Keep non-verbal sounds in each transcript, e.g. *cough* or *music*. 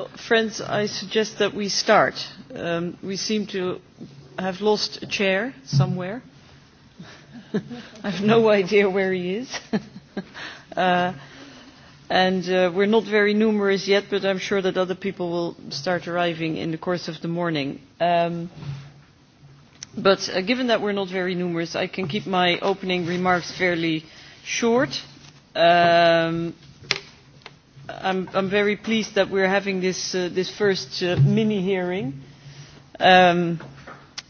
Well, friends, I suggest that we start. Um, we seem to have lost a chair somewhere. *laughs* I have no idea where he is. *laughs* uh, and uh, we're not very numerous yet, but I'm sure that other people will start arriving in the course of the morning. Um, but uh, given that we're not very numerous, I can keep my opening remarks fairly short. Um, I'm, I'm very pleased that we're having this, uh, this first uh, mini-hearing um,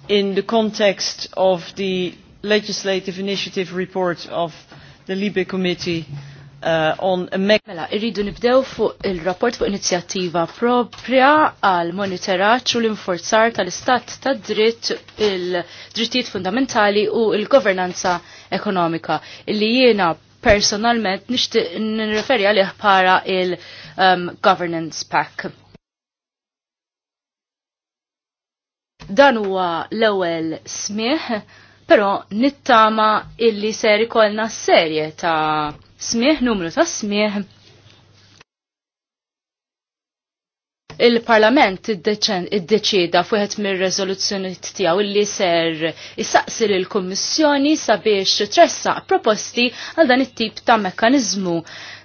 in the context of the legislative initiative report of the Libe Committee uh, on a Mela, irridu nibdew fuq il-rapport fuq inizjattiva propria għal monitoraċ u l-inforzar tal-istat ta' dritt il-drittijiet fundamentali u il-governanza ekonomika. Illi jiena personalment nixtieq referi għalih para il-Governance um, Pack. Dan huwa l-ewwel smieħ, però nittama illi ser ikollna serje ta' smieħ, numru ta' smieħ il-Parlament iddeċida fuħet mir-rezoluzzjoni tiegħu li ser isaqsi l kummissjoni sabiex tressa proposti għal dan it-tip ta' mekkaniżmu.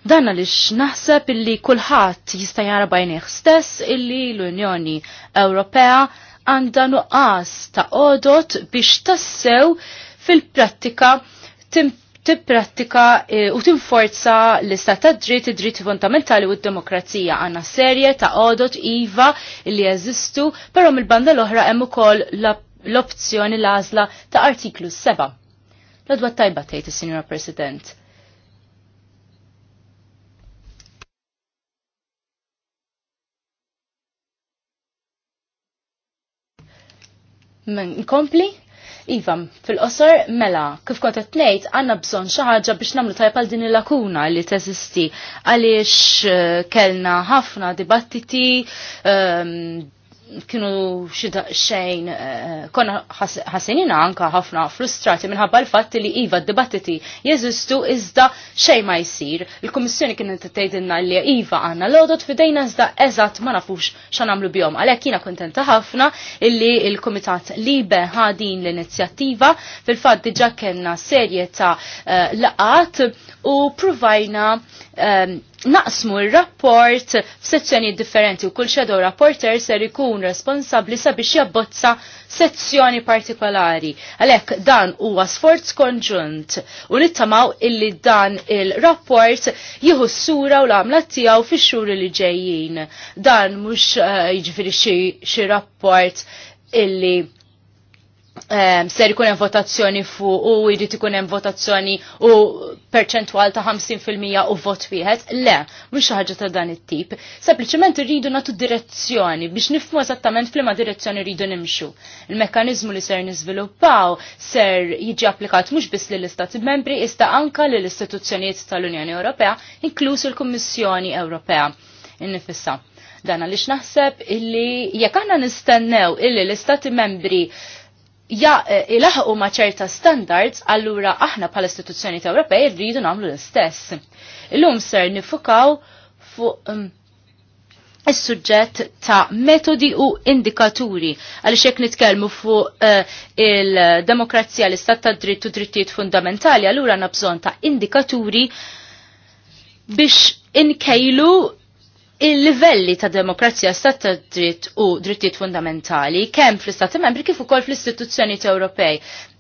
Dan għaliex naħseb illi kulħadd jista' jara bajnejh stess illi l-Unjoni Ewropea għandha nuqqas ta' odot biex tassew fil-prattika tim tipprattika e, u tinforza l-istat ta' dritt, id-dritt fundamentali u d-demokrazija. Għanna serje ta' odot IVA li jeżistu, però mill-banda l-oħra hemm ukoll l-opzjoni l-għażla ta' artiklu 7. L-odwa tajba tgħid is-Sinjora President. Men, kompli? Iva, fil-qosor, mela, kif kont qed ngħid għandna bżonn xi ħaġa biex nagħmlu tajba din il-lakuna li teżisti għaliex eh, kellna ħafna dibattiti ehm, kienu xida xejn eh, konna ħasinina anka ħafna frustrati minħabba l-fatt li iva d-dibattiti jeżistu iżda xej ma jisir. Il-Kummissjoni kienet tgħidilna li iva għandna l odot fidejna iżda eżatt ma nafux xan għamlu bjom. Għalhekk jiena kontenta ħafna illi il-Kumitat Libe ħadin l-inizjattiva fil-fatt diġà kellna serje ta' eh, laqat u provajna eh, naqsmu il-rapport f'sezzjoni differenti u kull shadow rapporter ser ikun responsabli sabiex jabbozza sezzjoni partikolari. Għalek dan huwa sforz konġunt u nittamaw illi dan il-rapport jieħu s-sura u l-għamla tiegħu fix-xhur li ġejjin. Dan mhux eh, jiġifieri xi rapport illi um, ser ikun hemm votazzjoni fu u jrid ikun hemm votazzjoni u perċentwal ta' 50% u vot wieħed. Le, mhux xi ħaġa ta' dan it-tip. Sempliċement irridu nagħtu direzzjoni biex nifhmu eżattament f'liema direzzjoni rridu nimxu. Il-mekkaniżmu li ser niżviluppaw ser jiġi applikat mhux biss lill istati membri iżda anka lill istituzzjonijiet tal-Unjoni Ewropea, inkluż il-Kummissjoni Ewropea. Innifissa. Dan għaliex naħseb illi jekk aħna nistennew illi l-istati membri ja eh, ilaħqu ma' ċerta standards, allura aħna pal istituzzjoni ta' Ewropej rridu nagħmlu l-istess. Illum ser nifukaw fuq um, is-suġġett ta' metodi u indikaturi għaliex hekk nitkellmu fuq uh, eh, il-demokrazija l-istat ta' dritt u drittijiet fundamentali allura nabżon bżonn ta' indikaturi biex inkejlu il-livelli ta' demokrazija stat ta' dritt u drittijiet fundamentali kemm fl-Istati membri kif ukoll fl-istituzzjoni Ewropej.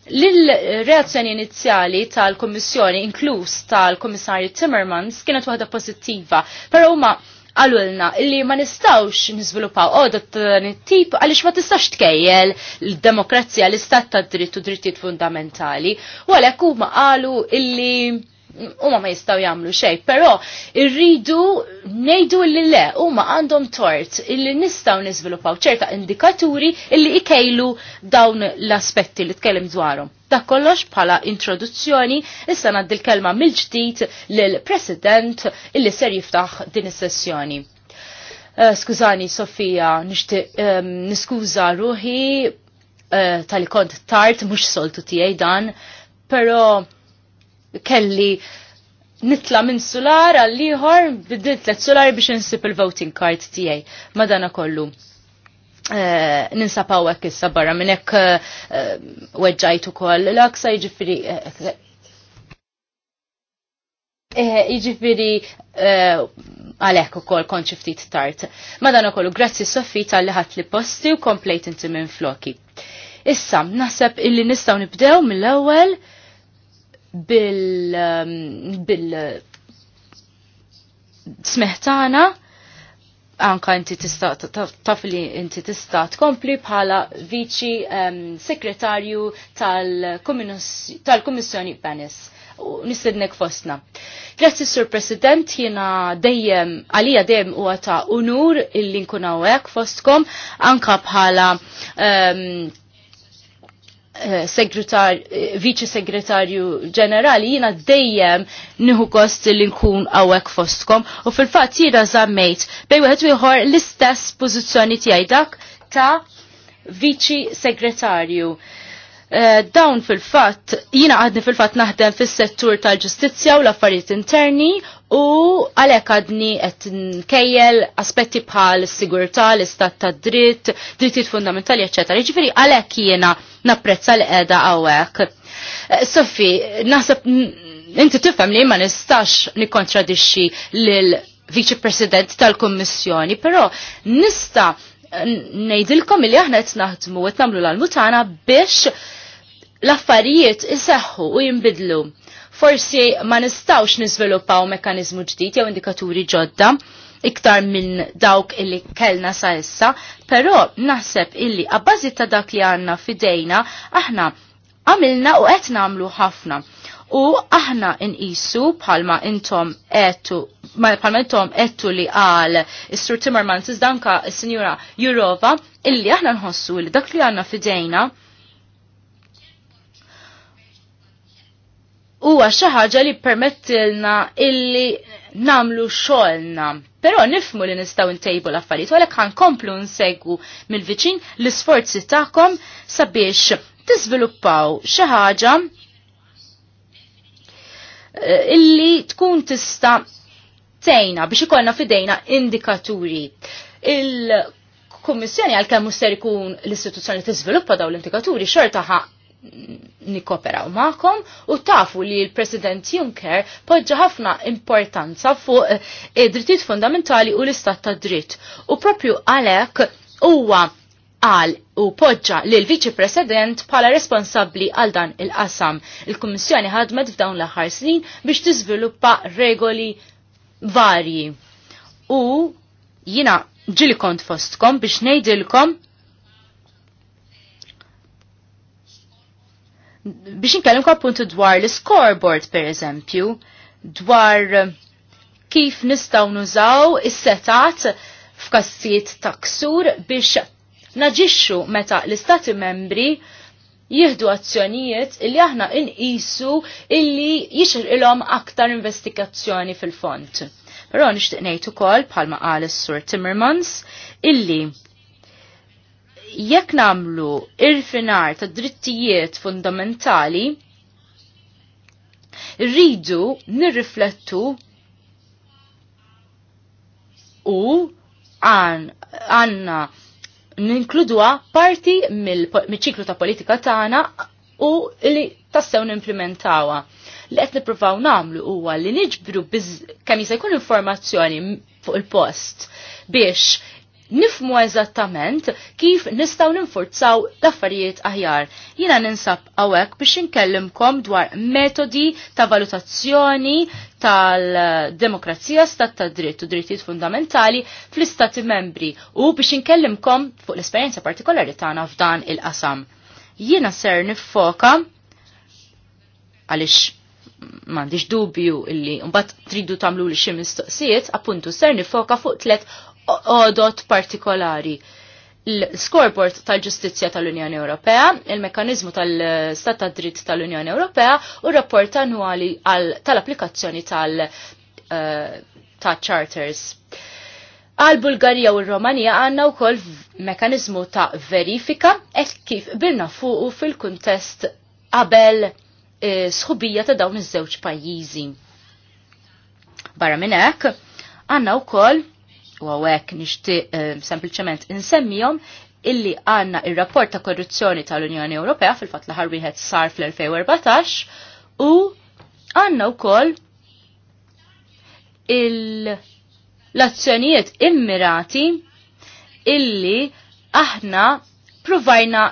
L-reazzjoni inizjali tal-Kommissjoni, inkluż tal-Kommissarju Timmermans, kienet waħda pożittiva, però huma għalulna li ma nistawx nizviluppaw għoda t tip għalix ma tistax tkejjel l-demokrazija, l-istat ta' dritt u drittijiet fundamentali, u għalek huma qalu illi huma ma jistgħu jagħmlu xejn, però irridu ngħidu li le huma għandhom tort illi nistgħu nizvilupaw ċerta indikaturi illi ikejlu dawn l-aspetti li tkellem dwarhom. Dak kollox bħala introduzzjoni, issa ngħaddi l-kelma mill-ġdid lill-President illi ser jiftaħ din is-sessjoni. Eh, skużani Sofija, nixtieq niskuża ruħi eh, tal-kont tard mhux soltu tiegħi dan, però kelli nitla minn solar għall-ieħor bidilt tliet solar biex insib il-voting card tiegħi. Madana kollu. Uh, eh, ninsab hawnhekk issa barra minn hekk uh, weġġajt ukoll l-aksa jiġifieri eh, Iġifiri, għalek u kol konċi ftit tart. Madana kollu, grazzi Soffi tal ħat li posti u komplejt inti minn floki. Issa, naħseb illi nistaw nibdew mill-ewel bil um, bil smeħtana anka inti tista taf li inti tista tkompli bħala viċi um, sekretarju tal-Kummissjoni tal Benis u nistednek fostna. Grazzi Sur President, jiena dejjem, għalija dejjem u għata unur illi nkun fostkom, anka bħala um, Eh, segretar, eh, viċi segretarju ġenerali, jina dejjem nħu kost li nkun għawek fostkom u fil-fat jira zammejt bej wieħed ieħor l-istess pożizzjoni tiegħi dak ta' viċi segretarju. Eh, dawn fil-fat, jina għadni fil-fat naħdem fis-settur tal-ġustizzja u l-affarijiet interni U għalek għadni għet nkejjel aspetti bħal sigurta, l-istat ta' dritt, drittijiet fundamentali, ecc. Ġifiri għalek jiena napprezza li edha għawek. Eh, Sofi, naħseb, inti tifhem li ma nistax nikontradixxi l viċi president tal-kommissjoni, però nista ngħidilkom li aħna qed naħdmu qed nagħmlu l-almutana biex l-affarijiet iseħħu u jinbidlu forsi ma nistawx niżviluppaw mekanizmu ġdid jew indikaturi ġodda iktar minn dawk illi kellna sa issa, però naħseb illi abbażi ta' dak li għanna fidejna aħna għamilna u qed nagħmlu ħafna. U aħna nqisu bħalma intom qedtu bħalma intom qedtu li qal is-Sur Timmermans danka s-Sinjura Jurova illi aħna nħossu li dak li għandna fidejna huwa xi ħaġa li permettilna illi namlu xolna. Però nifmu li nistaw intejbu l-affarijiet, u għalhekk ħankomplu nsegwu mill-viċin l-isforzi tagħkom sabiex tiżviluppaw xi ħaġa eh, illi tkun tista tejna biex ikollna fidejna indikaturi. Il-Kummissjoni għal kemmu ser ikun l-istituzzjoni tiżviluppa daw l-indikaturi xorta nikoperaw maħkom u tafu li l-President Juncker poġġa ħafna importanza fuq eh, id-drittijiet fundamentali u l-istat ta' dritt. U propju għalek huwa għal u poġġa li l-Viċi President pala responsabli għal dan il-qasam. Il-Kummissjoni ħadmet f'dawn l-aħħar snin biex tiżviluppa regoli varji. U jina ġili kont fostkom biex nejdilkom biex nkellimkom appuntu dwar l-scoreboard per eżempju, dwar eh, kif nistaw nużaw is-setat f'kassijiet taksur ksur biex naġixxu meta l-istati membri jihdu azzjonijiet illi aħna inqisu illi jixir ilhom aktar investigazzjoni fil-font. Però nixtieq ngħid ukoll bħalma qal is-Sur Timmermans illi jekk namlu irfinar ta' drittijiet fundamentali, rridu nirriflettu u għanna ninkludwa parti mill-ċiklu ta' politika tagħna u li tassew nimplementawa. Li qed nippruvaw nagħmlu huwa li niġbru kemm jista' jkun informazzjoni fuq il-post biex nifmu eżattament kif nistaw ninfurzaw l-affarijiet aħjar. Jina ninsab għawek biex nkellimkom dwar metodi ta' valutazzjoni tal-demokrazija stat ta' dritt u drittijiet fundamentali fl-istati membri u biex nkellimkom fuq l-esperienza partikolari tagħna f'dan il-qasam. Jina ser nifoka għalix mandiġ dubju illi mbagħad tridu tamlu li xi mistoqsijiet, appuntu ser nifoka fuq tlet odot partikolari. L-scoreboard tal-ġustizja tal-Unjoni Ewropea, il-mekanizmu tal-stat ta' dritt tal-Unjoni Ewropea u rapport annwali tal-applikazzjoni tal-charters. Eh, għal Bulgarija u r-Romanija għanna u koll mekanizmu ta' verifika et kif bilna fuqu fil-kontest qabel eh, sħubija ta' dawn iż-żewġ pajjiżi. Barra minn hekk, għandna wkoll u għawek nishtiq eh, sempliciment insemmijom illi għanna il-rapport ta' korruzzjoni tal-Unjoni Ewropea fil-fat laħar wieħed sar fl-2014 u għanna wkoll l-azzjonijiet immirati illi aħna provajna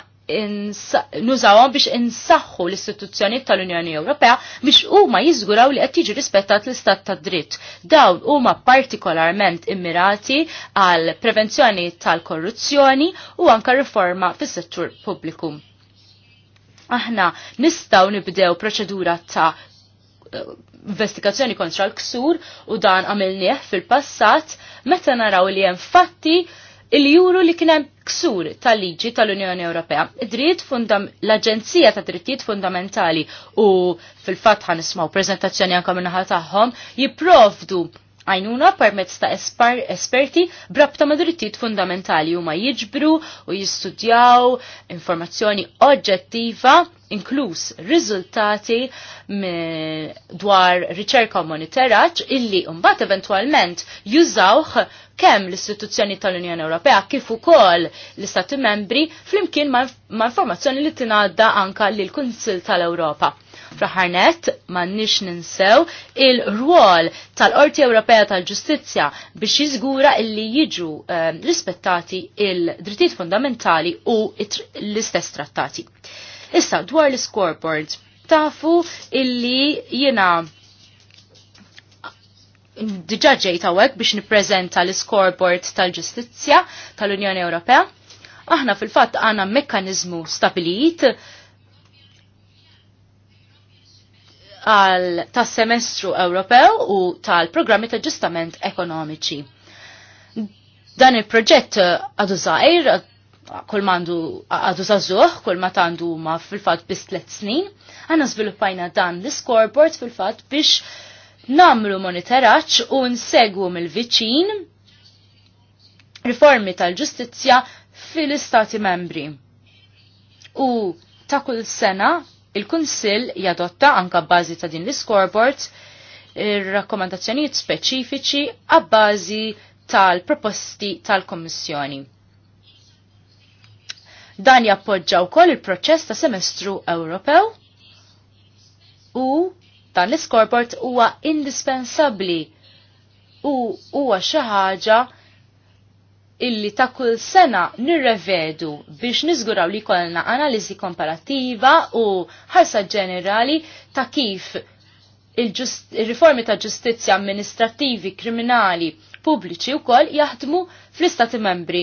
nużawhom biex insaħħu l-istituzzjoni tal-Unjoni Ewropea biex huma jiżguraw li qed jiġi rispettat l-istat ta' dritt. Dawn huma partikolarment immirati għal prevenzjoni tal-korruzzjoni u anka riforma fis-settur pubbliku. Aħna nistgħu nibdew proċedura ta' investigazzjoni kontra l-ksur u dan għamilnieh fil-passat meta naraw li hemm fatti il juru li kienem ksur tal-liġi tal-Unjoni Ewropea. Dritt l-Aġenzija ta' Drittijiet Fundamentali u fil-fatt nismaw prezentazzjoni anka minnaħa tagħhom jipprovdu għajnuna permezz ta' espar, esperti brabta ma' drittijiet fundamentali huma jiġbru u jistudjaw informazzjoni oġġettiva inkluż riżultati dwar riċerka u monitoraġġ illi mbagħad eventwalment jużawh kemm l-istituzzjoni tal-Unjoni Ewropea kif ukoll l-Istati membri flimkien ma' informazzjoni li tingħadda anka lill Kunsill tal-Ewropa. Fraħarnet mannix ninsew il-rwol tal-Qorti Ewropea tal-Ġustizzja biex jiżgura illi jiġu eh, rispettati il-drittijiet fundamentali u l-istess trattati. Issa dwar l-scoreboard tafu illi jiena diġa ġejt biex niprezenta l-scoreboard tal-ġustizja tal-Unjoni Ewropea. Aħna fil-fatt għana mekkanizmu stabilit għal tas semestru Ewropew u tal-programmi ta' ġustament ekonomiċi. Dan il-proġett eh, għadu zaħir, eh, kull mandu eh, għadu zazuħ, kull ma tandu ma fil-fat bis tlet snin, għanna zviluppajna dan l-scoreboard fil-fat biex namlu monitoraċ u nsegwu mill-viċin riformi tal-ġustizja fil-istati membri. U ta' kull sena Il-Kunsill jadotta anka bbażi ta' din l-scoreboard rakkomandazzjonijiet speċifiċi għabbażi tal-proposti tal-Kommissjoni. Dan jappoġġa wkoll il-proċess ta' semestru Ewropew u dan l-scoreboard huwa indispensabbli u huwa xi ħaġa illi ta' kull sena nirrevedu biex nizguraw li kolna analizi komparativa u ħarsa ġenerali ta' kif il-riformi ta' ġustizja amministrativi, kriminali, pubbliċi u kol jaħdmu fl-istati membri.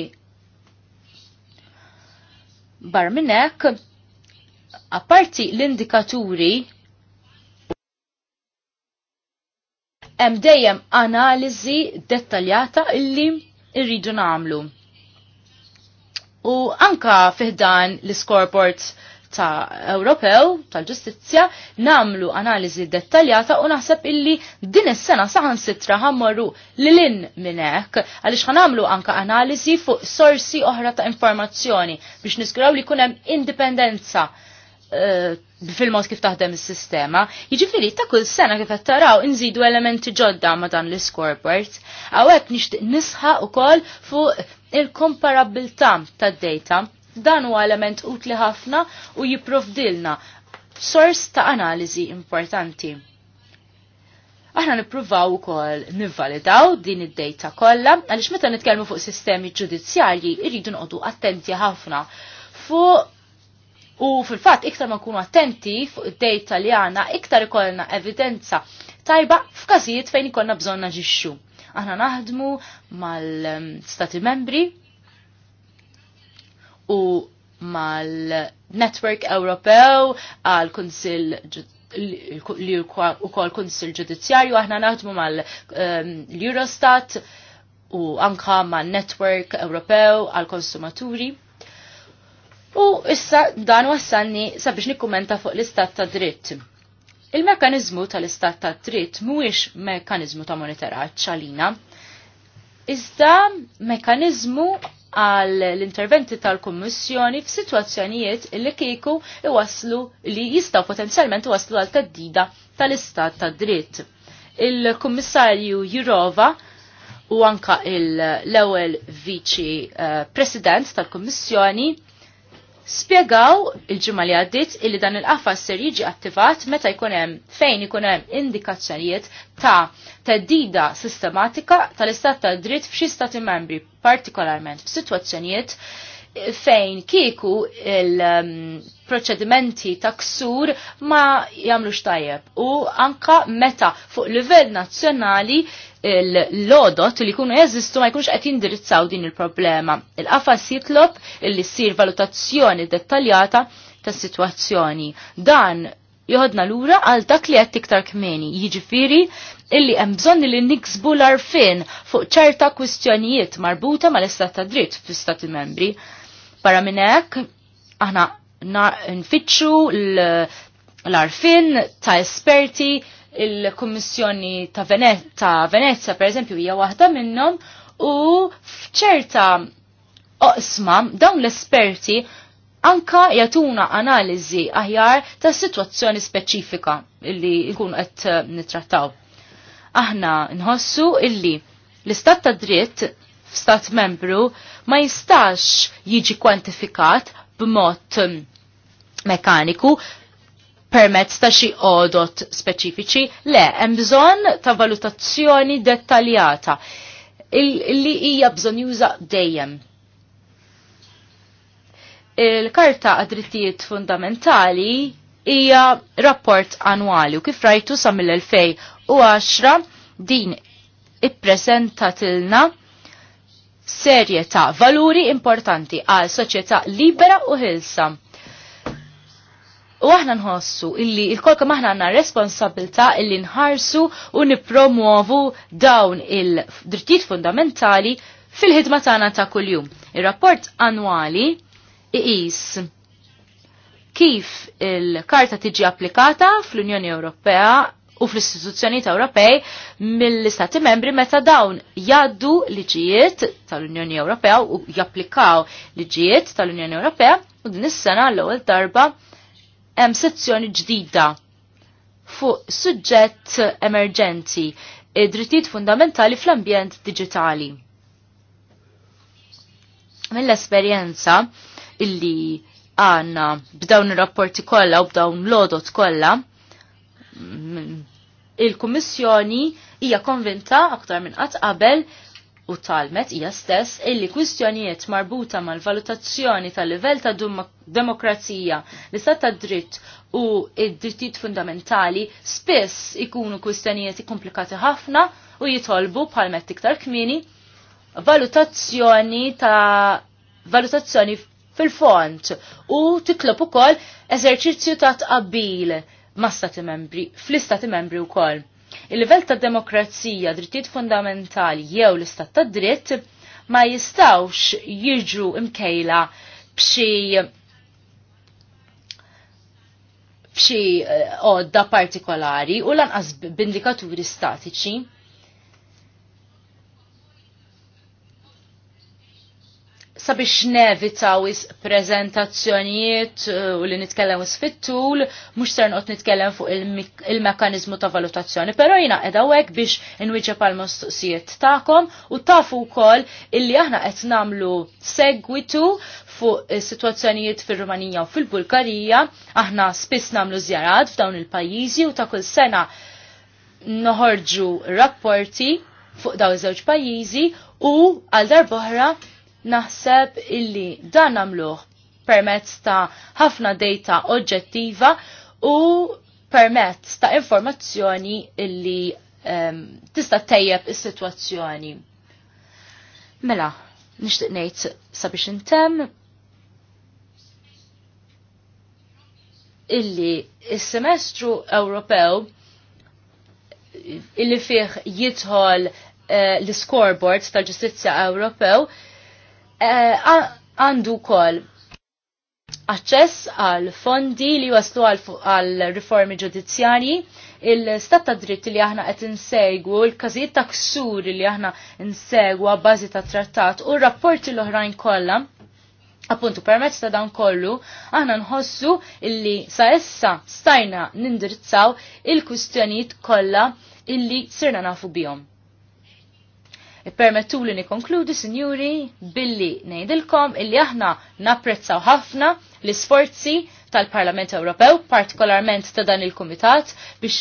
Bar minnek, apparti l-indikaturi, hemm dejjem analiżi dettaljata illi irridu namlu. U anka fiħdan l scoreboards ta' Ewropew tal-ġustizzja namlu analiżi dettaljata u naħseb illi din is-sena saħan sitra ħammorru l minn hekk għaliex ħanamlu anka analiżi fuq sorsi oħra ta' informazzjoni biex niskraw li kunem indipendenza Eh, fil-mod kif taħdem is-sistema. Jiġifieri ta' kull sena kif qed taraw inżidu elementi ġodda ma' dan l-scoreboard. Hawnhekk nixtieq nisħa ukoll fuq il-komparabilità tad-data. Dan huwa element utli ħafna u jipprovdilna sors ta' analiżi importanti. Aħna nippruvaw ukoll nivvalidaw din id-data kollha għaliex meta nitkellmu fuq sistemi ġudizzjarji irridu noqogħdu attenti ħafna fuq U fil-fatt iktar ma nkunu attenti fuq id dej taljana, iktar ikollna evidenza tajba f'każijiet fejn ikollna bżonna ġixxu. Aħna naħdmu mal-stati membri u mal-Network Ewropew għal kunsil li u kol kunsil ġudizzjarju, aħna naħdmu mal-Eurostat u anka mal-Network Ewropew għal konsumaturi U issa dan wassanni sabiex nikkumenta fuq l-istat ta' dritt. Il-mekanizmu tal-istat ta' dritt mhuwiex mekanizmu ta' monitoraġġ ċalina, iżda mekanizmu għal l-interventi tal-Kommissjoni f'sitwazzjonijiet li kieku iwaslu li jistgħu potenzjalment iwaslu għal teddida tal-istat ta' dritt. Il-Kummissarju Jurova u anka l ewwel viċi eh, president tal kummissjoni spjegaw il-ġimma li għaddit illi dan il-qafas ser jiġi attivat meta jkun fejn ikun hemm indikazzjonijiet ta' teddida sistematika tal-istat ta' dritt f'xi stati membri, partikolarment f'sitwazzjonijiet fejn kieku il-proċedimenti um, ta' ksur ma jagħmlux tajjeb u anka meta fuq livell nazzjonali l-lodot li kunu jeżistu ma jkunx qed jindirizzaw din il-problema. Il-qafas jitlob li ssir valutazzjoni dettaljata ta' situazzjoni. Dan joħodna lura għal dak li qed iktar kmini, jiġifieri illi hemm bżonn li niksbu l-arfin fuq ċerta kwistjonijiet marbuta mal-istat ta' dritt fl-istati membri. Para minn hekk aħna nfittxu l-arfin ta' esperti il-Kummissjoni ta' Venezia, Venezia per eżempju hija waħda minnhom u f'ċerta oqsma dawn l-esperti anka jatuna analiżi aħjar ta' situazzjoni speċifika illi jkun qed eh, nitrattaw. Aħna nħossu illi l-istat ta' dritt f'stat membru ma jistax jiġi kwantifikat b'mod eh, mekaniku permezz ta' xi odot speċifiċi, le, hemm bżonn ta' valutazzjoni dettaljata li hija bżonn juża dejjem. Il-Karta għad-drittijiet fundamentali hija rapport annwali u kif rajtu sa mill-2010 din ippreżentatilna serje ta' valuri importanti għal soċjetà libera u ħilsa U aħna nħossu illi il-kolka maħna għanna responsabilta illi nħarsu u nipromuovu dawn il-drittijiet fundamentali fil-ħidma tagħna ta' kuljum. Ir-rapport annwali iqis kif il-karta tiġi applikata fl-Unjoni Ewropea u fl-istituzzjonijiet Ewropej mill-istati membri meta dawn jaddu liġijiet tal-Unjoni Ewropea u japplikaw liġijiet tal-Unjoni Ewropea u din is-sena l-ewwel darba hemm sezzjoni ġdida fuq suġġett emerġenti id-drittijiet fundamentali fl-ambjent digitali. Mill-esperjenza illi għanna b'dawn ir-rapporti kollha u b'dawn l-odot kollha, mm, il-Kummissjoni hija konvinta aktar minn qatt qabel u talmet hija stess illi kwistjonijiet marbuta mal-valutazzjoni tal-livell ta' demokrazija, l-istat ta' dritt u id-drittijiet fundamentali spiss ikunu kwistjonijiet komplikati ħafna u jitolbu palmet iktar kmini valutazzjoni ta' valutazzjoni fil-font u titlob ukoll eżerċizzju ta' tqabbil ma' stati membri, fl-istati membri wkoll il-livell ta' demokrazija, drittijiet fundamentali jew l-istat ta' dritt ma jistawx jiġu imkejla b'xi b'xi eh, odda partikolari u lanqas b'indikaturi statiċi. sabiex nevitaw is prezentazzjonijiet uh, u li nitkellem is fit-tul, mux ser noqt nitkellem fuq il-mekanizmu ta' valutazzjoni, pero jina edawek biex inwiġa pal mostuqsijiet ta'kom u tafu kol illi aħna qed namlu segwitu fuq situazzjonijiet fil-Rumanija u fil-Bulgarija, aħna spiss namlu zjarad f'dawn il-pajjiżi u ta' kull sena noħorġu rapporti fuq daw iż-żewġ pajjiżi u għal darboħra naħseb illi dan nagħmluh permezz ta' ħafna data oġġettiva u permezz ta' informazzjoni illi um, tista' tejjeb is-sitwazzjoni. Mela, nixtieq ngħid sabiex intemm illi is-semestru Ewropew illi fih jidħol uh, l-scoreboards tal-ġustizzja Ewropew Eh, għandu kol aċċess għal fondi li waslu għal riformi ġudizzjarji, il-stat ta' dritt li aħna qed insegwu, il-każijiet ta' ksur li aħna insegwa bażi ta' trattat u r-rapporti l-oħrajn kollha. Appuntu permezz ta' dan kollu, aħna nħossu illi sa' issa stajna nindirizzaw il-kustjonijiet kollha illi sirna nafu bihom. Permettu li nikonkludi, sinjuri, billi nejdilkom illi aħna napprezzaw ħafna l-sforzi tal-Parlament Ewropew, partikolarment ta' dan il-Kumitat, biex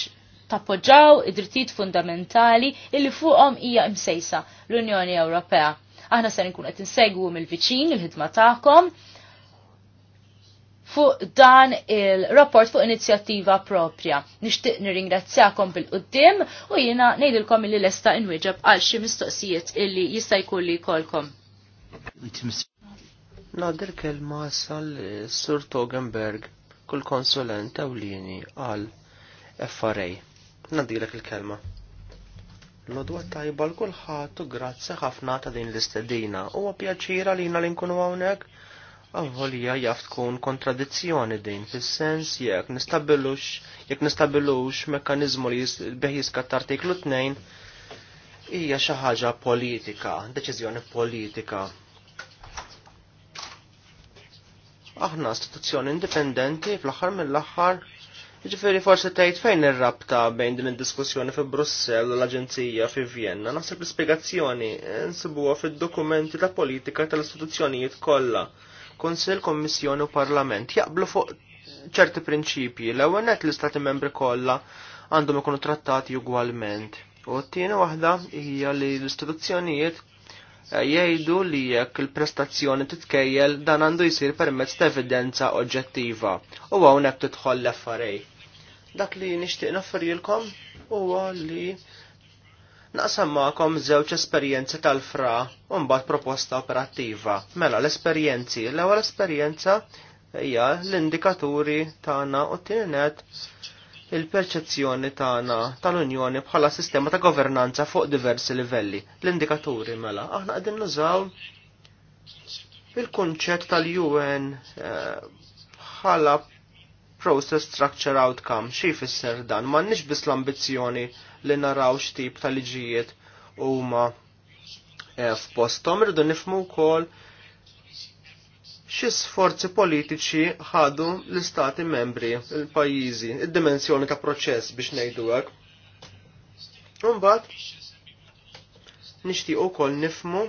tappoġġaw id-drittijiet fundamentali illi fuqhom hija msejsa l-Unjoni Ewropea. Aħna se nkun qed insegwu mill-viċin il-ħidma tagħkom fuq dan il-rapport fuq inizjattiva propja. Nixtieq nirringrazzjakom bil-qudiem u jiena ngħidilkom li lesta inwieġeb għal xi mistoqsijiet illi jista' jkun li jkollkom. Nadir kelma sal eh, Sur Togenberg kull konsulent ewlieni għal FRA. Nadilek il-kelma. L-odwa tajba l-kulħat u grazzi ħafna ta' din l-istedina. Huwa pjaċira li jina li nkunu hawnhekk Għolija jaf tkun kontradizzjoni din, fil-sens jek nistabilux, jek nistabilux mekanizmu li beħ jiskat artiklu 2 hija xi ħaġa politika, deċiżjoni politika. Aħna istituzzjoni indipendenti fl-aħħar mill-aħħar Ġifiri forse tgħid fejn ir-rabta bejn din id-diskussjoni fi Brussell u l-Aġenzija fi Vienna. Naħseb l spiegazzjoni nsibuha fid-dokumenti ta' politika tal-istituzzjonijiet kollha Konsil, Kommissjoni u Parlament jaqblu fuq ċerti prinċipji l ewwel l-istati membri kollha għandhom ikunu trattati ugwalment. U t-tieni waħda hija li l-istituzzjonijiet eh, jgħidu li jekk il-prestazzjoni titkejjel dan għandu jisir permezz ta' evidenza oġġettiva u hawnhekk tidħol l-affarej. Dak li nixtieq nofferjilkom huwa li Naqsam maqom żewġ esperjenzi tal-fra u mbagħad proposta operattiva. Mela l-esperjenzi, l-ewwel esperjenza hija l-indikaturi tagħna u tienet il-perċezzjoni tagħna tal-Unjoni bħala sistema ta' governanza fuq diversi livelli. L-indikaturi mela aħna qegħdin nużaw il-kunċett tal-UN eh, bħala process structure outcome, xie fisser dan, ma nix bis l-ambizjoni li naraw xtip tal liġijiet u ma eh, f-postom. rridu nifmu kol xie sforzi politiċi ħadu l-istati membri, il-pajizi, id-dimensjoni ta' proċess biex nejdu għak. Umbat, u kol nifmu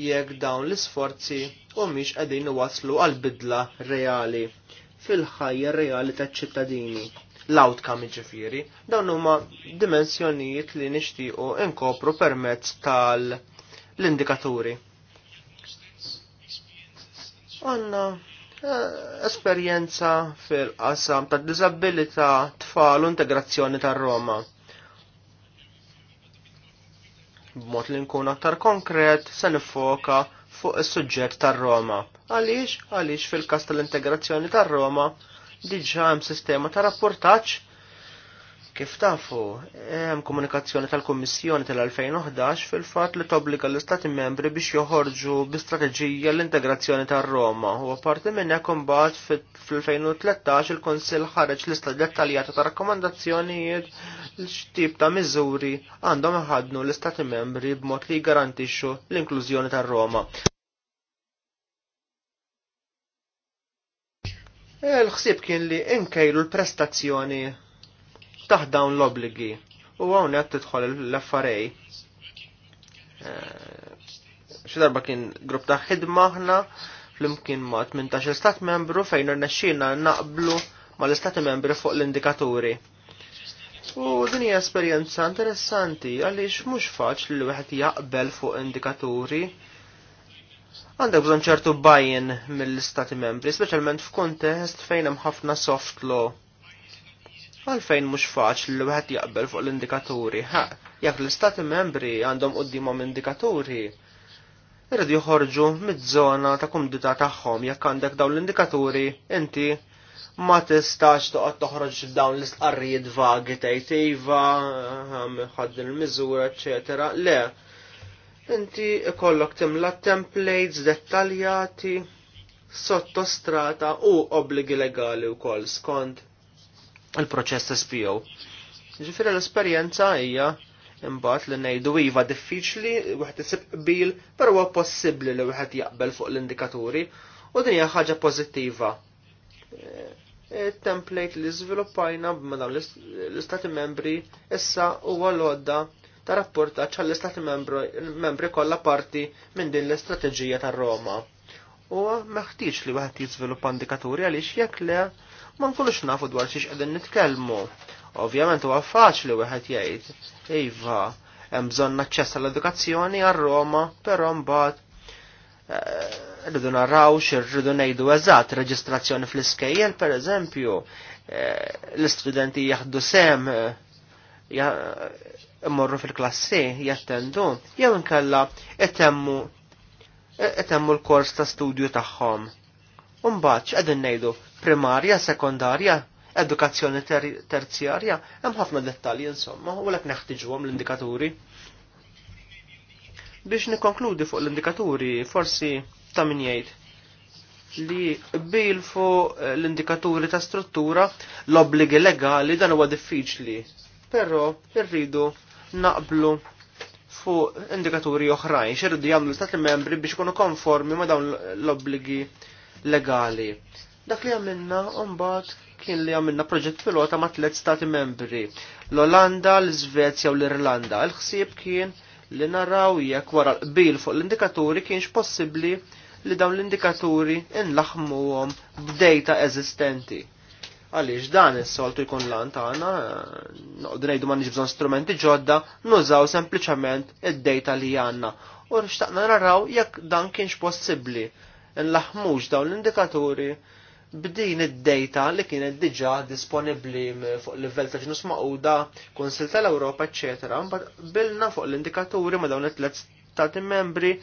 jekk dawn l-sforzi u miex għedin waslu għal-bidla reali fil-ħajja reali ta' ċittadini l-outcome ġifiri, dawn huma dimensjonijiet li nixtiequ inkopru permezz tal-indikaturi. Għanna eh, esperjenza fil-qasam ta' disabilita tfal u integrazzjoni ta' Roma. B'mod li nkun aktar konkret se nifoka fuq is-suġġett tar-Roma. Għaliex? Għaliex fil-każ tal-integrazzjoni tar-Roma diġà hemm sistema ta' rapportaġġ Kif tafu, hemm komunikazzjoni tal-Kummissjoni tal-2011 fil-fatt li tobbliga l-Istati membri biex joħorġu bi strateġija l-integrazzjoni tar-Roma u apparti minn hekk imbagħad fil-2013 il-Kunsill ħareġ lista dettaljata ta' rakkomandazzjonijiet x'tip ta' miżuri għandhom iħadnu l-Istati membri b'mod li jgarantixxu l-inklużjoni tar-Roma. il ħsieb kien li inkejlu l-prestazzjoni taħdawn dawn l-obligi u għawnek tidħol l-affarej. Eh, Xidarba kien grupp ta' ħidma ħna fl-imkien ma' 18 stat membru fejn rnexxina naqblu ma' l-istati membri fuq l-indikaturi. U din hija esperjenza interessanti għaliex mhux faċli li wieħed jaqbel fuq indikaturi. Għandek bżonn ċertu bajin mill istati membri, speċjalment f'kuntest fejn hemm ħafna soft law għalfejn mhux faċli li wieħed jaqbel fuq l-indikaturi. Ha, jekk l-istati membri għandhom qudiemhom indikaturi, irrid joħorġu miż-żona ta' kumdita tagħhom jekk għandek dawn l-indikaturi, inti ma tistax toqgħod toħroġ dawn l-istqarrijiet vagi tgħid iva, ehm, ħadd il-miżura, eċetera. Le, inti ikollok timla templates dettaljati sottostrata u obbligi legali wkoll skont il-proċess SPO. Ġifiri l-esperjenza hija imbat li ngħidu iva diffiċli wieħed isib bil, però huwa possibbli li wieħed jaqbel fuq l-indikaturi u din hija ħaġa pożittiva. Il-template e, li żviluppajna ma' dawn l-istati membri issa huwa għal għodda ta' ċa għall istati membri kollha parti minn din l-istrateġija tar-Roma. U meħtieġ li wieħed jiżviluppa indikaturi għaliex jekk le ma nkunux nafu dwar xiex qegħdin nitkellmu. Ovvjament huwa faċli wieħed jgħid, iva, hemm bżonn naċċess għall-edukazzjoni għal Roma, però mbagħad eh, rridu narraw xirridu ngħidu eżatt reġistrazzjoni fl-iskejjel pereżempju eh, l-istudenti jaħdu sem eh, immorru fil-klassi jattendu jew nkella itemmu l-kors ta' studju tagħhom. Umbaċ, għedin ngħidu primarja, sekondarja, edukazzjoni ter terzjarja, hemm ħafna dettalji insomma, u lek neħtiġuhom l-indikaturi. Biex nikkonkludi fuq l-indikaturi, forsi ta' min jgħid li bil fuq eh, l-indikaturi ta' struttura l-obbligi legali dan huwa diffiċli, però irridu naqblu fuq indikaturi oħrajn, xirridu jagħmlu stati membri biex ikunu konformi ma' dawn l-obbligi legali. Dak li għamilna mbagħad kien li għamilna proġett pilota ma' tliet stati membri, l-Olanda, l-Svezja u l-Irlanda. Il-ħsieb kien li naraw jekk wara l-qbil fuq l-indikaturi kienx possibbli li dawn l-indikaturi inlaħmuhom b'dejta eżistenti. Għaliex dan is-soltu jkun lan tagħna, noqdu ngħidu m'għandniex bżonn strumenti ġodda, nużaw sempliċement id-dejta li għandna. U rixtaqna naraw jekk dan kienx possibbli. Inlaħmux dawn l-indikaturi b'din id-data li kienet diġa disponibli fuq livell ta' ġnus maquda, Konsil tal-Ewropa, ecc. Mbagħad bilna fuq l-indikaturi ma' dawn it-tlet stati membri,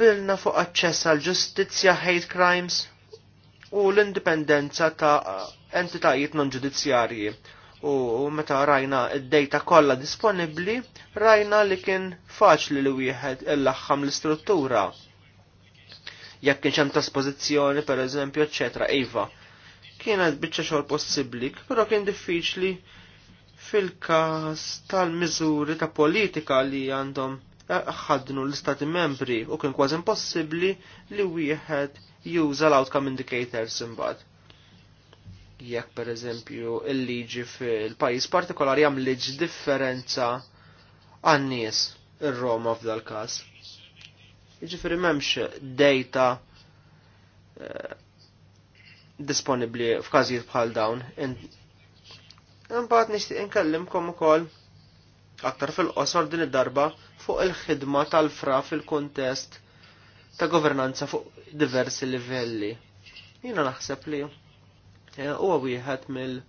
bilna fuq aċċess għal ġustizzja hate crimes u l-indipendenza ta' entitajiet non ġudizzjarji. U meta rajna id-data kollha disponibbli, rajna li kien faċli li wieħed illaħħam l-istruttura jekk kienx hemm trasposizzjoni pereżempju eċetera, iva. Kienet biċċa xogħol possibbli, però kien diffiċli fil-każ tal-miżuri ta' politika li għandhom eh, ħadnu l-istati membri u kien kważi impossibbli li wieħed juża l-outcome indicators imbagħad. Jekk pereżempju il-liġi fil-pajjiż partikolari għam liġ differenza għan-nies ir-Roma f'dal każ. Jiġifieri m'hemmx data eh, disponibbli f'każijiet bħal dawn. Imbagħad nixtieq inkellimkom ukoll aktar fil-qosor din id-darba fuq il-ħidma tal-fra fil-kuntest ta' governanza fuq diversi livelli. Jina naħseb li eh, huwa wieħed mill-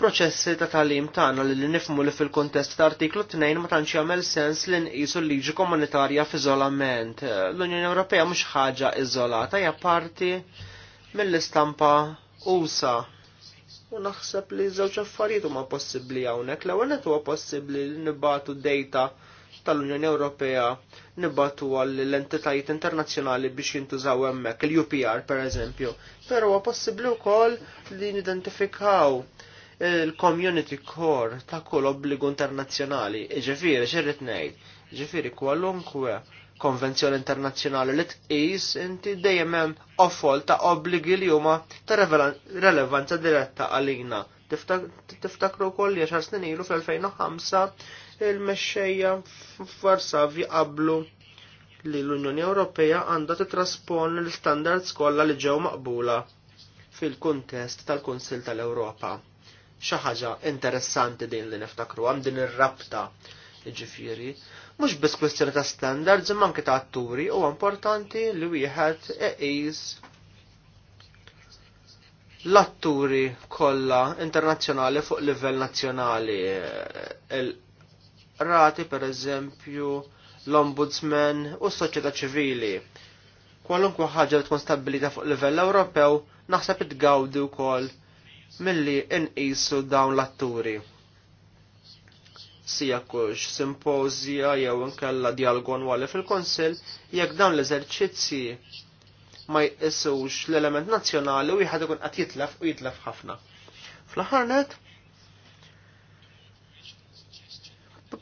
proċessi ta' talim tagħna li nifmu li fil-kontest ta' artiklu 2 ma tantx jagħmel sens li nqisu l-liġi komunitarja f'iżolament. L-Unjoni Ewropea mhux ħaġa iżolata hija parti mill-istampa usa. U naħseb li żewġ affarijiet huma possibbli hawnhekk. L-ewwel net huwa possibbli li nibatu data tal-Unjoni Ewropea nibatu għall entitajiet internazzjonali biex jintużaw hemmhekk il-UPR pereżempju. Però huwa possibbli wkoll li nidentifikaw il-community core ta' kull obbligu internazzjonali, ġifiri xerrit ngħid, ġifiri kwalunkwe konvenzjoni internazzjonali li tqis inti dejjem hemm offol ta' obbligi li huma ta' relevanza diretta għalina. Tiftakru wkoll li għaxar snin ilu fl-2005 il-mexxejja f'Varsavji qablu li l-Unjoni Ewropea għandha titraspon l-standards kollha li ġew maqbula fil-kuntest tal-Kunsil tal-Ewropa xi ħaġa interessanti din li niftakru għam din ir-rabta ġifieri. Mhux biss kwestjoni ta' standards imma anke ta' atturi huwa importanti li wieħed eqis l-atturi kollha internazzjonali fuq livell nazzjonali. Il-rati per eżempju, l-ombudsman u s-soċjetà ċivili. Kwalunkwe ħaġa li tkun stabbilita fuq livell Ewropew naħseb itgawdi wkoll milli inqisu dawn l-atturi. Sija kux simpozja jew inkella dialogu annwali fil-Konsil jekk dawn l-eżerċizzi ma jqisux l-element nazzjonali u jħad ikun qed jitlef u jitlef ħafna. fl ħarnet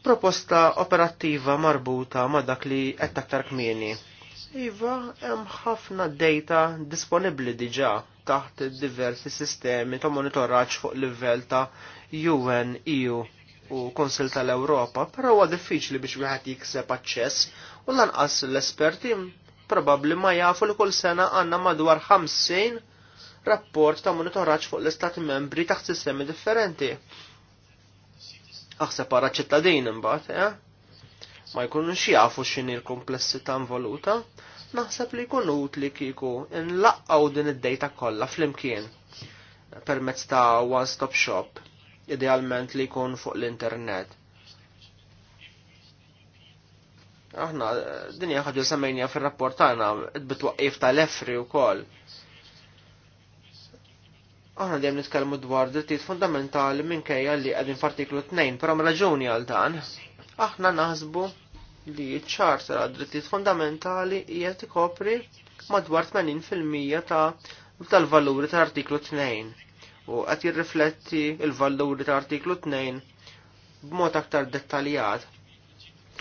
proposta operattiva marbuta ma dak li qed aktar kmieni. Iva, hemm ħafna data disponibbli diġà taħt diversi sistemi ta' monitoraġġ fuq livell ta' UN, EU u Konsil tal-Ewropa, però huwa diffiċli biex wieħed jikseb aċċess u lanqas l-esperti probabbli ma jafu li kull sena għandna madwar 50 rapport ta' monitoraġġ fuq l-Istati membri taħt sistemi differenti. Aħseb para ċittadin imbagħad, eh? Ma jkunux jafu x'inhi l-komplessità involuta naħseb li jkun utli kieku nlaqqaw din id-dejta kollha flimkien permezz ta' one stop shop idealment li jkun fuq l-internet. Aħna din hija ħaġa semmejnija fir-rapport tagħna bitwaqqif tal-efri wkoll. Aħna dejjem nitkellmu dwar drittijiet fundamentali minkejja li qegħdin f'artiklu 2, però raġuni għal dan. Aħna naħsbu li ċ-ċarta għad drittijiet fundamentali jgħet ikopri madwar 80% ta' tal-valuri ta' artiklu 2 u qed jirrifletti il-valuri ta' artiklu 2 b'mod aktar dettaljat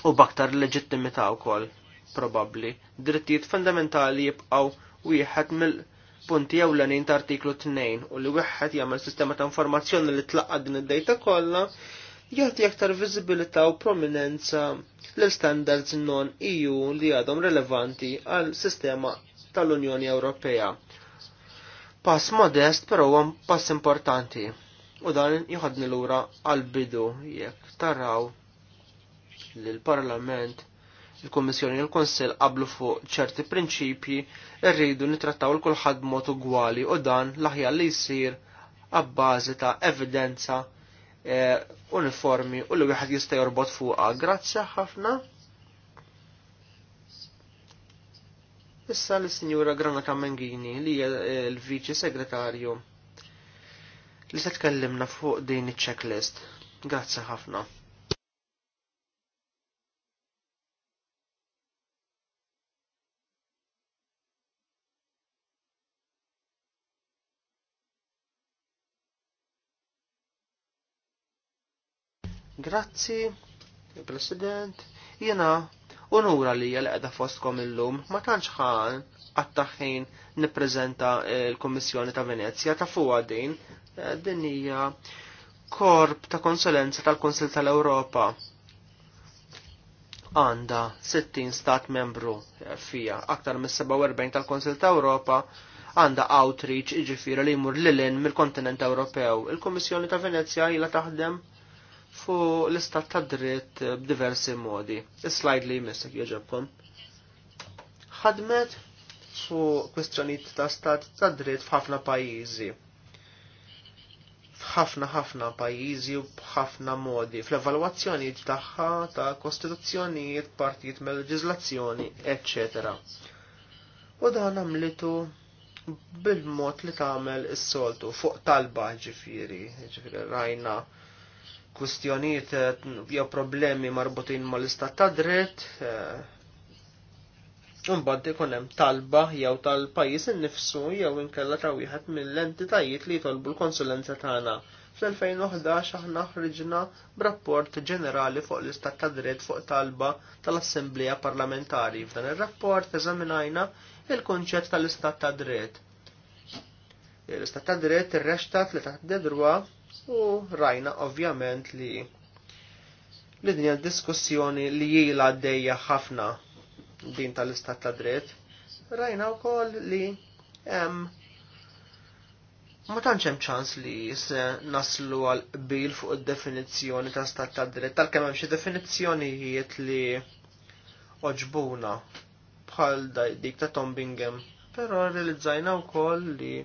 u b'aktar leġittimità wkoll probabbli. Drittijiet fundamentali jibqgħu wieħed mill-punti l-għanin ta' artiklu 2 u li wieħed jagħmel sistema ta' informazzjoni li tlaqqa din id-dejta kollha jgħati aktar viżibilità u prominenza l-standards non-EU li għadhom relevanti għal sistema tal-Unjoni Ewropea. Pass modest però huwa pass importanti u dan jħadni lura għal bidu jekk taraw li l-Parlament il-Kommissjoni il konsil qablu fuq ċerti prinċipji rridu nitrattaw il kulħadd mod ugwali u dan l-aħjar li jsir għabbażi ta' evidenza Eh, uniformi u li wieħed jista' jorbot fuqha. Grazzi ħafna. Issa l-Sinjura Grana Kamengini li hija eh, l-Viċi Segretarju li se tkellimna fuq din iċ-checklist. Grazzi ħafna. Grazzi, President, jena unura li jgħal għeda fostkom illum, ma tantx ħan għattaħħin niprezenta l-Kommissjoni ta' Venezia ta' fuqa din, eh, din hija korp ta' konsulenza tal-Konsil tal-Ewropa għanda 60 stat membru eh, fija, aktar mis-47 tal-Konsil ta' Ewropa għanda outreach iġifiri li jmur lilin mill-kontinent Ewropew. Il-Kommissjoni ta' Venezia jila taħdem Fu l-istat ta' dritt b'diversi modi. is slide li jmissek jieġabkom. Ħadmet fuq kwistjonijiet ta' stat ta' dritt f'ħafna pajjiżi. F'ħafna ħafna pajjiżi u b'ħafna modi. fl evalwazzjonijiet tagħha ta' kostituzzjonijiet, partijiet me leġiżlazzjoni, etc. U dan għamlitu bil-mod li tagħmel is-soltu fuq talba ġifieri, ġifieri rajna kwistjonijiet eh, jew problemi marbutin mal-istat ta' dritt, Imbagħad eh, ikun hemm talba jew tal-pajjiż innifsu jew inkella ta' wieħed mill-entitajiet li jtolbu l-konsulenza tagħna. Fl-2011 aħna ħriġna b'rapport ġenerali fuq l-istat ta' dritt fuq talba tal-Assembleja Parlamentari. F'dan ir-rapport eżaminajna il kunċett tal-istat ta' dritt. L-istat ta' dritt ir-rexta li taħdedrwa U rajna ovvjament li li dinja diskussjoni li jila għaddejja ħafna din tal-istat ta' dritt, rajna u koll li hemm ma tantx hemm ċans li se naslu għal bil fuq id-definizzjoni ta' stat ta' dritt, tal-kemm hemm xi definizzjonijiet li oġbuna bħal dik ta' Tom Bingham, però realizzajna wkoll li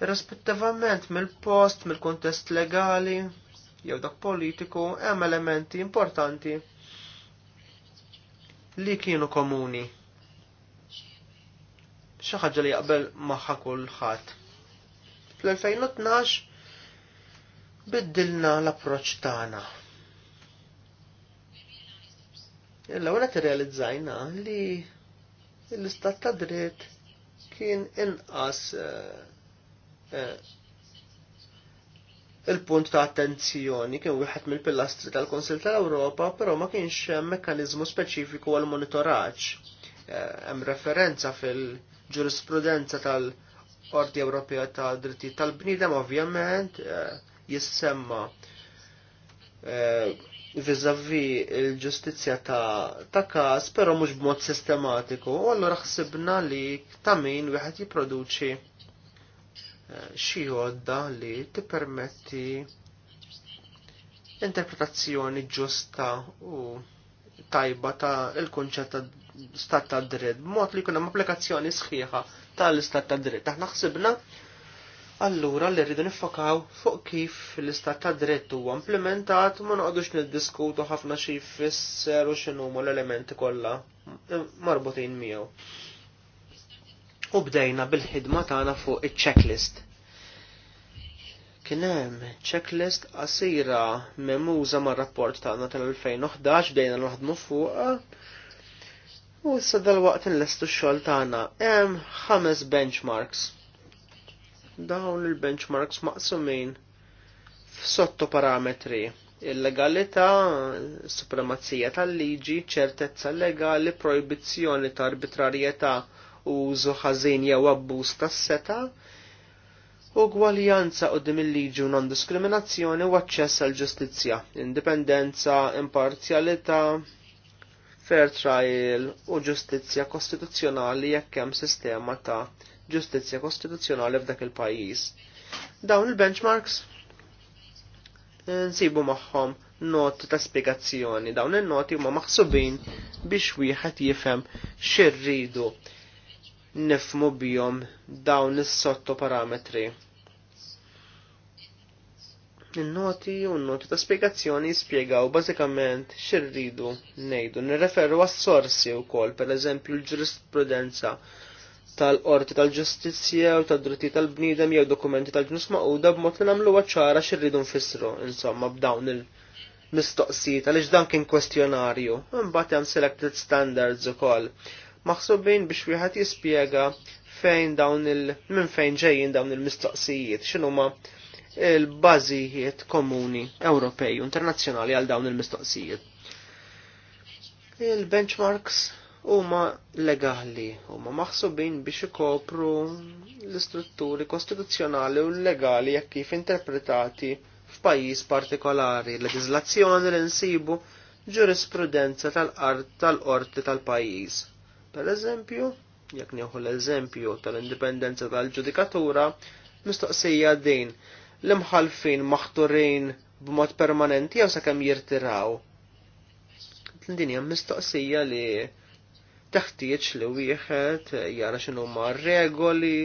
Rispettivament mill-post, mill-kontest legali, jew dak politiku, hemm elementi importanti li kienu komuni. Xi ħaġa li jaqbel magħha kulħadd. Fl-2012 biddilna l-approċċ tagħna. L-ewwel qed irrealizzajna li l-istat ta' dritt kien inqas uh, Eh, il-punt ta' attenzjoni kien wieħed mill-pilastri tal-Konsil tal-Ewropa, però ma kienx hemm mekkaniżmu speċifiku għal monitoraġġ. Eh, hemm referenza fil-ġurisprudenza tal-Qorti Ewropea tad Drittijiet tal-Bniedem ovvjament eh, jissemma vizavi il-ġustizzja ta', ta każ, però mhux b'mod sistematiku, u allura ħsibna li ta' min wieħed jipproduċi xi għodda li tippermetti interpretazzjoni ġusta u tajba ta' il-konċett ta' stat ta' dritt, b'mod li kunem applikazzjoni sħiħa tal-istat ta' dritt. Aħna ħsibna allura li rridu nifokaw fuq kif l-istat ta' dritt huwa implementat ma noqgħodux niddiskutu ħafna xi jfisser u x'inhu l-elementi kollha marbutin miegħu u bdejna bil-ħidma tagħna fuq iċ-checklist. Kien hemm checklist qasira memuża mar-rapport tagħna tal-2011 bdejna naħdmu fuqha u issa dal-waqt x-xogħol tagħna hemm ħames benchmarks. Dawn il-benchmarks maqsumin f'sotto parametri il-legalità, supremazija tal-liġi, ċertezza legali, proibizzjoni ta' arbitrarjetà użu ħażin jew abbuż tas-seta, u dim il liġu u non-diskriminazzjoni u aċċess għal ġustizzja, indipendenza, imparzjalità, fair trial u ġustizzja kostituzzjonali jekk hemm sistema ta' ġustizzja kostituzzjonali f'dak il-pajjiż. Dawn il-benchmarks nsibu magħhom noti ta' spiegazzjoni, dawn il-noti huma maħsubin biex wieħed jifhem xirridu nifmu bijom dawn is sotto parametri. Il-noti u n-noti ta' spiegazzjoni spiegaw bażikament xirridu nejdu. Nirreferu għas-sorsi u kol, per eżempju l-ġurisprudenza tal-qorti tal-ġustizzja u tad-dritti tal-bniedem jew dokumenti tal-ġnus maquda b'mod li nagħmluha ċara x'irridu nfissru, insomma b'dawn il-mistoqsijiet għaliex dan kien kwestjonarju. Imbagħad hemm selected standards ukoll maħsubin biex wieħed jispjega fejn dawn il minn fejn ġejjin dawn il-mistoqsijiet, x'inhuma il-bażijiet komuni Ewropej u internazzjonali għal dawn il-mistoqsijiet. Il-benchmarks huma legali, huma maħsubin biex ikopru l-istrutturi kostituzzjonali u legali jekk kif interpretati f'pajjiż partikolari, leġiżlazzjoni li nsibu ġurisprudenza tal-qorti tal-pajjiż. Per eżempju, jekk nieħu l-eżempju tal-indipendenza tal-ġudikatura, mistoqsija din l-imħalfin maħturin b'mod permanenti jew sakemm jirtiraw. Din hija mistoqsija li teħtieġ li wieħed jara x'inhu huma regoli,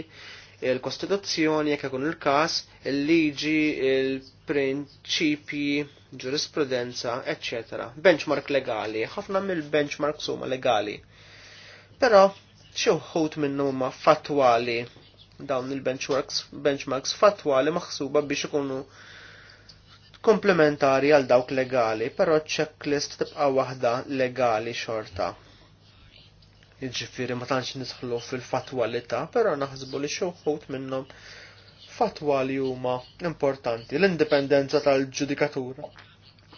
il-Kostituzzjoni jekk ikun il-każ, il-liġi, il-prinċipji, ġurisprudenza, eċċetera. Benchmark legali, ħafna mill-benchmarks huma legali. Però xi wħud minnhom fatwali dawn il-benchmarks benchmarks fatwali maħsuba biex ikunu komplementari għal dawk legali, però checklist tibqa' waħda legali xorta. Jiġifieri ma tantx nisħlu fil-fatwalità, però naħsbu li xi minnhom fatwali huma importanti, l-indipendenza tal-ġudikatura.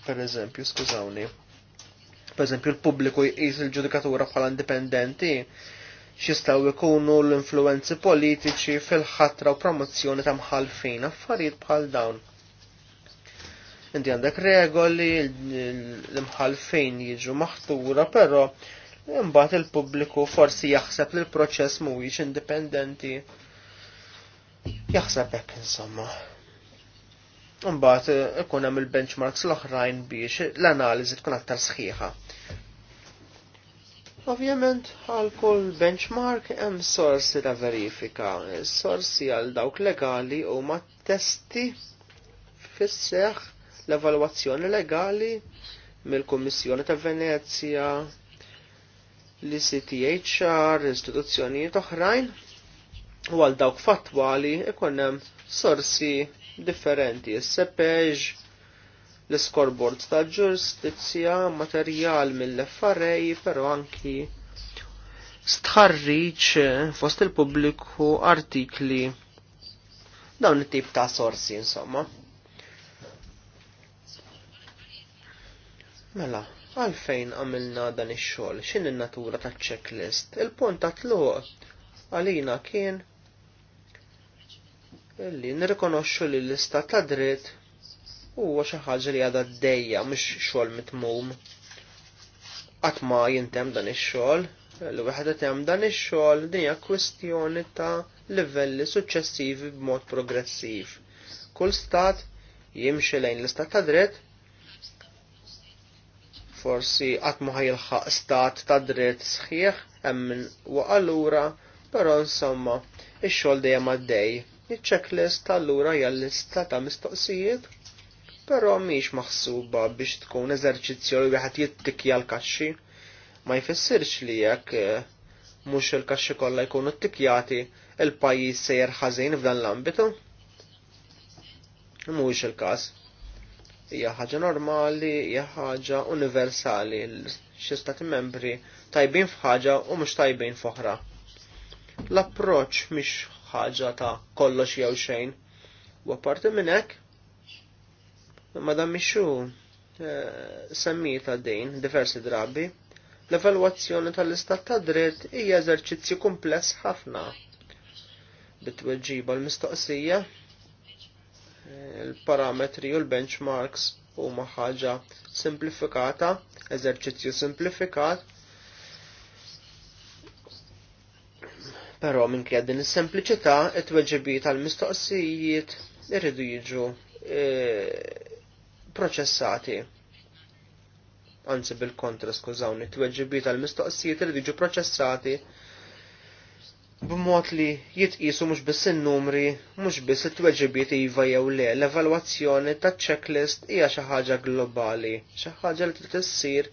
Per eżempju, skużawni pereżempju l-pubbliku jqis il-ġudikatura bħala indipendenti, xistaw jkunu l-influenzi politiċi fil-ħatra u promozzjoni ta' mħalfin affarijiet bħal dawn. Inti għandek regoli, l imħalfejn jiġu maħtura, però Imbagħad il-pubbliku forsi jaħseb li l-proċess mhuwiex indipendenti. Jaħseb hekk insomma. Mbagħad eh, ikun hemm il-benchmarks l-oħrajn biex l-analiżi tkun aktar sħiħa. Ovvjament għal kull benchmark hemm sorsi ta' verifika, sorsi għal dawk legali u ma' testi fisseħ l-evalwazzjoni legali mill-Kummissjoni ta' Venezia, l-CTHR, istituzzjonijiet oħrajn, u għal dawk fatwali ikun hemm sorsi differenti, s-sepeġ, l-scoreboard tal-ġustizzja, materjal mill-affarej, pero anki stħarriċ fost il-pubbliku artikli dawn it-tip ta' sorsi, insomma. Mela, għalfejn għamilna dan ix-xogħol, x'in in-natura ta' checklist Il-punt ta' tluq għalina kien li nirrikonoxxu li l-istat ta' dritt huwa xi ħaġa li għadha d-dejja mhux xogħol mitmum. Qatt ma jintem dan ix-xogħol, li wieħed hemm dan ix-xogħol din hija kwestjoni ta' livelli suċċessivi b'mod progressiv. Kull stat jimxi lejn l-istat ta' dritt, forsi qatt ma ħajilħaq stat ta' dritt sħiħ hemm minn waqalura, però insomma ix-xogħol dejjem għaddej Il-checklist allura hija lista ta' mistoqsijiet, però miex maħsuba biex tkun eżerċizzju li wieħed jittikja l-kaxxi. Ma jfissirx li jekk eh, mhux il-kaxxi kollha jkunu ttikjati il-pajjiż se ħażin f'dan l-ambitu. Mhuwiex il-każ. Hija ħaġa normali, hija ħaġa universali xi stati membri tajbin f'ħaġa u mhux tajbin f'oħra. L-approċċ mhix ħaġa ta' kollox jew xejn. U apparti minn hekk, madam Mixu eh, semmiet għaddejn diversi drabi, l-evalwazzjoni tal-istat ta' dritt hija eżerċizzju kumpless ħafna. Bitweġiba l-mistoqsija, eh, il-parametri u l-benchmarks huma ħaġa simplifikata, eżerċizzju simplifikat, Però kja din is-sempliċità it weġibi tal-mistoqsijiet irridu jiġu e, proċessati. Anzi bil-kontra skużawni, it weġibi tal-mistoqsijiet irridu jiġu proċessati b'mod li jitqisu mhux biss in-numri, mhux biss it-tweġibiet iva jew le, l-evalwazzjoni ta' checklist hija xi ħaġa globali, xi ħaġa li tissir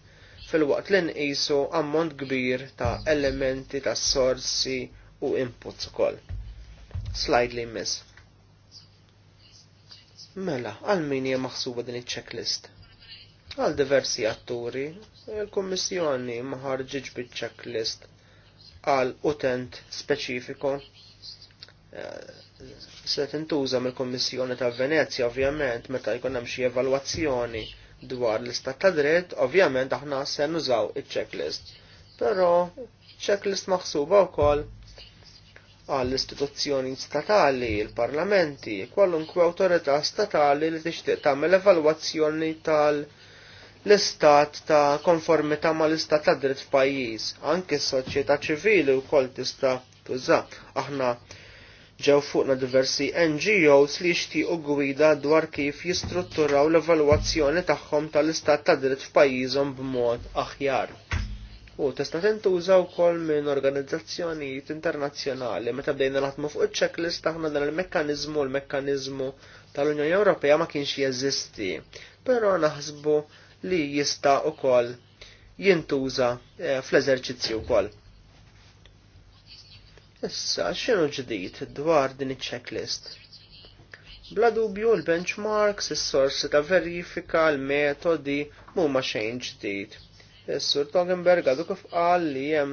fil-waqt li nqisu ammont kbir ta' elementi ta' sorsi u inputs ukoll. Slide li jmiss. Mela, għal min hija maħsuba din iċ-checklist? Għal diversi atturi, il-Kummissjoni ma ħarġitx biċ-checklist għal utent speċifiku eh, se tintuża mill-Kommissjoni ta' Venezja ovvjament meta jkun hemm xi evalwazzjoni dwar l-istat ta' dritt, ovvjament aħna se nużaw iċ-checklist. Però checklist maħsuba wkoll għall-istituzzjoni statali, il-parlamenti, kwalunkwe autorità statali li tixtieq tagħmel evalwazzjoni tal-istat ta' konformità mal-istat ta' dritt f'pajjiż. Anke s-soċjetà ċivili wkoll tista' tuża. Aħna ġew fuqna diversi NGOs li jixtiequ gwida dwar kif jistrutturaw l-evalwazzjoni tagħhom tal-istat ta' dritt f'pajjiżhom b'mod aħjar. U tista' tintuża wkoll minn organizzazzjonijiet internazzjonali meta bdejna naħdmu fuq iċ-checklist aħna dan il-mekkaniżmu l-mekkaniżmu tal-Unjoni Ewropea ma kienx jeżisti, però naħsbu li jista' ukoll jintuża eh, fl-eżerċizzju wkoll. Issa, x'inhu ġdid dwar din il checklist Bla dubju l-benchmarks, is-sorsi ta' verifika, l-metodi mhuma xejn ġdid Is-Sur Togenberg għadu kif qal li hemm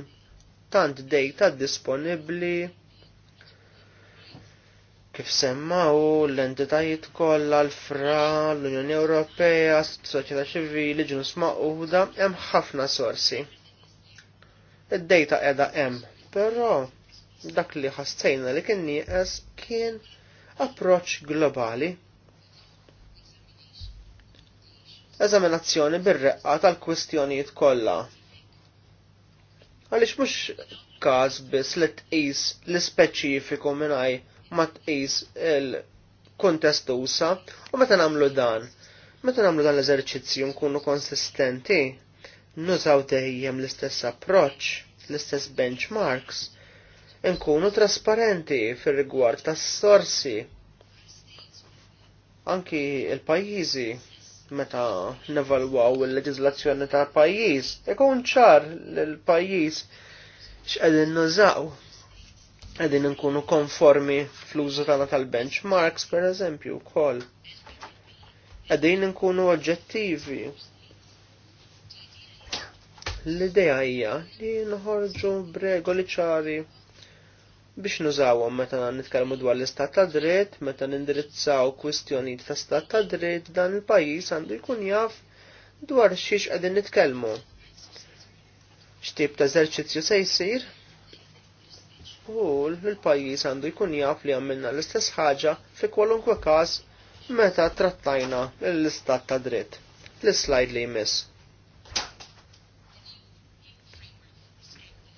tant data disponibbli kif semmaw l-entitajiet kollha l-FRA, l-Unjoni Ewropea, s-soċjetà ċivili, ġunus maquda, hemm ħafna sorsi. Id-dejta qiegħda hemm, però dak li ħassejna li kien nieqes kien approċċ globali eżaminazzjoni bir-reqqa tal-kwistjonijiet kollha. Għaliex mhux każ biss li tqis l-ispeċifiku mingħajr ma tqis il-kuntest usa u meta nagħmlu dan. Meta nagħmlu dan l-eżerċizzju nkunu konsistenti, nużaw dejjem l-istess approċċ, l-istess benchmarks, nkunu trasparenti fir-rigward tas-sorsi anki il-pajjiżi meta nevalwaw il-leġizlazzjoni ta' pajjiż, ikun ċar l-pajjiż x'qegħdin nużaw. Qegħdin nkunu konformi fl-użu tagħna tal-benchmarks pereżempju wkoll. Qegħdin nkunu oġġettivi. L-idea hija li nħorġu b'regoli ċari biex nużawhom meta nitkellmu dwar l-istat ta' dritt, meta nindirizzaw kwistjonijiet ta' stat ta' dritt dan il-pajjiż għandu jkun jaf dwar xiex qegħdin nitkellmu. X'tip ta' eżerċizzju se jsir? U l-pajjiż għandu jkun jaf li għamilna l-istess ħaġa fi kwalunkwe każ meta trattajna l-istat ta' dritt. L-slide li jmiss.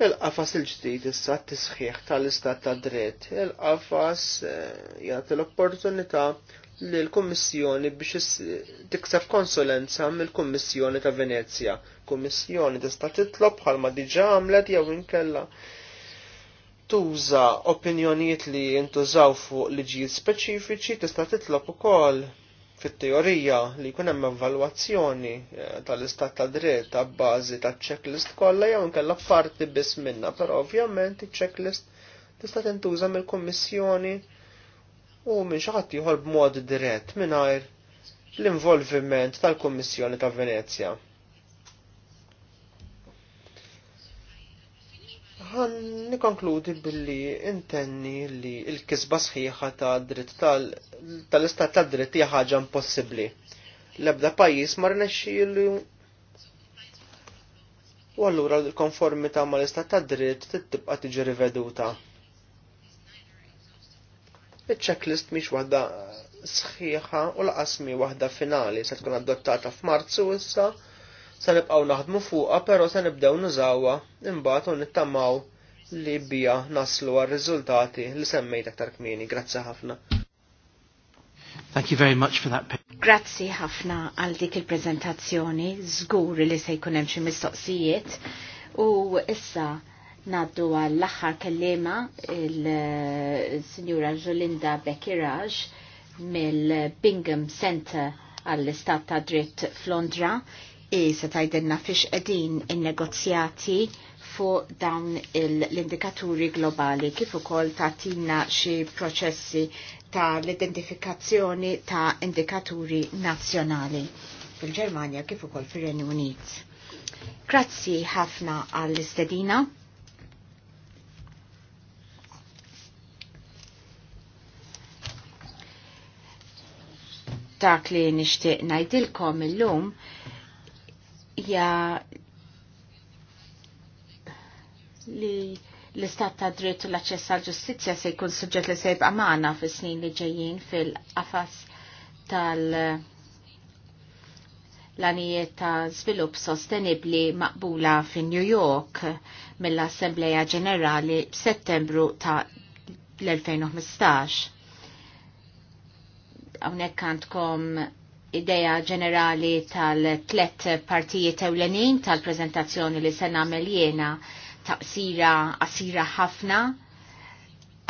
Il-qafas il-ġdid issa t-tisħiħ tal-istat ta' dritt. Il-qafas eh, jagħti l-opportunità li l-Kummissjoni biex tikseb konsulenza mill-Kummissjoni ta' Venezia. Kummissjoni tista' titlob bħalma diġà għamlet jew inkella tuża opinjonijiet li jintużaw fuq liġijiet speċifiċi tista' titlob ukoll fit-teorija li jkun hemm evalwazzjoni eh, tal-istat ta' dritt ta' bażi ta' checklist kollha jew inkella parti biss minna, però ovvjament iċ-checklist tista' tintuża mill-Kummissjoni u minn xi ħadd ieħor b'mod dirett mingħajr l-involviment tal-Kummissjoni ta' Venezja. Għan nikonkludi billi intenni li il-kisba sħiħa ta' dritt tal-istat ta' dritt hija ħaġa impossibbli. L-ebda pajjiż ma rnexxielu u allura l-konformità ma l-istat ta' dritt tittibqa' tiġi riveduta. Il-checklist mhix waħda sħiħa u l-qasmi waħda finali se tkun adottata f'Marzu issa Sa nibqgħu naħdmu fuqha però se nibdew nużawha imbagħad u nittamaw li bija naslu għal riżultati li semmejt aktar kmieni. Grazzi ħafna. Thank you very much for that. Grazzi ħafna għal dik il-prezentazzjoni, żgur li se jkun hemm xi mistoqsijiet u issa naddu għall aħħar kellima il-Sinjura Jolinda Bekiraj mill-Bingham Center għall-Istat ta' Dritt Flondra i e, se tajdenna fiex edin il negozjati fuq dawn l-indikaturi globali kif ukoll tatina xi proċessi ta' l-identifikazzjoni ta' indikaturi nazzjonali fil-Ġermanja kif ukoll fir-Renju Unit. Grazzi ħafna għall-istedina. Dak li nixtieq ngħidilkom illum hija li l-istat ta' dritt u l-aċċess għal ġustizzja se jkun suġġett li se jibqa' magħna fis-snin li ġejjin fil-qafas tal- l-anijiet ta' svilupp sostenibli maqbula fin New York mill-Assembleja Ġenerali b'Settembru ta' l-2015. Hawnhekk għandkom ideja ġenerali tal-tlet partijiet ewlenin tal-prezentazzjoni li se nagħmel jiena taqsira asira ħafna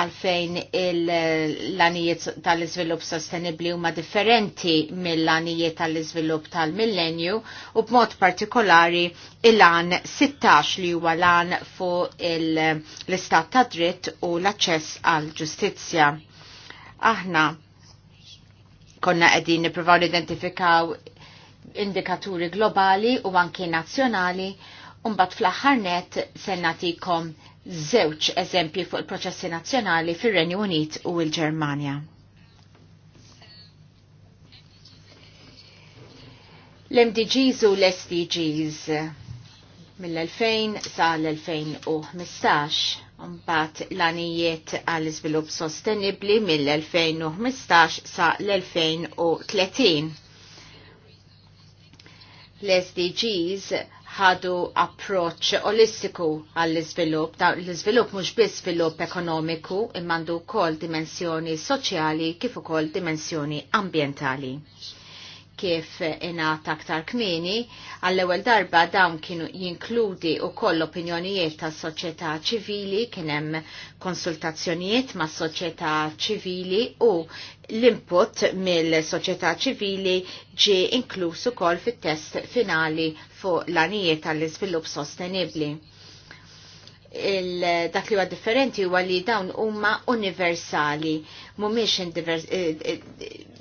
għalfejn l-anijiet tal-izvilup sostenibli huma differenti mill-anijiet tal-izvilup tal-millenju u b'mod partikolari il-an 16 li huwa lan fuq l-istat ta' dritt u l-aċċess għal ġustizzja. Aħna konna qegħdin nippruvaw identifikaw indikaturi globali u anke nazzjonali u mbagħad fl-aħħar net se nagħtikom żewġ eżempji fuq il-proċessi nazzjonali fir-Renju Unit u l-Ġermanja. L-MDGs u l-SDGs mill-2000 sa l-2015. Mbagħad l-anijiet għall iżvilupp sostenibbli mill-2015 sa l-2030. L-SDGs ħadu approċ olistiku għall-iżvilupp, l-iżvilupp mhux biss svilupp ekonomiku immandu wkoll dimensjoni soċjali kif ukoll dimensjoni ambjentali kif inata aktar kmini, għall-ewel darba dawn kienu jinkludi u koll opinjonijiet ta' soċjetà ċivili, kienem konsultazzjonijiet ma' soċjetà ċivili u l-input mill-soċjetà ċivili ġi inklusu koll fit-test finali fuq l-anijiet tal-iżvilupp sostenibli il, dak li huwa differenti huwa li dawn huma universali, mhumiex eh, eh,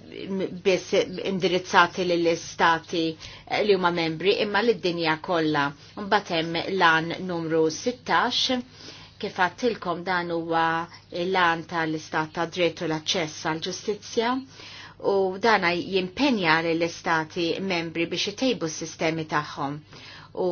biss indirizzati lill-istati li huma membri imma lid-dinja kollha. Mbagħad hemm lan numru 16 kif għattilkom dan huwa l-an tal-istat ta' drittu l-aċċess għall ġustizzja u dana jimpenja lill-istati membri biex itejbu s-sistemi tagħhom u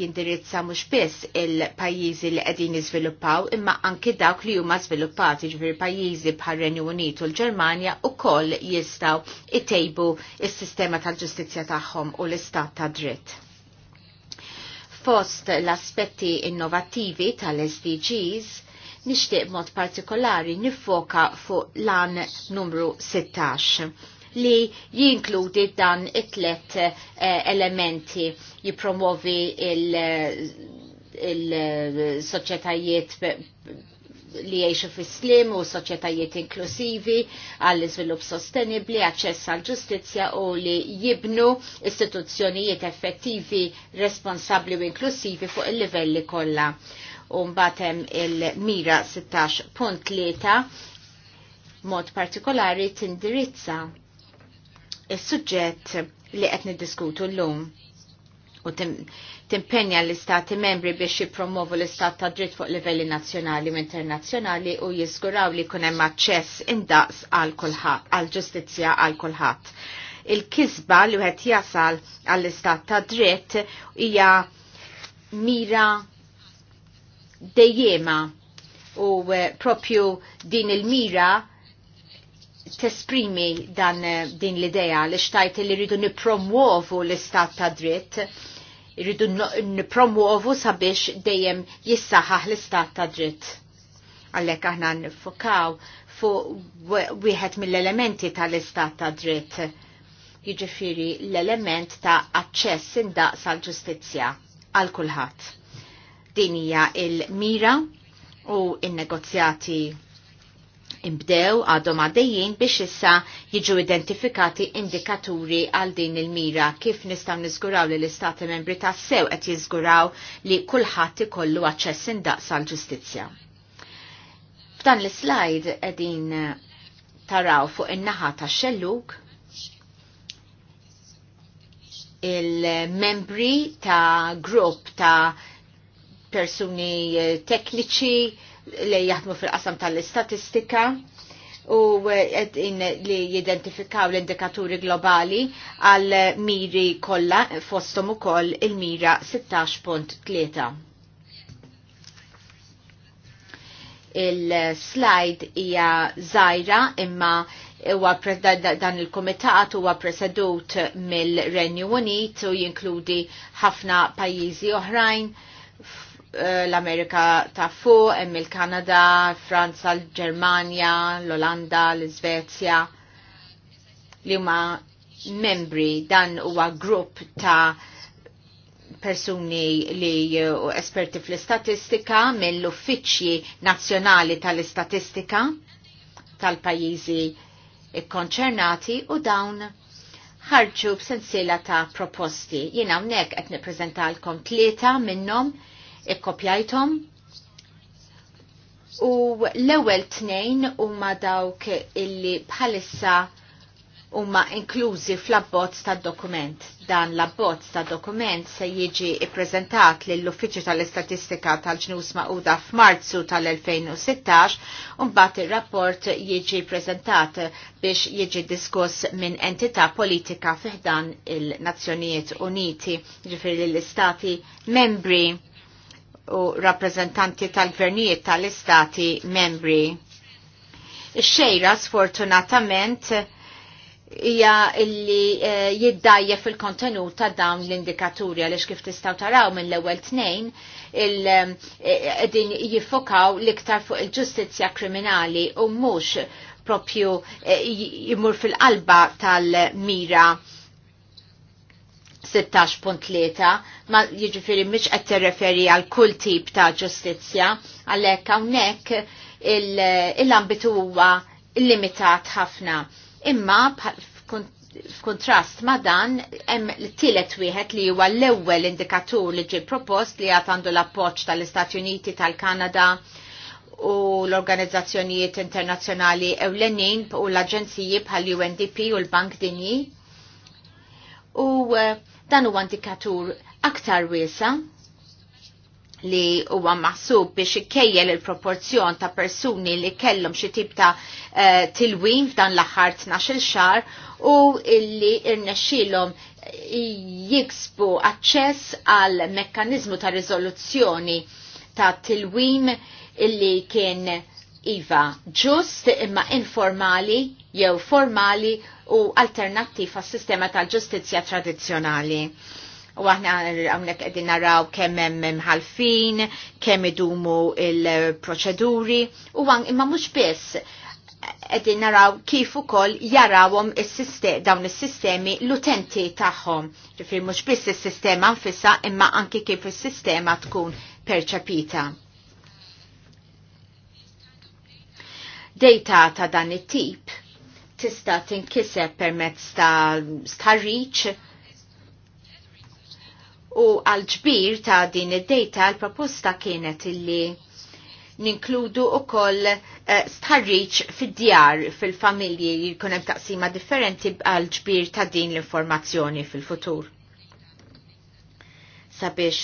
jindirizza mhux biss il-pajjiżi li qegħdin jiżviluppaw imma anki dawk li huma żviluppati ġifieri pajjiżi bħal Renju Unit u l-Ġermanja ukoll jistgħu itejbu is-sistema tal-ġustizzja tagħhom u l-istat ta' dritt. Fost l-aspetti innovattivi tal-SDGs, nixtieq mod partikolari nifoka fuq lan numru 16 li jinkludi dan it-tlet eh, elementi jipromovi il-soċetajiet li jiexu fislim slim u soċjetajiet inklusivi, għall iżvilupp sostenibli, aċċess għal ġustizzja u li jibnu istituzzjonijiet effettivi, responsabli u inklusivi fuq il-livelli kollha. U mbatem il-mira 16.3 mod partikolari tindirizza is-suġġett li qed niddiskutu llum u timpenja l-istati membri biex jipromovu l-istat ta' dritt fuq livelli nazzjonali u internazzjonali u jiskuraw li jkun hemm aċċess indaqs għal ġustizja għal ġustizzja għal kulħadd. Il-kisba li għet jasal għall-istat ta' dritt hija mira dejjema u eh, propju din il-mira tesprimi dan eh, din l-idea li xtajt li rridu nipromuovu l-istat ta' dritt, rridu nipromuovu sabiex dejjem jissaħaħ l-istat ta' dritt. Għallek aħna nifokaw fu wieħed mill-elementi tal-istat ta' dritt, jiġifieri l-element ta' aċċess indaqs għal ġustizzja għal kulħadd. Din hija il-mira u in-negozjati il mira u n negozjati imbdew għadhom għaddejjin biex issa jiġu identifikati indikaturi għal din il-mira kif nistgħu niżguraw li l-Istati membri tassew qed jiżguraw li kulħadd ikollu aċċess indaqs għal ġustizzja. F'dan l slajd qegħdin eh, taraw fuq in-naħa tax-xelluk il-membri ta' grupp ta' persuni eh, tekniċi li jaħdmu fil-qasam tal-istatistika u eh, in li jidentifikaw l-indikaturi globali għal miri kollha fostom ukoll il-mira 16.3. Il-slide hija żgħira imma huwa dan il-komitat huwa presedut mill-Renju Unit u jinkludi ħafna pajjiżi oħrajn Eh, l-Amerika ta' fuq, hemm il-Kanada, Franza, l-Ġermanja, l-Olanda, l-Svezja li huma membri dan huwa grupp ta' persuni li eh, esperti fl-istatistika mill-uffiċċji nazzjonali tal-istatistika tal-pajjiżi konċernati u dawn ħarġu b'sensiela ta' proposti. Jiena hawnhekk qed nippreżentalkom tlieta minnhom ikkopjajtom u l-ewwel tnejn huma dawk illi bħalissa huma inklużi fl-abbozz tad-dokument. Dan l-abbozz tad-dokument se jiġi ippreżentat lill-Uffiċċju tal-Istatistika tal-Ġnus Maquda f'Marzu tal-2016 u mbagħad ir-rapport jiġi ppreżentat biex jiġi diskuss minn entità politika fiħdan il-Nazzjonijiet Uniti, ġifieri l-Istati membri u rappresentanti tal-gvernijiet tal-istati membri. Ix-xejra sfortunatament hija illi e, eh, jiddajja fil-kontenut ta' dawn l-indikaturi għaliex kif tistgħu taraw minn l-ewwel tnejn qegħdin eh, jiffokaw l-iktar fuq il-ġustizzja kriminali u mhux propju eh, jimur fil-qalba tal-mira 16.3 ma jiġifieri mhix qed tirreferi għal kull tip ta' ġustizzja għalhekk hawnhekk l-ambitu huwa limitat ħafna. Imma f'kuntrast ma dan hemm tielet wieħed li huwa l-ewwel indikatur li ġie propost li għad għandu l-appoġġ tal-Istati Uniti tal-Kanada u l-organizzazzjonijiet internazzjonali ewlenin u l-aġenziji bħal UNDP u l-Bank Dinji. U eh, Dan huwa indikatur aktar wiesa li huwa maħsub biex ikkejjel il-proporzjon ta' persuni li kellhom xi tip ta' uh, tilwim f'dan l-aħħar 12 xar u illi irnexxilhom jiksbu aċċess għal mekkaniżmu ta' riżoluzzjoni ta' tilwim illi kien iva ġust imma informali jew formali u alternattiv għas sistema tal-ġustizja tradizjonali. U aħna għamnek għedin naraw kemm hemm ħalfin, kemm idumu il-proċeduri, u għan imma mhux biss għedin naraw kif ukoll jarawhom dawn is-sistemi l-utenti tagħhom. Ġifieri mhux biss is-sistema nfissa imma anki kif is-sistema tkun perċepita. Data ta' dan it-tip tista tinkiseb permezz ta' reach u għal ġbir ta' din id-data l-proposta kienet illi ninkludu u koll eh, starriċ fid-djar fil-familji jkun hemm taqsima differenti għal ġbir ta' din l-informazzjoni fil-futur. Sabiex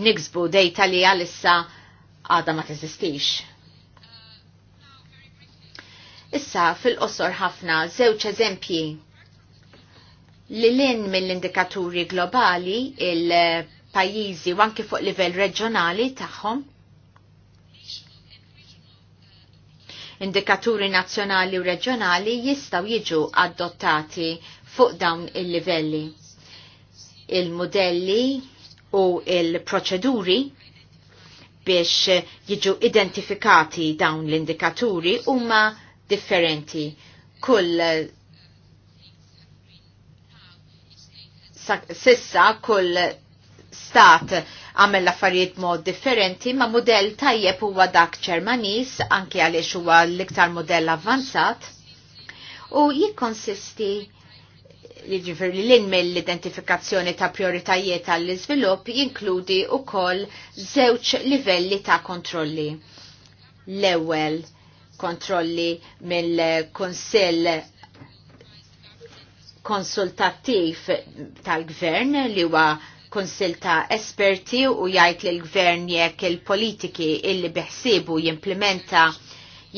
niksbu data li għalissa għada ma teżistix. Issa fil-qosor ħafna żewġ eżempji Lilin mill-indikaturi globali il pajjiżi u anki fuq livell reġjonali tagħhom. Indikaturi nazzjonali u reġjonali jistgħu jiġu adottati fuq dawn il-livelli. Il-modelli u il-proċeduri biex jiġu identifikati dawn l-indikaturi huma differenti. Kull sissa kull stat għamel affarijiet mod differenti, ma model tajjeb huwa dak ċermanis, anki għaliex huwa l-iktar modell avvanzat, u jikkonsisti jiġifieri li l mill-identifikazzjoni ta' prioritajiet għall iżvilupp jinkludi u koll żewġ livelli ta' kontrolli. L-ewwel kontrolli mill konsell konsultattiv tal-gvern li huwa konsil ta' esperti u jgħid li l-gvern jekk il-politiki illi biħsibu jimplementa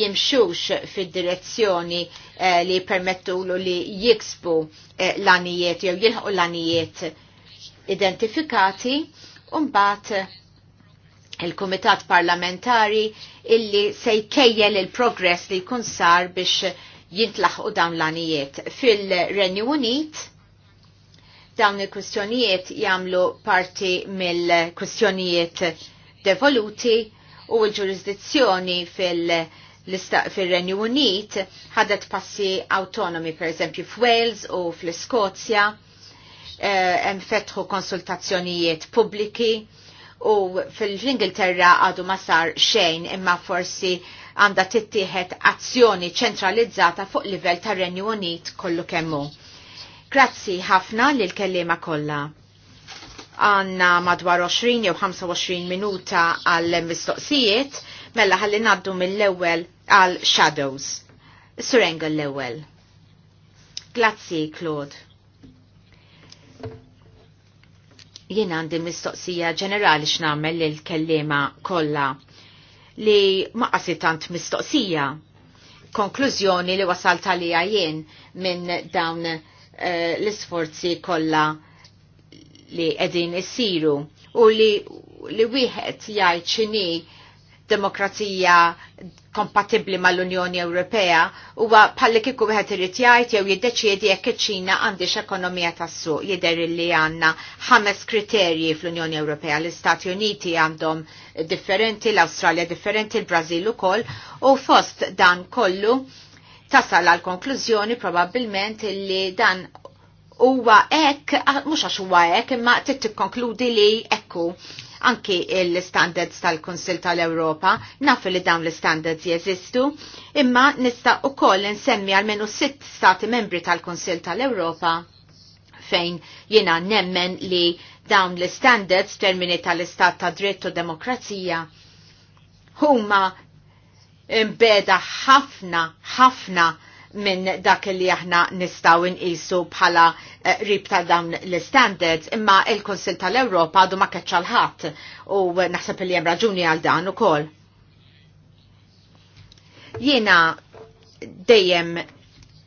jimxux fid-direzzjoni eh, li l li jiksbu eh, l-anijiet jew jilħu l-anijiet identifikati un bat il-Kumitat Parlamentari illi se jkejjel il-progress li jkun sar biex jintlaħqu dawn l-anijiet. Fil-Renju Unit, dawn il-kwistjonijiet jagħmlu parti mill-kwistjonijiet devoluti u l-ġurisdizzjoni fil- fil-Renju Unit ħadet passi autonomi, per eżempju, f'Wales u fl-Skozja, hemm eh, fetħu konsultazzjonijiet pubbliki u fil-Ingilterra għadu ma sar xejn imma forsi għanda tittieħed azzjoni ċentralizzata fuq livell tar renju Unit kollu kemmu. Grazzi ħafna lil kellima kollha. Għanna madwar 20 jew 25 minuta għall mistoqsijiet mella ħalli naddu mill-ewwel għal Shadows. Sur l-ewwel. Grazzi Claude. jien għandi mistoqsija ġenerali x'nagħmel lil kellima kollha li ma tant mistoqsija. Konklużjoni li wasalt għalija jien minn dawn uh, l-isforzi kollha li qegħdin issiru u li li wieħed jgħid x'inhi demokrazija kompatibli mal-Unjoni Ewropea huwa palli kieku wieħed irid jgħid jew jiddeċiedi jekk iċ-Ċina għandix ekonomija tas-suq jidher li għandna ħames kriterji fl-Unjoni Ewropea. L-Istati Uniti għandhom differenti, l-Awstralja differenti, l-Brażil ukoll u fost dan kollu tasal għal konklużjoni probabbilment li dan huwa hekk mhux għax huwa hekk imma trid tikkonkludi li ekku anki l-standards tal-Konsil tal-Europa, naf li dawn l-standards jeżistu, imma nista' ukoll nsemmi għalmenu sitt stati membri tal-Konsil tal-Europa fejn jiena nemmen li dawn l-standards termini tal-istat ta' dritt u demokrazija huma imbeda ħafna ħafna minn dak li aħna nistaw nqisu bħala eh, rib ta' dawn l-standards, imma il-Konsil tal-Ewropa għadu ma keċċal ħadd u naħseb li hemm raġuni għal dan ukoll. Jiena dejjem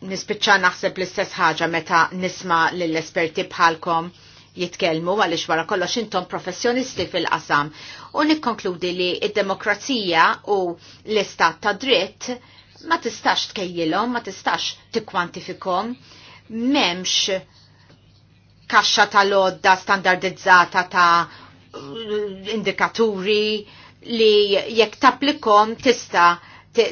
nispiċċa naħseb l-istess ħaġa meta nisma' lill-esperti bħalkom jitkelmu għaliex wara kollox intom professjonisti fil-qasam u nikkonkludi li id-demokrazija u l-istat ta' dritt ma tistax tkejjilhom, ma tistax tikkwantifikhom, m'hemmx kaxxa tal-odda standardizzata ta' indikaturi li jekk taplikom tista'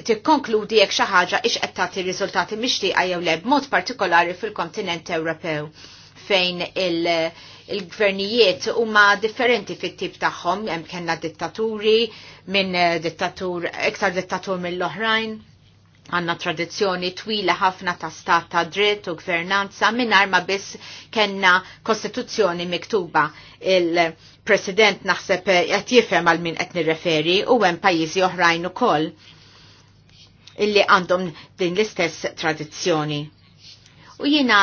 tikkonkludi jekk xi ħaġa ix qed tagħti riżultati mixtieqa jew le b'mod partikolari fil-kontinent Ewropew fejn il-gvernijiet huma differenti fit-tip tagħhom hemm kellna dittaturi minn dittatur iktar dittatur mill-oħrajn għanna tradizjoni twila ħafna ta' stat ta' dritt u gvernanza minnar ma biss kena kostituzzjoni miktuba il-president naħseb qed jifhem għal min qed nirreferi u hemm pajjiżi oħrajn ukoll illi għandhom din l-istess tradizzjoni. U jiena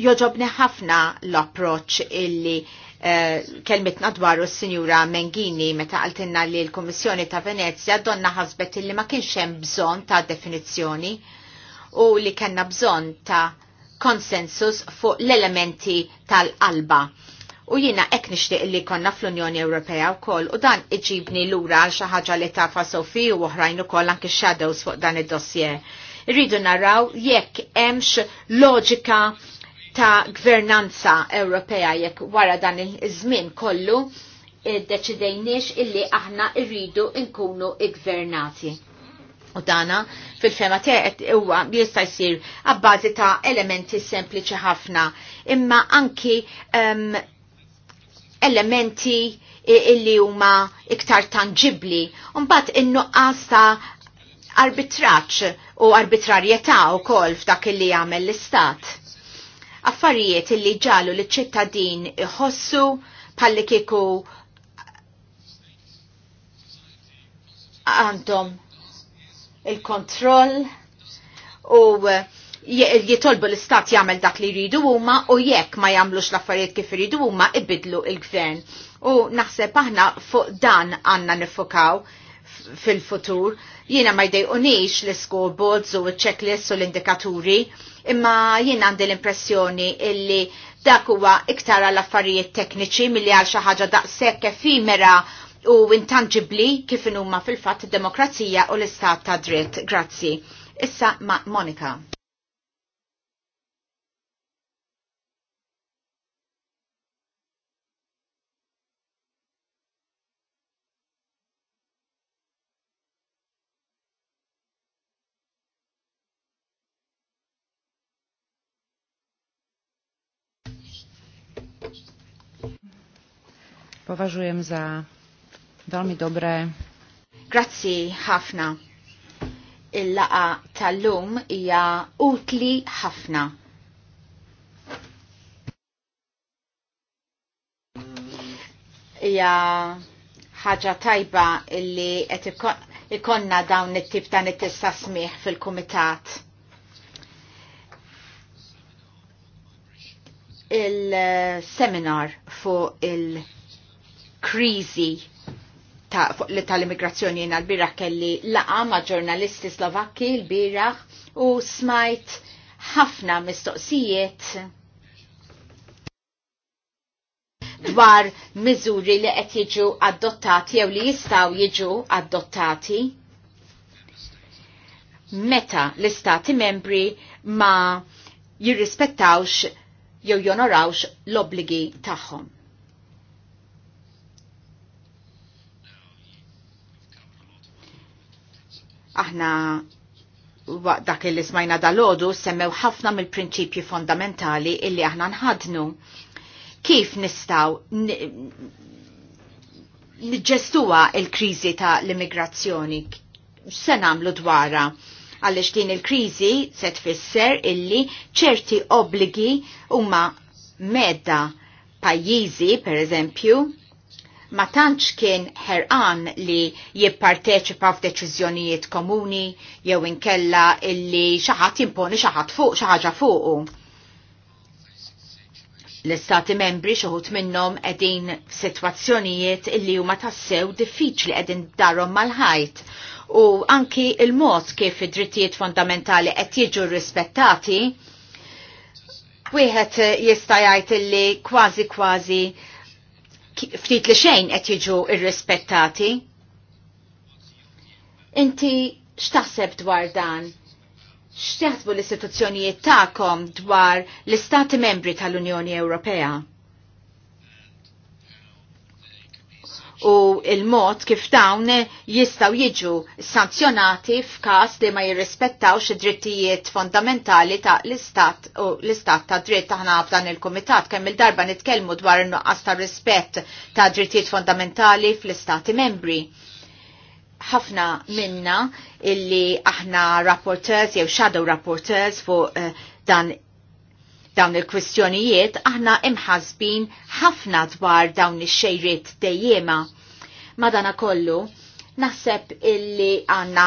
joġobni ħafna l-approċ illi Eh, kelmitna dwaru s-Sinjura Mengini meta għaltinna li l komissjoni ta' Venezia donna ħasbet li ma kienx hemm bżonn ta' definizzjoni u li kellna bżonn ta' konsensus fuq l-elementi tal-qalba. U jina ek nixtieq li konna fl-Unjoni Ewropea wkoll u dan iġibni lura għal xi ħaġa li tafa Sofi u oħrajn ukoll anke shadows fuq dan id-dossier. Irridu naraw jekk hemmx loġika ta' gvernanza Ewropea jekk wara dan iż-żmien kollu deċidejniex illi aħna irridu nkunu gvernati. U dana fil-fema teqet huwa jista' jsir għabbażi ta' elementi sempliċi ħafna, imma anki um, elementi illi huma iktar tangibli, mbagħad in-nuqqas ta' arbitraċ u arbitrarjetà wkoll f'dak illi jagħmel l-istat affarijiet illi ġalu li ċittadin iħossu palli kiku għandhom il-kontroll u jitolbu l-istat jagħmel dak li jridu huma u jekk ma jagħmlux l-affarijiet kif iridu huma ibidlu l gvern U naħseb aħna fuq dan għandna nifukaw fil-futur. Jiena ma jdejqunix l-scoreboards u ċ-checklists u l-indikaturi imma jien għandi l-impressjoni illi dak huwa iktar għal affarijiet tekniċi milli għal xi ħaġa daqshekk efimera u intangibli kif huma fil-fatt id-demokrazija u l-istat ta' dritt. Grazzi. Issa ma' Monika. poważujem za dalmi dobre. Grazie, Hafna. Il-laqa tal-lum ija utli Hafna. Ija ħaġa tajba illi qed ikonna dawn it-tip dan it-tista smih fil komitat Il-seminar fuq il-, -seminar kriżi ta' fuq li tal-immigrazzjoni jena l-biraħ kelli laqa ma' ġurnalisti slovakki l-biraħ u smajt ħafna mistoqsijiet dwar miżuri li qed jiġu adottati jew li jistgħu jiġu adottati meta l-istati membri ma jirrispettawx jew jonorawx l-obligi tagħhom. Aħna dak li smajna dal-ħodu semmew ħafna mill-prinċipji fondamentali illi aħna nħadnu. Kif nistaw nġestuwa il-krizi ta' l-immigrazzjoni? Se namlu dwara? Għalix din il-krizi se tfisser illi ċerti obligi huma medda pajjiżi, per eżempju, ma tantx kien ħerqan li jipparteċipa f'deċiżjonijiet komuni jew inkella illi xi ħadd jimponi xi ħadd fuq xi ħaġa fuqu. L-istati membri xoħut minnom edin situazzjonijiet illi huma tassew diffiċli edin darom mal-ħajt u anki il-mod kif id-drittijiet fondamentali qed jiġu rispettati wieħed jista' jgħid illi kważi kważi ftit li xejn qed jiġu irrispettati. Inti x'taħseb dwar dan? X'taħsbu l-istituzzjonijiet tagħkom dwar l-Istati Membri tal-Unjoni Ewropea? u il-mod kif dawn jistaw jiġu sanzjonati f'każ li ma jirrispettawx id-drittijiet fondamentali ta' l-istat u l-istat ta' dritt aħna f'dan il-komitat kemm il-darba nitkellmu dwar in-nuqqas ta' rispett ta' drittijiet fondamentali fl-istati membri. Ħafna minna illi aħna rapporteurs jew shadow rapporteurs fuq uh, dan dawn il-kwistjonijiet aħna imħazbin ħafna dwar dawn ix-xejriet dejjema. Madana kollu, naħseb illi għanna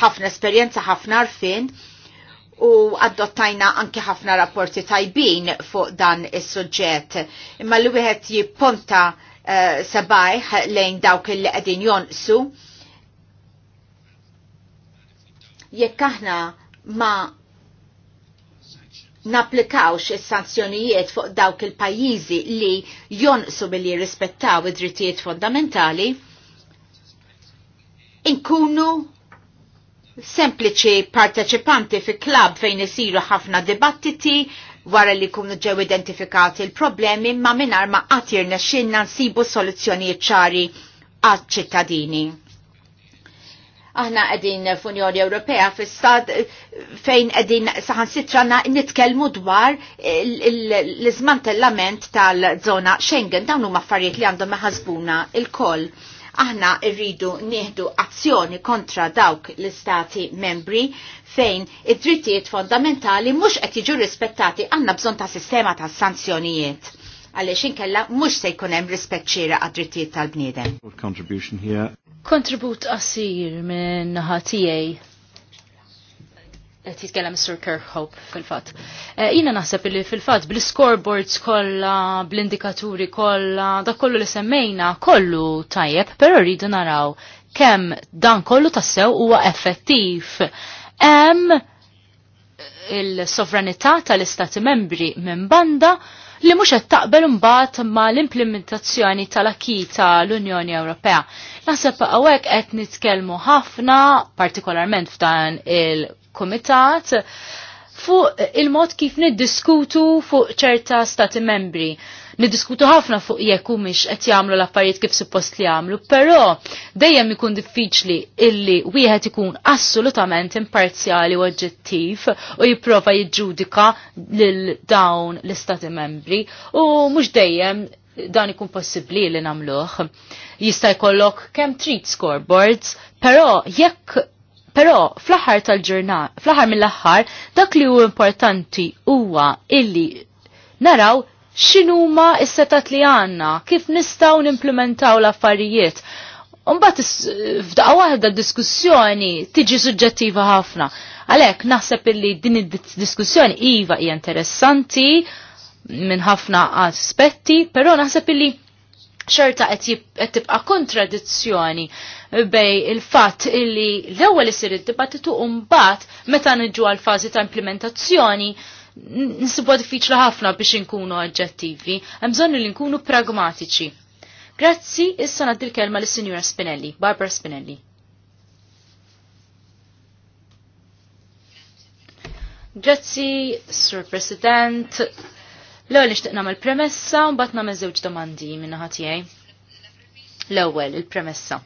ħafna esperjenza, ħafna arfin u adottajna anki ħafna rapporti tajbin fuq dan is suġġett Imma li wieħed jipponta uh, eh, sabajħ lejn dawk il qegħdin jonqsu. Jekk aħna ma naplikawx is-sanzjonijiet fuq dawk il-pajjiżi li jonqsu billi jirrispettaw id-drittijiet fondamentali, inkunu sempliċi parteċipanti fi klab fejn isiru ħafna dibattiti wara li kunu ġew identifikati l-problemi ma minar ma qatir nexxinna nsibu soluzzjonijiet ċari għad ċittadini. Aħna qegħdin f'Unjoni Ewropea fis stad eh, fejn qegħdin saħansitra nitkellmu dwar l-iżmantellament tal-żona Schengen dawn huma affarijiet li għandhom meħasbuna il-koll aħna rridu nieħdu azzjoni kontra dawk l-istati membri fejn id-drittijiet fondamentali mhux qed jiġu rispettati għandna bżonn ta' sistema ta' sanzjonijiet għaliex inkella mhux se jkun hemm rispett ċira għad-drittijiet tal-bniedem kontribut qasir minn ħatijaj. tiegħi. Sir Kirkhope fil-fatt. Eh, jiena naħseb li fil-fatt bl-scoreboards kollha, bl-indikaturi kollha, dak kollu li semmejna kollu tajjeb, però rridu naraw kemm dan kollu tassew huwa effettiv. Hemm il-sovranità tal-istati membri minn banda li mhux qed taqbel imbagħad ma l-implementazzjoni tal-akki tal-Unjoni Ewropea. Naħseb hawnhekk qed nitkellmu ħafna, partikolarment f'dan il-Kumitat, fuq il-mod kif niddiskutu fuq ċerta stati membri niddiskutu ħafna fuq jekk mhix qed jagħmlu l-affarijiet kif suppost li jagħmlu, però dejjem ikun diffiċli illi wieħed ikun assolutament imparzjali u oġġettiv u jipprova jiġġudika lil dawn l-istati membri u mhux dejjem dan ikun possibbli li nagħmluh. Jista' jkollok kemm treat scoreboards, però jekk Pero fl-aħħar tal-ġurnata, fl-aħħar mill-aħħar, dak li hu importanti huwa illi naraw x'inhuma s-setat li għandna, kif nistgħu nimplementaw l-affarijiet. Umbat f'daqqa waħda diskussjoni tiġi suġġettiva ħafna. Għalhekk naħseb illi din id-diskussjoni iva hija interessanti minn ħafna aspetti, però naħseb illi xorta qed tibqa' kontradizzjoni bej il-fatt illi l-ewwel isir id-dibattitu u mbagħad meta niġu għal fażi ta' implementazzjoni nisibu diffiċli ħafna biex inkunu oġġettivi, hemm bżonn li nkunu pragmatiċi. Grazzi, issa naddi l-kelma lis-Sinjura Spinelli, Barbara Spinelli. Grazzi, Sur President. L-ewwel nixtieq nagħmel premessa un mbagħad nagħmel żewġ domandi minna ħatijaj. tiegħi. L-ewwel il-premessa. il premessa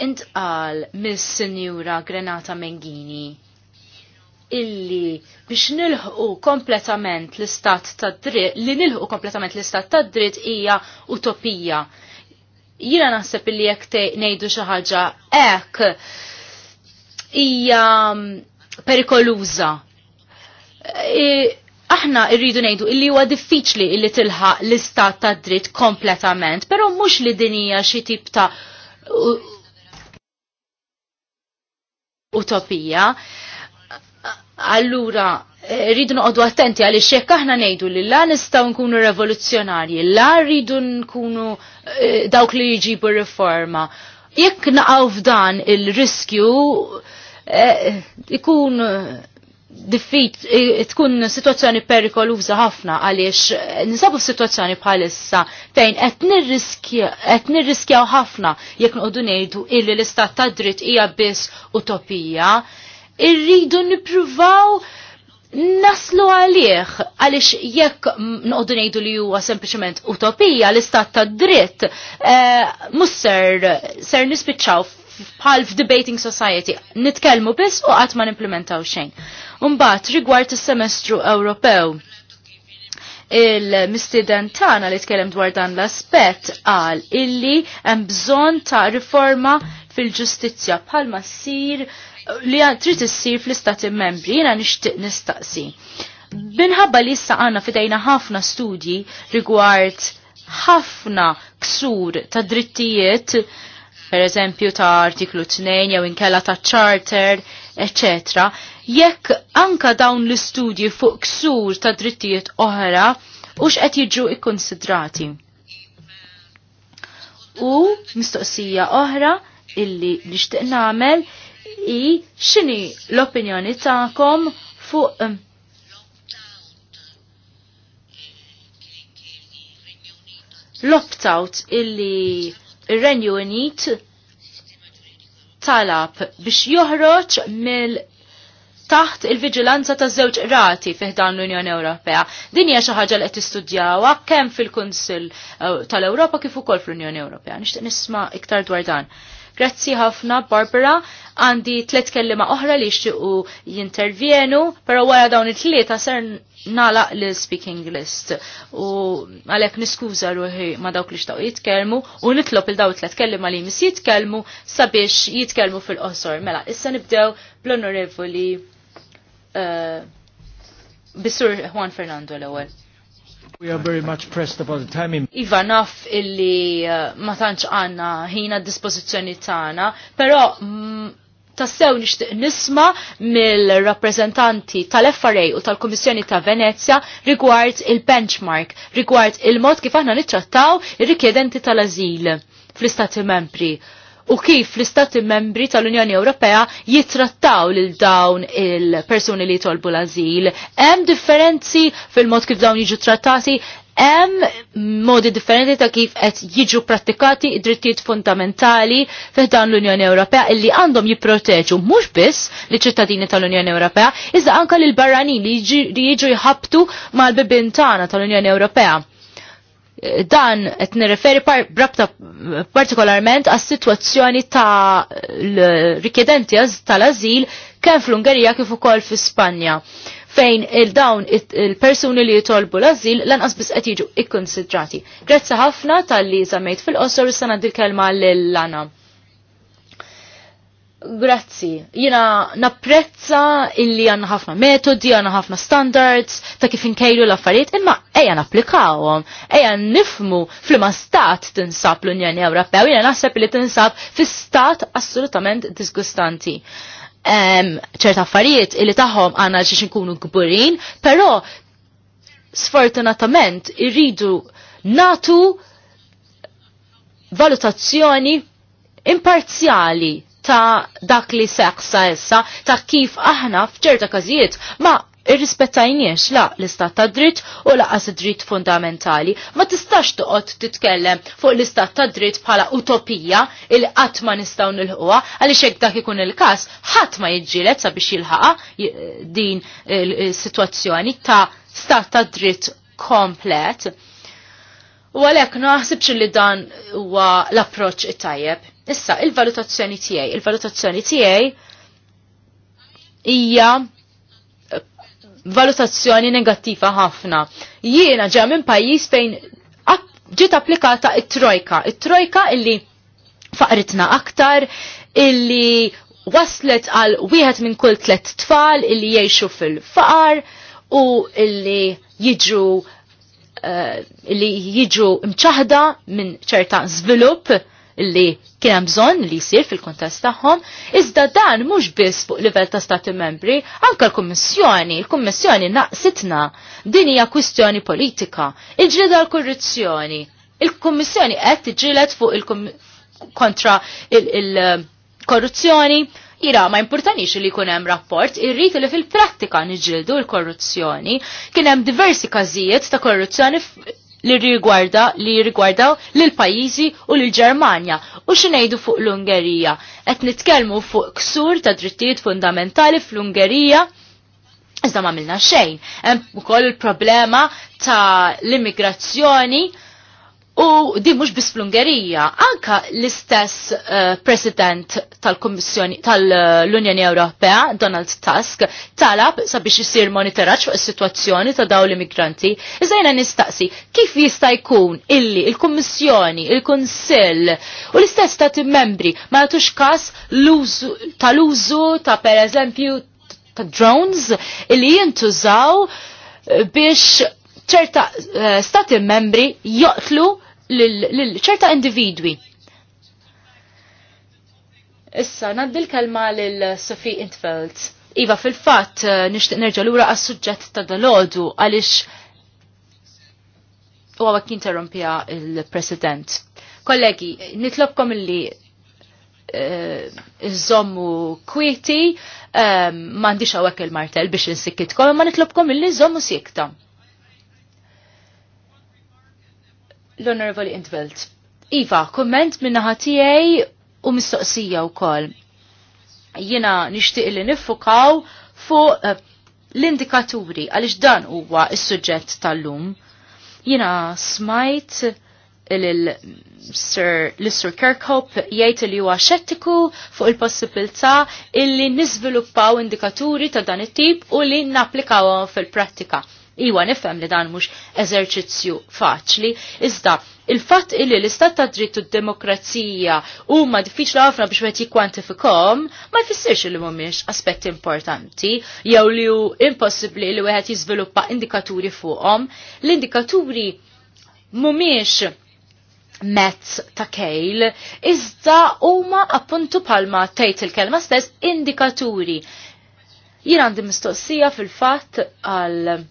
intqal mis-Sinjura Grenata Mengini illi biex nilħu kompletament l-istat ta' dritt, li nilħu kompletament l-istat ta' dritt hija utopija. Jina naħseb illi jekk ngħidu xi ħaġa hekk hija mm, perikoluża. E, aħna rridu ngħidu illi huwa diffiċli illi tilħaq l-istat ta' dritt kompletament, però mhux li din hija xi tip ta' utopija. Allura, eh, rridu noqogħdu attenti għaliex jekk aħna ngħidu li la nistaw nkunu revoluzzjonarji, la rridu nkunu eh, dawk li jġibu riforma. Jekk naqgħu f'dan il-riskju eh, ikun diffit tkun situazzjoni perikoluża ħafna għaliex eh, nisabu situazzjoni bħalissa fejn qed nirriskjaw ħafna jekk noqogħdu ngħidu illi l-istat ta' dritt hija biss utopija, irridu nippruvaw naslu għalih għaliex jekk noqogħdu ngħidu li huwa sempliċement utopija l-istat ta' dritt eh, musser ser nispiċċaw bħal f'debating society, nitkellmu biss u qatt ma nimplementaw xejn. Mbagħad rigward is-semestru Ewropew il-mistiden tana li tkellem dwar dan l-aspett qal illi hemm bżonn ta' riforma fil-ġustizzja bħalma sir li trid issir fl-istati membri jiena nixtieq nistaqsi. Minħabba li issa għandna fidejna ħafna studji rigward ħafna ksur ta' drittijiet per eżempju ta' artiklu 2 jew inkella ta' charter, etc. Jekk anka dawn l-istudji fuq ksur ta' drittijiet oħra u x'qed jiġu ikkonsidrati. U mistoqsija oħra illi nixtieq nagħmel i x'inhi l-opinjoni tagħkom fuq um, l-opt-out illi ir-Renju Unit talab biex joħroġ mill taħt il-vigilanza ta' żewġ rati fiħdan l-Unjoni Ewropea. Din hija xi ħaġa li qed tistudjawha kemm fil-Kunsill eh, tal-Ewropa kif ukoll fl-Unjoni Ewropea. Nixtieq nisma' iktar dwar dan. Grazzi ħafna Barbara, għandi tlet kellima oħra li xtiqu jintervjenu, pero wara dawn it-tlieta ser nalaq l-speaking list u għalek niskuza ruħi ma dawk li xtaqu jitkelmu u nitlob il-daw tlet kellima li mis jitkelmu sabiex jitkelmu fil-qosor. Mela, issa nibdew bl-onorevoli uh, Bisur Juan Fernando l-ewel. We are very much pressed about the timing. Iva naf illi uh, ma tantx għanna ħina d-dispożizzjoni tagħna, però mm, tassew nixtieq nisma mill-rappreżentanti tal-FRA u tal-Kummissjoni ta' Venezia rigward il-benchmark, rigward il-mod kif aħna nittrattaw ir-rikjedenti tal-ażil fl-Istati membri u kif l-istati membri tal-Unjoni Ewropea jitrattaw lil dawn il-persuni li tolbu l-azil. Hemm differenzi fil-mod kif dawn jiġu trattati, hemm modi differenti ta' kif qed jiġu prattikati id-drittijiet fundamentali fih dan l-Unjoni Ewropea illi għandhom jipproteġu mhux biss li ċittadini tal-Unjoni Ewropea, iżda anka lil barranin li jiġu jħabtu mal-bibin tagħna tal-Unjoni Ewropea dan qed nirreferi brabta partikolarment għas situazzjoni ta' l-rikjedenti tal-azil kemm fl-Ungerija kif ukoll fi Spanja fejn il-dawn il-persuni li jitolbu l-azil lanqas biss qed jiġu ikkonsidrati. Grazzi ħafna tal-li żammejt fil-qosor u sanad il-kelma l lana Grazzi. Jina napprezza illi għanna ħafna metodi, għanna ħafna standards ta' kif inkejlu l-affarijiet, imma eja napplikawhom, eja nifmu flima stat tinsab l-Unjoni Ewropea jina naħseb li tinsab fi stat assolutament disgustanti. ċerta affarijiet illi taħħom għanna xiex nkunu gburin, pero sfortunatament irridu natu valutazzjoni imparzjali ta' dak li seqsa issa, ta' kif aħna fċerta każijiet ma irrispettajniex la l-istat ta' dritt u laqas dritt fundamentali. Ma tistax toqgħod titkellem fuq l-istat ta' dritt bħala utopija il qatt ma nistgħu ħuwa għaliex hekk dak ikun il-każ ħadd ma sa' sabiex jilħaqa din il sitwazzjoni ta' stat ta' dritt komplet. U għalhekk naħsibx li dan huwa l-approċċ it-tajjeb Issa, il-valutazzjoni tiegħi, il-valutazzjoni tiegħi hija eh, valutazzjoni negattiva ħafna. Jiena ġew minn pajjiż fejn ġiet applikata it-trojka, it-trojka illi faqritna aktar, illi waslet għal wieħed minn kull tlet tfal illi jgħixu fil-faqar u illi jiġu uh, illi jiġu mċaħda minn ċerta żvilupp li kien hemm bżonn li jsir fil-kuntest tagħhom, iżda dan mhux biss fuq livell ta' stati membri, anke l-Kummissjoni, l-Kummissjoni naqsitna din hija kwistjoni politika, il-ġlieda l-korruzzjoni. Il-Kummissjoni qed tiġilet fuq il kontra il-korruzzjoni, Ira, ma importanix li kun hemm rapport, irrit li fil-prattika niġildu l-korruzzjoni, kien hemm diversi każijiet ta' korruzzjoni li rigwarda li rigwardaw lil pajjiżi u lil Ġermanja u xinejdu fuq l-Ungerija. Qed nitkellmu fuq ksur ta' drittijiet fundamentali fl-Ungerija iżda ma' milna xejn. Hemm ukoll il-problema ta' l-immigrazzjoni U di mux bis fl-Ungerija, anka l-istess uh, president tal-Kommissjoni tal-Unjoni Ewropea, Donald Tusk, talab sabiex jisir monitoraċ fuq is-sitwazzjoni ta' daw l-immigranti. Iżajna nistaqsi, kif jista' jkun illi il-Kommissjoni, il-Kunsill u l-istess stati membri ma jagħtux każ tal-użu ta' per eżempju ta' drones illi jintużaw biex ċerta eh, stati membri joqtlu l ċerta individwi. Issa, kalma l-kelma Intfeld. Iva, fil-fat, eh, nishtiq nerġa l-ura għas-sujġet ta' dalodu għalix u għawak jinterrompija il-president. Kollegi, nitlobkom li eh, iżommu kwieti, mandiċa għawak il-martel biex nsikkitkom, ma nitlobkom li iżommu sikta. l-Honorable Intveld. Iva, komment minnaħa tiegħi u mistoqsija wkoll. Jiena nishtiq li nifukaw fuq eh, l-indikaturi għaliex dan huwa s-suġġett tal-lum. Jiena smajt l-Sir Kirkhope jgħid li huwa xettiku fuq il-possibilità illi niżviluppaw indikaturi ta' dan it-tip u li napplikawhom fil-prattika. Iwa nifhem li dan mhux eżerċizzju faċli, iżda il-fatt illi l-istat ta' dritt u d-demokrazija huma diffiċli ħafna biex wieħed jikkwantifikhom ma jfissirx li mhumiex aspetti importanti jew li hu impossibbli li wieħed jiżviluppa indikaturi fuqhom. L-indikaturi mhumiex mezz ta' kejl, iżda huma appuntu palma tgħid il-kelma stess indikaturi. Jien għandi mistoqsija fil-fatt għal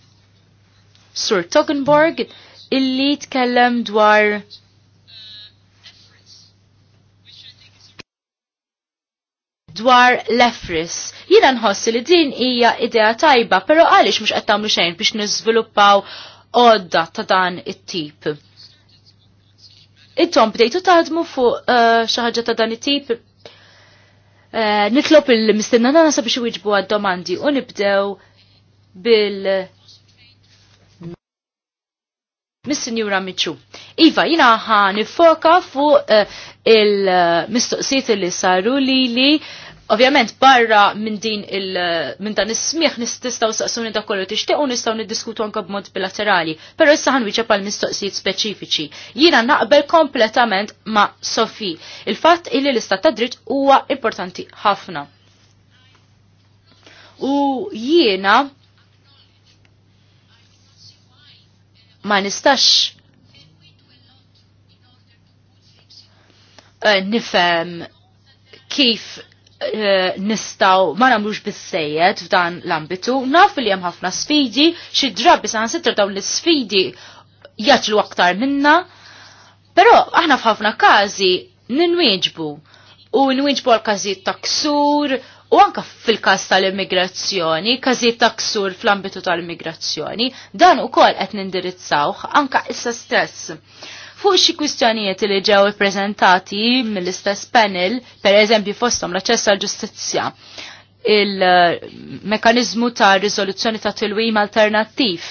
Sur Togenborg illi tkellem dwar dwar l-Efris. Jina nħoss li din hija idea tajba, pero għaliex mhux qed tagħmlu xejn biex niżviluppaw għodda ta' dan it-tip. Intom bdejtu taħdmu fuq uh, xi ħaġa ta' dan it-tip uh, nitlob il-mistenna nasa biex iwiġbu għad-domandi u nibdew bil- Mis-Sinjura Miċu. Iva, jina ħa nifoka fuq uh, eh, il-mistoqsijiet li saru li li Ovvjament barra minn din il minn dan is-smieħ nistgħu saqsuni da kollu tixtiequ nistgħu niddiskutu anke b'mod bilaterali, però issa ħanwiċċa bħal mistoqsijiet speċifiċi. Jiena naqbel kompletament ma' Sofi. Il-fatt illi l-istat ta' dritt huwa importanti ħafna. U jiena ma nistax eh, nifem kif eh, nistaw ma namlux bissejed f'dan l-ambitu, naf li hemm ħafna sfidi, xi drabi sa nsittra dawn l-sfidi jaċlu aktar minna, pero aħna f'ħafna każi ninwieġbu u nwieġbu għal kazi ta' ksur U anka fil-kas tal-immigrazzjoni, każijiet ta' ksur fl-ambitu tal-immigrazzjoni, dan ukoll qed nindirizzawh anka issa stess. Fuq xi kwistjonijiet li ġew ippreżentati mill-istess panel, per eżempju fosthom l-aċċess għall ġustizzja il-mekanizmu ta' rizoluzzjoni ta' tilwim alternattiv.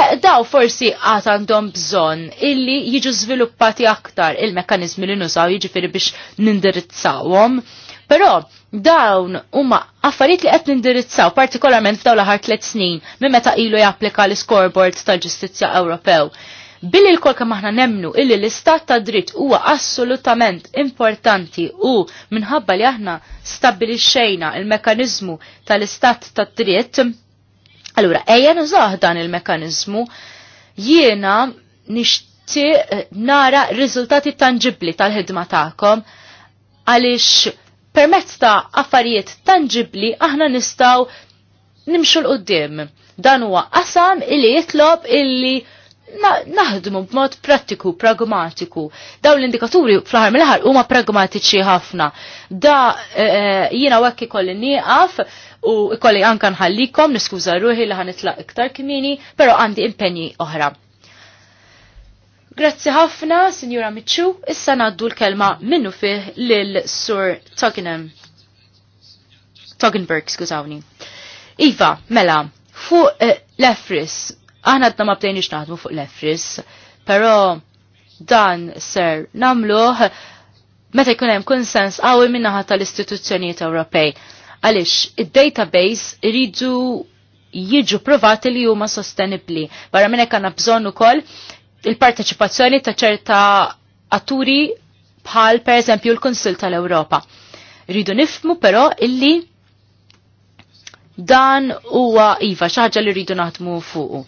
Eh, daw forsi għat għandhom bżon illi jiġu zviluppati aktar il-mekanizmi li nużaw jiġifiri biex nindirizzawhom. Però dawn huma affarijiet li qed nindirizzaw partikolarment f'dawn l-aħħar tliet snin minn meta ilu japplika l-scoreboard tal-Ġustizzja Ewropew. Billi l-kol kemm aħna nemnu illi l-istat ta' dritt huwa assolutament importanti u minħabba li aħna stabbilixxejna il-mekkaniżmu tal-istat ta' dritt, allura ejja nużaħ dan il-mekkaniżmu jiena nixtieq nara riżultati tangibbli tal-ħidma tagħkom għaliex permezz ta' affarijiet tangibli aħna nistaw nimxu l-qoddim. Dan huwa qasam illi jitlob illi naħdmu b'mod prattiku, pragmatiku. Daw l-indikaturi fl-ħar mill-ħar huma pragmatiċi ħafna. Da eh, eh, jiena wekk ikolli nieqaf u ikolli anka nħallikom, niskuża ruħi li ħanitlaq iktar kmini, però għandi impenji oħra. Grazzi ħafna, Sinjura Miċċu, issa naddu l-kelma minnu fih l Sur Tuggenham. Toggenberg, skużawni. Iva, mela, fuq eh, l-Efris, aħna għadna ma bdejniex naħdmu fuq l-Efris, pero dan ser namluħ meta jkun hemm konsens qawwi minnaħa tal-istituzzjonijiet Ewropej. Għaliex id-database iridu jiġu provati li huma sostenibbli. Barra minn hekk għandna bżonn ukoll il-parteċipazzjoni ta' ċerta atturi bħal per eżempju l-Konsil tal-Ewropa. Rridu nifmu però illi dan huwa iva xi ħaġa li rridu naħdmu fuqu.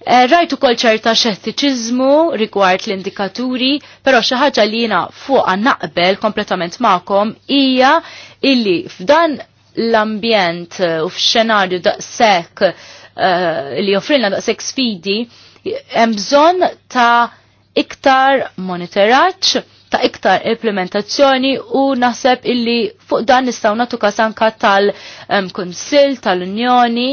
Eh, Rajtu kol ċerta xettiċizmu rigward l-indikaturi, xi xaħġa li jina fuqha naqbel kompletament ma'kom hija illi f'dan l-ambjent u f'xenarju daqsek uh, eh, li joffrilna daqsek sfidi, hemm bżonn ta' iktar monitoraġġ, ta' iktar implementazzjoni u naħseb illi fuq dan nistgħu nagħtu kasanka tal-Kunsill tal-Unjoni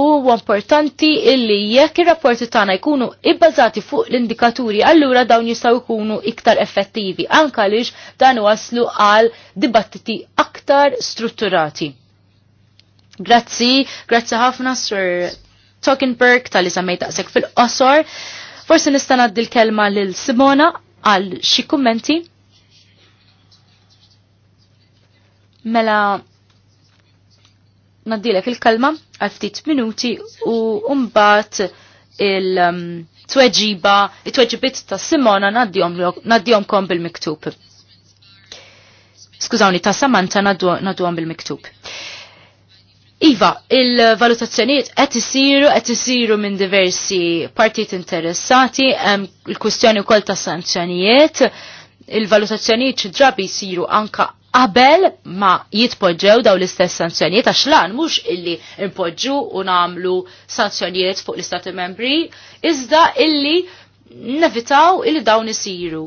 u importanti illi jekk ir-rapporti tagħna jkunu ibbażati fuq l-indikaturi allura dawn jistgħu jkunu iktar effettivi anke għaliex dan waslu għal dibattiti aktar strutturati. Grazzi, grazzi ħafna sur Perk tal-li semmej taqsek fil-qosor. Forsi nista' ngħaddi l-kelma lil Simona għal xi kummenti. Mela naddilek il kelma għal ftit minuti u mbagħad il-tweġiba, um, it-tweġibit ta' Simona naddihomkom bil-miktub. Skużawni, ta' Samantha naddu bil-miktub. Iva, il-valutazzjoniet qed isiru qed isiru minn diversi partit interessati, hemm il-kwistjoni wkoll ta' sanzjonijiet, il-valutazzjonijiet xi drabi jsiru anka qabel ma jitpoġġew daw l-istess sanzjonijiet għax lan mhux illi impoġġu u nagħmlu sanzjonijiet fuq l-Istati Membri, iżda illi nevitaw illi dawn isiru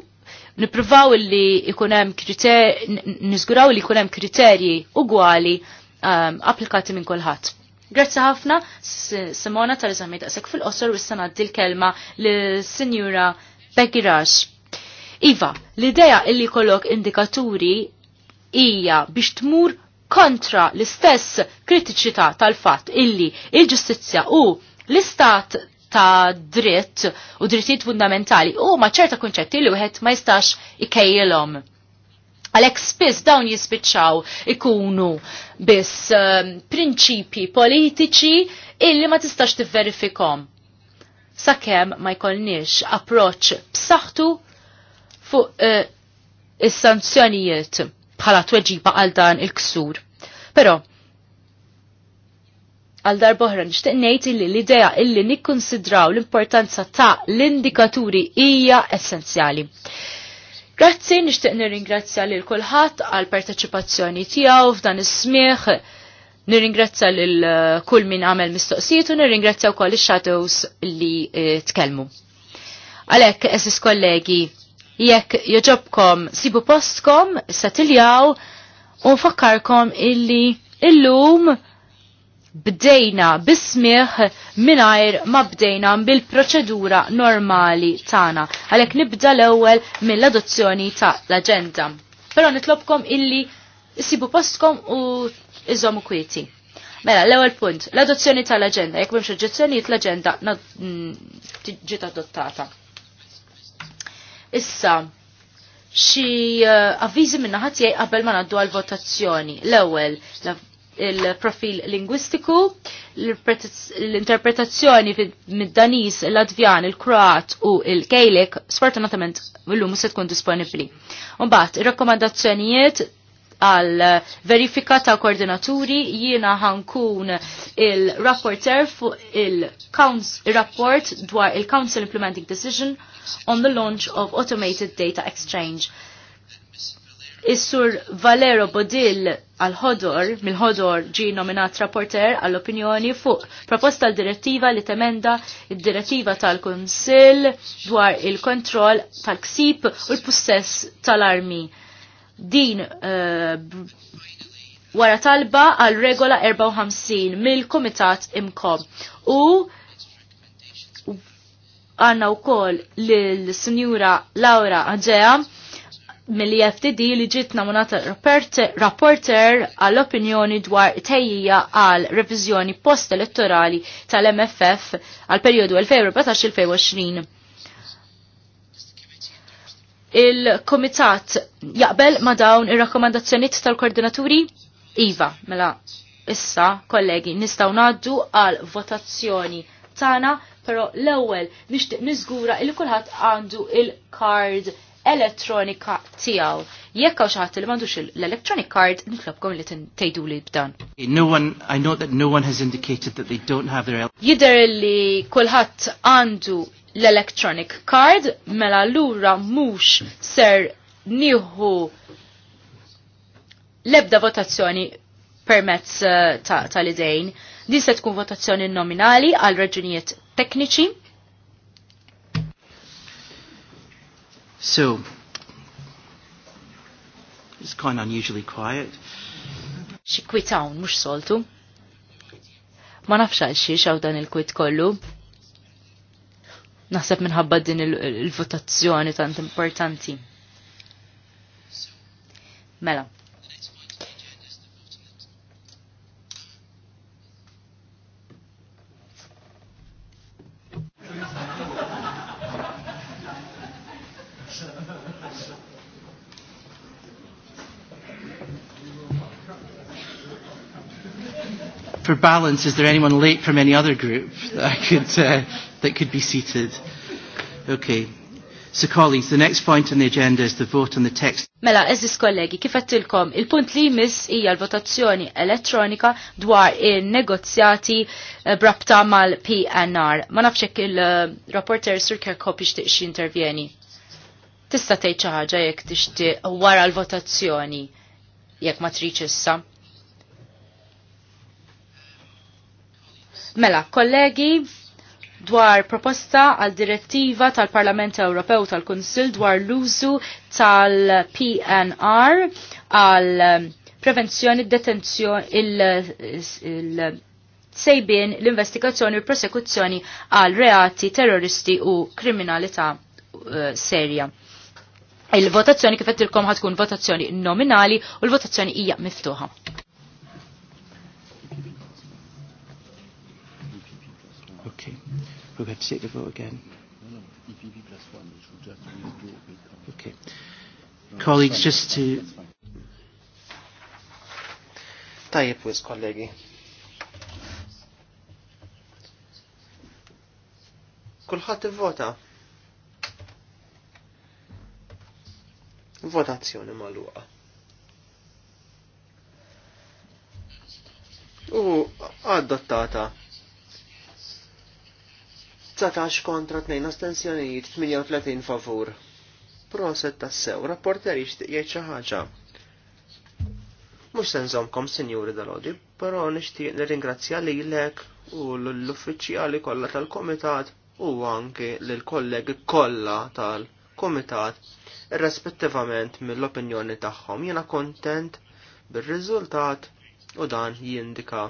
niprivaw li hemm kriterji, nizguraw li hemm kriterji ugwali Um, applikati minn kulħadd. Grazzi ħafna, Simona tal-eżami daqsek fil-qosor u s sana l-kelma l-Sinjura Begiraj. Iva, l-ideja illi kollok indikaturi hija biex tmur kontra l-istess kritiċità tal-fatt illi il-ġustizzja u l-istat ta' dritt u drittijiet fundamentali u ma ċerta konċetti li wieħed ma jistax ikejjelhom Għalek spiss dawn jispiċċaw ikunu biss ehm, prinċipi politiċi illi ma tistax tivverifikom. Sakemm ma jkollniex approċ b'saħħtu fuq eh, is-sanzjonijiet bħala tweġiba għal dan il-ksur. Però għal darboħra nixtieq ngħid illi l-idea illi nikkonsidraw l-importanza ta' l-indikaturi hija essenzjali. Grazzi, nishtiq nirringrazzja lil kulħadd għal parteċipazzjoni tiegħu f'dan is-smieħ. Nirringrazzja lil eh, kull min għamel mistoqsijiet u u koll ix-shadows li eh, tkellmu. Għalhekk eżis kollegi, jekk joġobkom sibu postkom, satiljaw u nfakkarkom illi illum bdejna bismiħ minajr ma bdejna bil-proċedura normali tana. Għalek nibda l-ewel mill-adozzjoni ta' l-agenda. Pero nitlobkom illi sibu postkom u iżomu kwieti. Mela, l-ewel punt, l-adozzjoni tal-agenda, jekk bimx oġġezzjonijiet l-agenda mm, ġiet adottata. Issa, xi eh, avviżi minna ħadd jgħid qabel ma ngħaddu votazzjoni L-ewwel, il-profil lingwistiku, l-interpretazzjoni mid-Danis, l-Latvjan, il-Kroat u il-Gaelic sfortunatament l-lum se tkun disponibli. Umbat, il-rakkomandazzjonijiet għal verifika ta' koordinaturi jiena ħankun il-rapporter fuq il-rapport dwar il-Council Implementing Decision on the launch of automated data exchange. Is-sur Valero Bodil għal-ħodor, mill-ħodor ġi nominat rapporter għall-opinjoni fuq proposta l-direttiva li temenda id-direttiva tal konsil dwar il-kontroll tal-ksib u l-possess tal-armi. Din uh, wara talba għal regola 54 mill-Komitat Imkom u għanna u koll l-Sinjura Laura Aġea mill-EFTD li ġiet namunata rapporter għall-opinjoni dwar tejjija għal reviżjoni post-elettorali tal-MFF għal periodu 2014-2020. Il-komitat jaqbel ma dawn ir rakkomandazzjonijiet tal-koordinaturi? Iva, mela issa, kollegi, nistaw naddu għal votazzjoni tana, pero l-ewwel nixtieq niżgura il kulħadd għandu il-kard elettronika tiegħu. Jekk hawn xi li m'għandux l-electronic card, nitlobkom li tejdu li b'dan. Eh, no one, I know that no one has indicated that they don't have their Jidher li kulħadd għandu l-electronic card, mela l-ura mhux ser nieħu lebda votazzjoni permezz eh, tal-idejn. Din se tkun votazzjoni nominali għal raġunijiet tekniċi So, it's kind of unusually quiet. Xikwitawn, mux soltu. Ma nafxal xiex għaw dan il-kwit kollu. Naħseb minħabba din il-votazzjoni tant importanti. Mela. for balance, is there anyone late from any other group that, I could, uh, that could be seated? Okay. So colleagues, the next point on the agenda is the vote on the text. Mela, eżis kollegi, kif għattilkom, il-punt li jmiss hija l-votazzjoni elettronika dwar il-negozjati eh, brabta mal-PNR. Ma nafxek il-rapporter Sir Kirkhope biex xi intervjeni. Tista' tgħid xi ħaġa jekk tixtieq wara l-votazzjoni jekk ma tridx issa. Mela, kollegi, dwar proposta għal direttiva tal-Parlament Ewropew tal-Kunsil dwar l-użu tal-PNR għal um, prevenzjoni, detenzjoni, il-sejbin, il sejbin l investigazzjoni u prosekuzzjoni għal reati terroristi u kriminalità uh, serja. Il-votazzjoni kif ħatkun tkun votazzjoni nominali u l-votazzjoni hija miftuħa. Okay. We're going to take the vote again. No, no, e just withdraw because... Okay. No, Colleagues, just to... Tajjeb wis kollegi. Kulħadd ivvota. Votazzjoni magħluqa. U adottata. Ad 19 kontra 2 astensjonijiet 38 favur. Proset tassew, rapporter jieċa jgħid xi ħaġa. Mhux se nżommkom sinjuri nishtiq nir però nixtieq nirringrazzja lilek u l-uffiċjali kollha tal-Komitat u anke l kollegi kollha tal-Komitat irrespettivament mill-opinjoni tagħhom. Jiena kontent bir-riżultat u dan jindika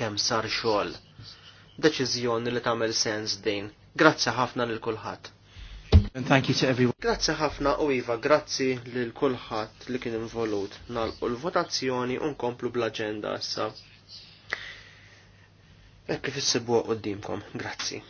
kemm sar xogħol deċiżjoni li tagħmel sens din. Grazzi ħafna lil kulħadd. And thank you to everyone. Grazzi ħafna u Iva, grazzi lil kulħadd li kien involut. Nalqu l-votazzjoni u nkomplu bl-aġenda issa. Ekk kif issibuha qudiemkom. Grazzi.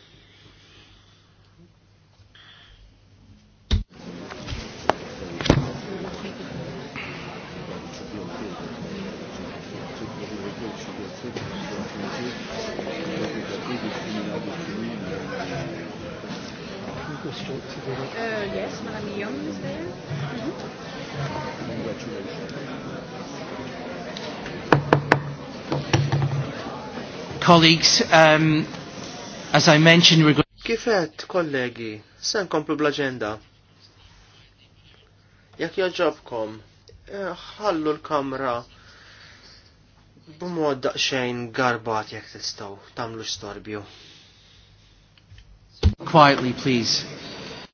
to, to do that? Uh, yes, Madam Young is there. Mm -hmm. Congratulations. Colleagues, um, as I mentioned, we're going Kifet, kollegi, sen komplu bl-agenda. Jak joġobkom, eh, ħallu l-kamra b'mod daqsxejn garbat jekk tistgħu tamlu storbju. Quietly, please.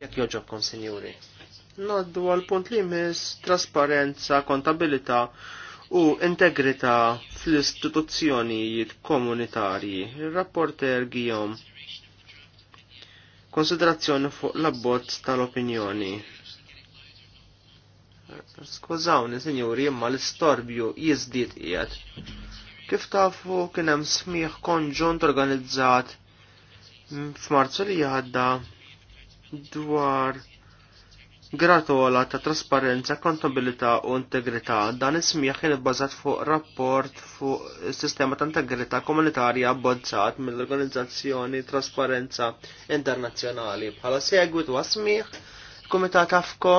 Jekk joġobkom, sinjuri. Naddu għal punt li mis trasparenza, kontabilità u integrità fl-istituzzjonijiet komunitarji. Il-rapporter Guillaume. Konsiderazzjoni fuq l-abbozz tal-opinjoni. Skużawni, sinjuri, imma l-istorbju jizdiet qiegħed. Kif tafu kien hemm konġunt organizzat f'Marzu li għadda dwar gratola ta' trasparenza, kontabilità u integrità. Dan ismija kien ibbażat fuq rapport fuq sistema ta' integrità komunitarja abbozzat mill-Organizzazzjoni Trasparenza Internazzjonali. Bħala segwit wasmiħ, il-Kumitat Afko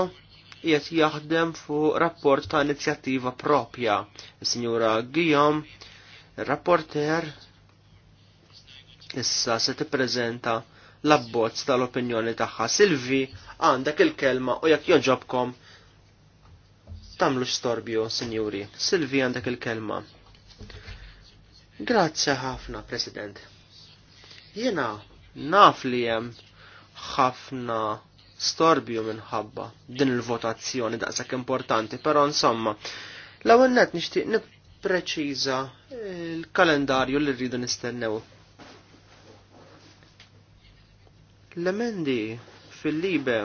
qiegħed jaħdem fuq rapport ta' inizjattiva propja. Signora Gijom, rapporter issa se tippreżenta l-abbozz tal-opinjoni tagħha. Silvi, għandek il-kelma u jekk joġobkom tamlu storbju, sinjuri. Silvi għandek il-kelma. Grazzi ħafna, President. Jena naf li hemm ħafna storbju minħabba din il-votazzjoni daqshekk importanti, però insomma, l-ewwel nett nixtieq nippreċiża il-kalendarju li rridu nistennew L-emendi fil-libe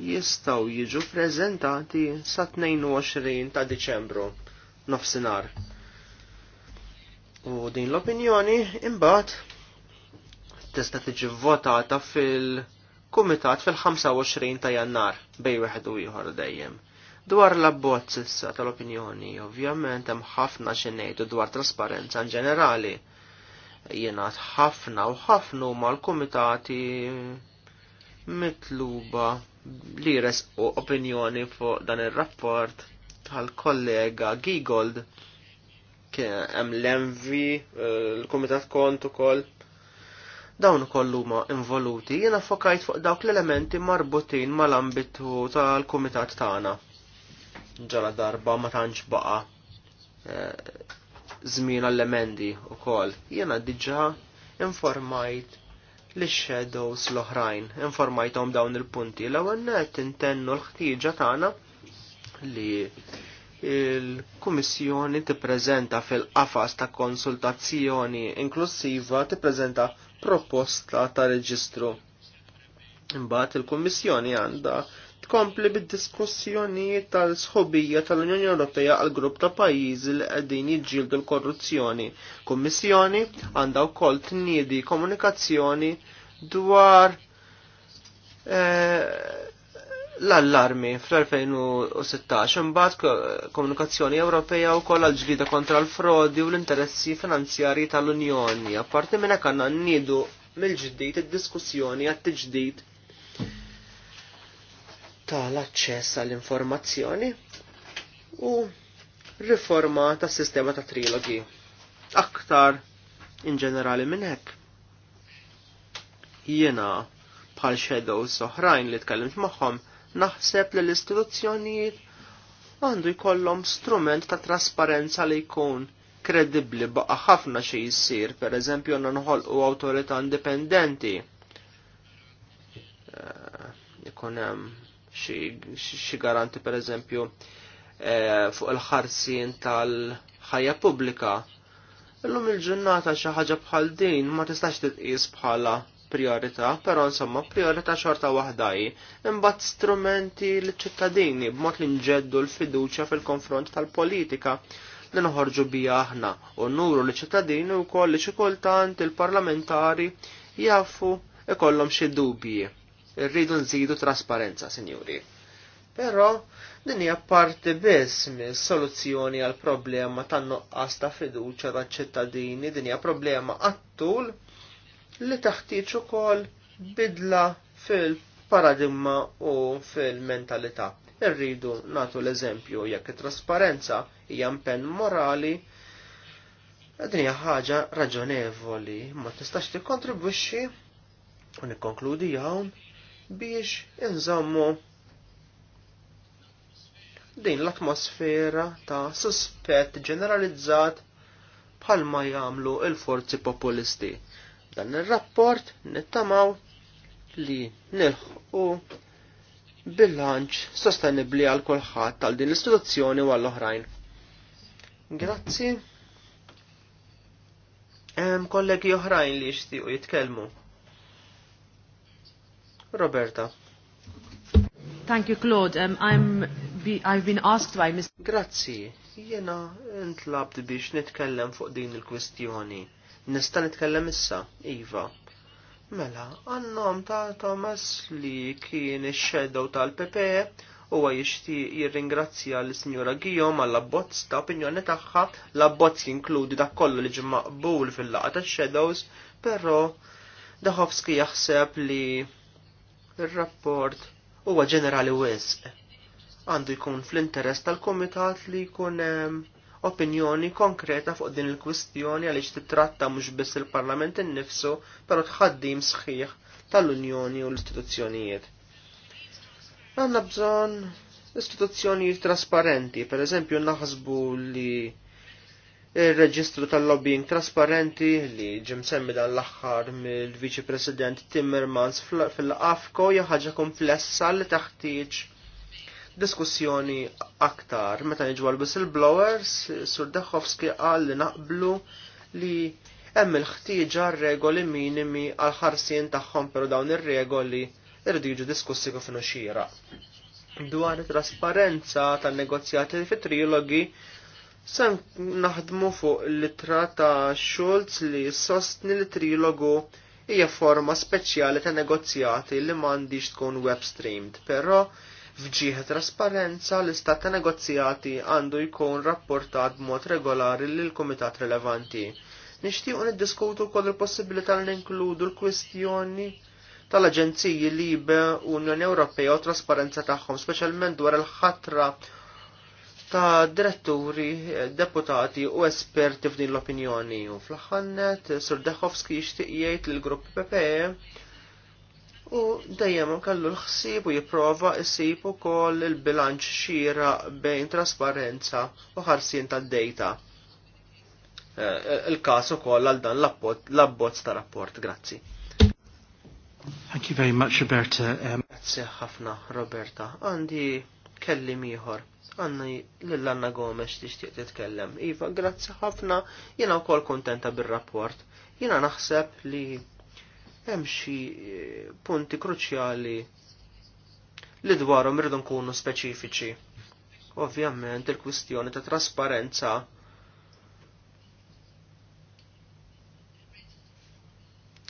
jistaw jiġu prezentati sa 22 ta' Diċembru nofsinar. U din l-opinjoni imbagħad tista' tiġi votata fil-kumitat fil-25 ta' Jannar bej wieħed u ieħor dejjem. Dwar l-abbozz tal-opinjoni, ovvjament hemm ħafna xi ngħidu dwar trasparenza in ġenerali jenat ħafna u ħafna huma l-kumitati mitluba li u opinjoni fuq dan ir-rapport tal-kollega Gigold kien hemm l-envi eh, l-kumitat kont ukoll dawn kollu ma involuti jiena fokajt fuq dawk l-elementi marbutin mal-ambitu tal-kumitat tagħna. Ġala darba ma tantx baqa' eh, żmien għall-emendi wkoll. Jiena diġà informajt li shadows l-oħrajn, informajtom dawn il-punti. L-ewwel net intennu l-ħtieġa tagħna li il-Kummissjoni tippreżenta fil-qafas ta' konsultazzjoni inklusiva tippreżenta proposta ta' reġistru. Imbagħad il-Kummissjoni għandha tkompli bid-diskussjonijiet tal-sħobija tal-Unjoni Ewropea għal grupp ta' pajjiżi li qegħdin jiġġieldu l-korruzzjoni. Kummissjoni għandha wkoll tniedi komunikazzjoni dwar eh, l-allarmi fl-2016 imbagħad komunikazzjoni Ewropea wkoll għal ġlida kontra l-frodi u l-interessi finanzjarji tal-Unjoni. Apparti minn hekk għandna nniedu mill-ġdid id-diskussjoni għat-tiġdid tal-aċċess għall-informazzjoni u riforma ta' sistema ta' trilogi. Aktar in ġenerali minn hekk. Jiena bħal shadows oħrajn li tkellimt magħhom naħseb li l-istituzzjonijiet għandu jkollhom strument ta' trasparenza li jkun kredibbli baqa' ħafna xi jsir, pereżempju għandna nħolqu awtorità indipendenti. Eh, ikun hemm xi garanti pereżempju eh, fuq il-ħarsien tal-ħajja pubblika. Illum il-ġurnata xi ħaġa bħal din ma tistax titqies bħala priorità, però insomma priorità xorta waħda imbagħad strumenti l-ċittadini b'mod li nġeddu l-fiduċja fil-konfront tal-politika li noħorġu bija aħna u nuru l ċittadini wkoll li xi il-parlamentari jafu ikollhom xi dubji Irridu nżidu trasparenza, sinjuri. Però din hija parti biss mis-soluzzjoni għal problema tan-nuqqas ta' fiduċja taċ-ċittadini, din hija problema għattul li taħtieġ ukoll bidla fil-paradigma u fil-mentalità. Irridu natu l-eżempju jekk it-trasparenza hija mpenn morali Din hija ħaġa raġonevoli, ma tistax tikkontribwixxi u nikkonkludi hawn biex inżammu din l-atmosfera ta' suspett ġeneralizzat bħalma jagħmlu il-forzi populisti. Dan ir-rapport nittamaw li nilħu bilanċ sostenibli għal kulħadd tal din l-istituzzjoni u għall oħrajn Grazzi. Hemm kollegi oħrajn li jixtiequ jitkellmu. Roberta. Thank you, Claude. Um, I'm be, I've been asked by Mr. Grazzi, jena intlabt biex nitkellem fuq din il-kwistjoni. Nista nitkellem issa, Iva. Mela, għannom ta' Thomas li kien ix-shadow tal-PP huwa e jixtieq jirringrazzja l signora Gijom għall abbozz ta' opinjoni tagħha. L-abbozz jinkludi dak kollu li ġie maqbul fil-laqgħa tax-shadows, però Daħovski jaħseb li il-rapport huwa ġenerali wisq. Għandu jkun fl-interess tal-komitat li jkun ehm, opinjoni konkreta fuq din il-kwistjoni għaliex titratta mhux biss il-Parlament innifsu, però tħaddim sħiħ tal-Unjoni u l-istituzzjonijiet. Għanna bżon istituzzjonijiet trasparenti, per eżempju naħsbu li il-reġistru tal-lobbying trasparenti li ġim semmi dan l-axħar mill-Viċi President Timmermans fil afko jaħħaġa komplessa li taħtieġ diskussjoni aktar. Meta niġu għal whistleblowers, Sur Dechowski qal li naqblu li hemm il-ħtieġa regoli minimi għal ħarsien tagħhom però dawn ir-regoli irridu jiġu diskussi kif Dwar it-trasparenza tan-negozjati fit-trilogi Sen naħdmu fuq l litra ta' Schultz li sostni li trilogu hija forma speċjali ta' negozjati li m'għandix tkun web streamed, però fġieħ trasparenza l-istat ta' negozjati għandu jkun rapportat b'mod regolari lil kumitat relevanti. Nixtiequ niddiskutu wkoll il-possibilità li inkludu l-kwistjoni tal-Aġenziji Libe Unjoni Ewropea u trasparenza tagħhom, speċjalment dwar il-ħatra ta' diretturi, deputati u esperti f'din l-opinjoni. U fl-ħannet, Sur Dechowski jixtieq jgħid lill-grupp PPE u dejjem kellu l-ħsieb u jipprova jsib ukoll il-bilanċ xira bejn trasparenza u ħarsien tad-dejta. Eh, il-każ ukoll għal dan l-abbozz ta' rapport. Grazzi. Thank you very much, Roberta. Um, Grazie ħafna, Roberta. Għandi kellim ieħor Għanna l-Anna Gomes tixtieq titkellem. Iva, grazzi ħafna, jena wkoll kontenta bir-rapport. Jena naħseb li hemm xi eh, punti kruċjali li dwarhom irridu nkunu speċifiċi. Ovvjament il-kwistjoni ta' trasparenza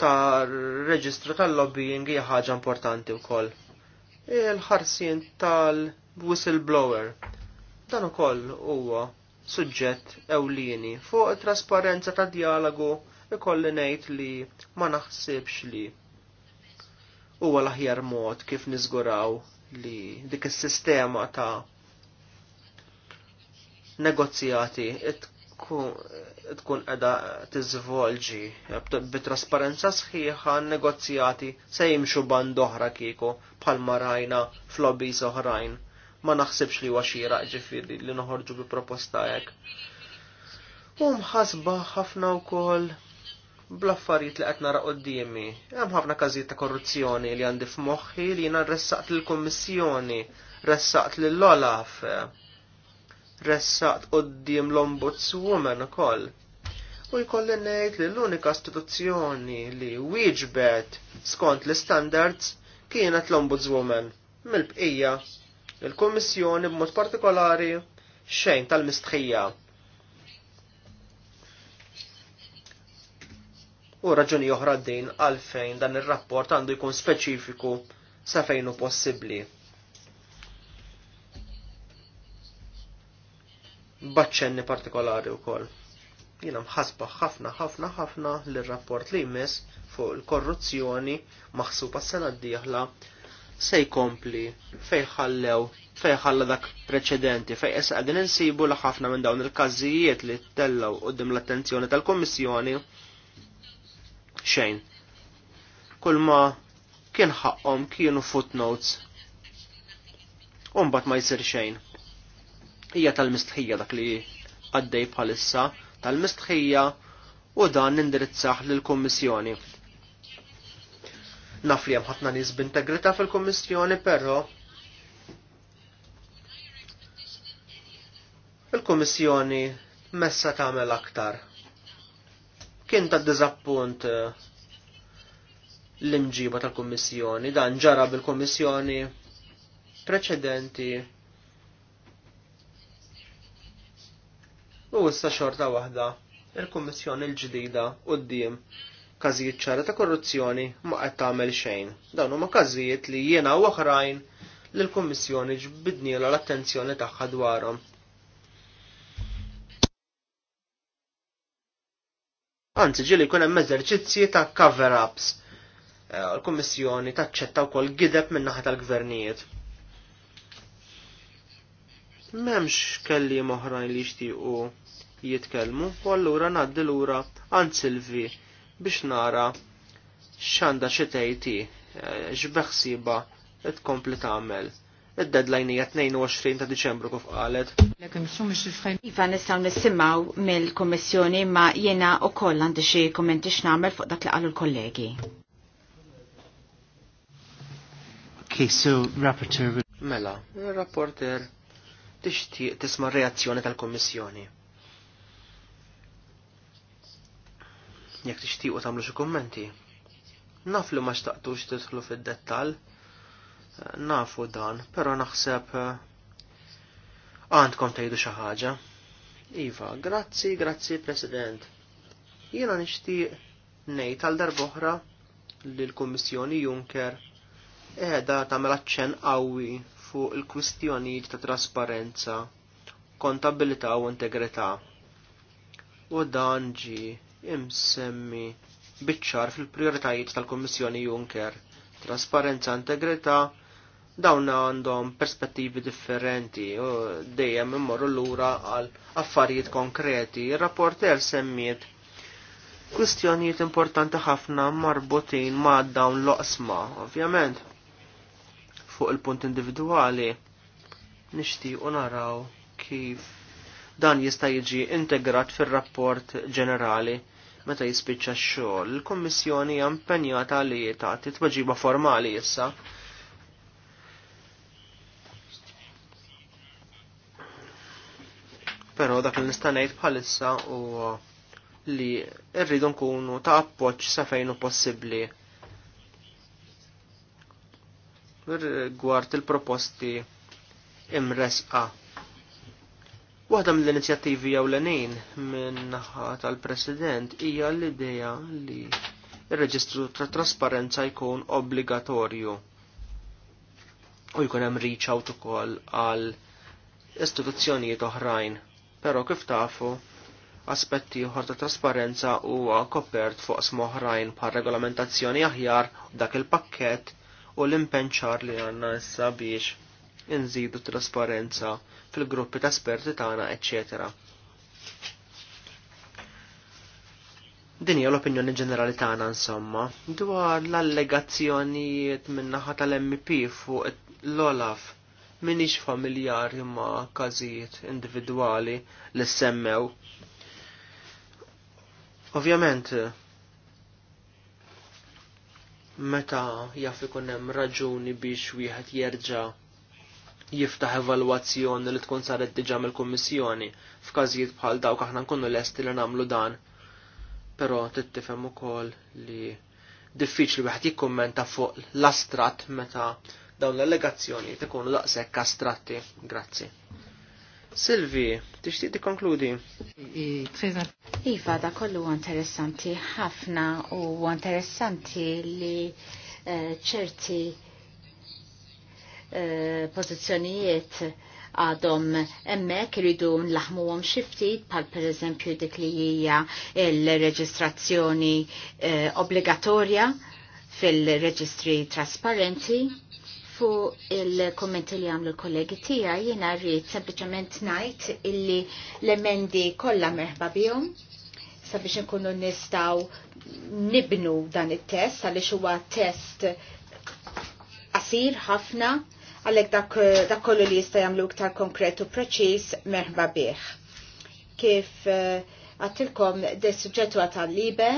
ta' reġistru tal-lobbying hija ħaġa importanti wkoll. Il-ħarsien tal- whistleblower. Dan ukoll huwa suġġett ewlieni fuq trasparenza ta' dialogu ikolli ngħid li ma naħsibx li huwa l-aħjar mod kif niżguraw li dik is-sistema ta' negozjati tkun qiegħda tiżvolġi bit-trasparenza sħiħa negozjati se jimxu band oħra kieku bħalma rajna flobbies oħrajn ma naħsibx li waxira ġifiri li noħorġu bi proposta hekk. U mħasba ħafna wkoll bl-affarijiet li qed raqqod qudiemi. Hemm ħafna każijiet ta' korruzzjoni li għandi f'moħħi li jiena ressaqt lill-Kummissjoni, ressaqt l olaf ressaqt quddiem l-Ombudswoman ukoll u jkolli ngħid li l-unika istituzzjoni li wieġbet skont l-standards kienet l-Ombudswoman mill-bqija il-Kommissjoni b'mod partikolari xejn tal-mistħija. U raġuni oħra din għalfejn dan ir-rapport għandu jkun speċifiku sa fejn hu possibbli. Baċċenni partikolari wkoll. Jiena mħasba ħafna ħafna ħafna l rapport li jmiss fuq il-korruzzjoni maħsuba s-sena d-dieħla se jkompli ħallew, fejn ħalla dak preċedenti fej issa qegħdin insibu li ħafna minn dawn il-każijiet li tellgħu qudiem l-attenzjoni tal-Kummissjoni xejn. Kull ma kien ħaqhom kienu footnotes. U mbagħad ma jsir xejn. Hija tal-mistħija dak li għaddej bħalissa, tal-mistħija u dan nindirizzah lill-Kummissjoni. Naf li hemm ħafna nies b'integrità fil-Kummissjoni, però il-Kummissjoni messa tagħmel aktar. Kien ta' diżappunt eh, l-imġiba tal-Kummissjoni, dan ġara bil-Kummissjoni preċedenti u issa xorta waħda il-Kummissjoni l-ġdida u d każijiet ċara ta' korruzzjoni ma qed tagħmel xejn. Dawn huma każijiet li jiena u oħrajn li l-Kummissjoni ġbidniela l-attenzjoni tagħha dwarhom. Anzi, ġili jkun hemm eżerċizzji ta' cover-ups. Eh, L-Kummissjoni taċċetta wkoll gideb min naħa tal-gvernijiet. M'hemmx kelli oħrajn li jixtiequ jitkellmu, u allura ngħaddi lura għand Silvi biex nara x'għandha xi tgħidti eh, x'beħsiba tkompli tagħmel. Id-deadline hija 22 ta' Diċembru kif qalet. Iva nistgħu nisimgħu mill-Kummissjoni ma jiena wkoll għandi xi kummenti x'nagħmel fuq dak li qalu l-kollegi. Okay, so rapporteur. Mela, il-rapporter tixtieq tisma' reazzjoni tal kummissjoni jekk tixtiequ tagħmlu xi kummenti. Naf li ma xtaqtux tidħlu fid-dettall, nafu dan, però naħseb eh, għandkom tgħidu xi ħaġa. Iva, grazzi, grazzi President. Jiena nixtieq ngħid għal oħra li l-Kummissjoni Juncker qiegħda tagħmel aċċen qawwi fuq il-kwistjonijiet ta' trasparenza, kontabilità u integrità. U dan ġi imsemmi bitċar fil-prioritajiet tal-Kommissjoni Juncker. Trasparenza, integrità, dawn għandhom perspettivi differenti u dejjem immorru lura għal affarijiet konkreti. Ir-rapporter semmiet kwistjonijiet importanti ħafna marbutin ma' dawn l-oqsma, ovvjament. Fuq il-punt individwali nixtiequ naraw kif dan jista' jiġi integrat fir-rapport ġenerali meta jispiċċa x-xogħol. Il-Kommissjoni hija impenjata li tagħti tweġiba formali issa. Però dak li nista' ngħid bħalissa u li rridu nkunu ta' appoġġ sa fejn hu possibbli. Rigward il-proposti imresqa' Waħda mill-inizjattivi jew l-enin minn naħa tal-President hija l-idea li r reġistru ta' trasparenza jkun obbligatorju u jkun hemm reach out ukoll għal istituzzjonijiet oħrajn, però kif tafu aspetti oħra ta' trasparenza huwa kopert fuq oħrajn bħal regolamentazzjoni aħjar dak il-pakkett u l-impenċar li għandna issa biex inżidu trasparenza fil-gruppi ta' esperti tagħna, etc. Din hija l-opinjoni ġenerali tagħna insomma dwar l-allegazzjonijiet min-naħa tal-MP fuq l-Olaf minix familjari ma' każijiet individwali li semmew. Ovvjament, meta jaf ikun hemm raġuni biex wieħed jerġa' jiftaħ evalwazzjoni li tkun saret diġa mill-Kummissjoni f'każijiet bħal dawk aħna nkunu lesti li nagħmlu dan. Però tittifhem ukoll li diffiċli wieħed jikkummenta fuq l-astrat meta dawn l-allegazzjoni tkunu daqshekk astratti. Grazzi. Silvi, tixtieq tikkonkludi? Iva, da kollu interessanti ħafna u interessanti li eh, ċerti Eh, pożizzjonijiet għadhom emmek iridu nlaħmuhom xi ftit bħal pereżempju dik li hija l-reġistrazzjoni eh, obbligatorja fil-reġistri trasparenti fu il-kommenti li għamlu l-kollegi tija jina rrid sempliċement ngħid illi l-emendi kollha merħba bihom sabiex nkunu nistaw nibnu dan it-test għaliex huwa test qasir ħafna għalek dak, kollu li jista jamlu iktar konkretu preċis merħba bieħ. Kif eh, għattilkom de suġġetu tal-libe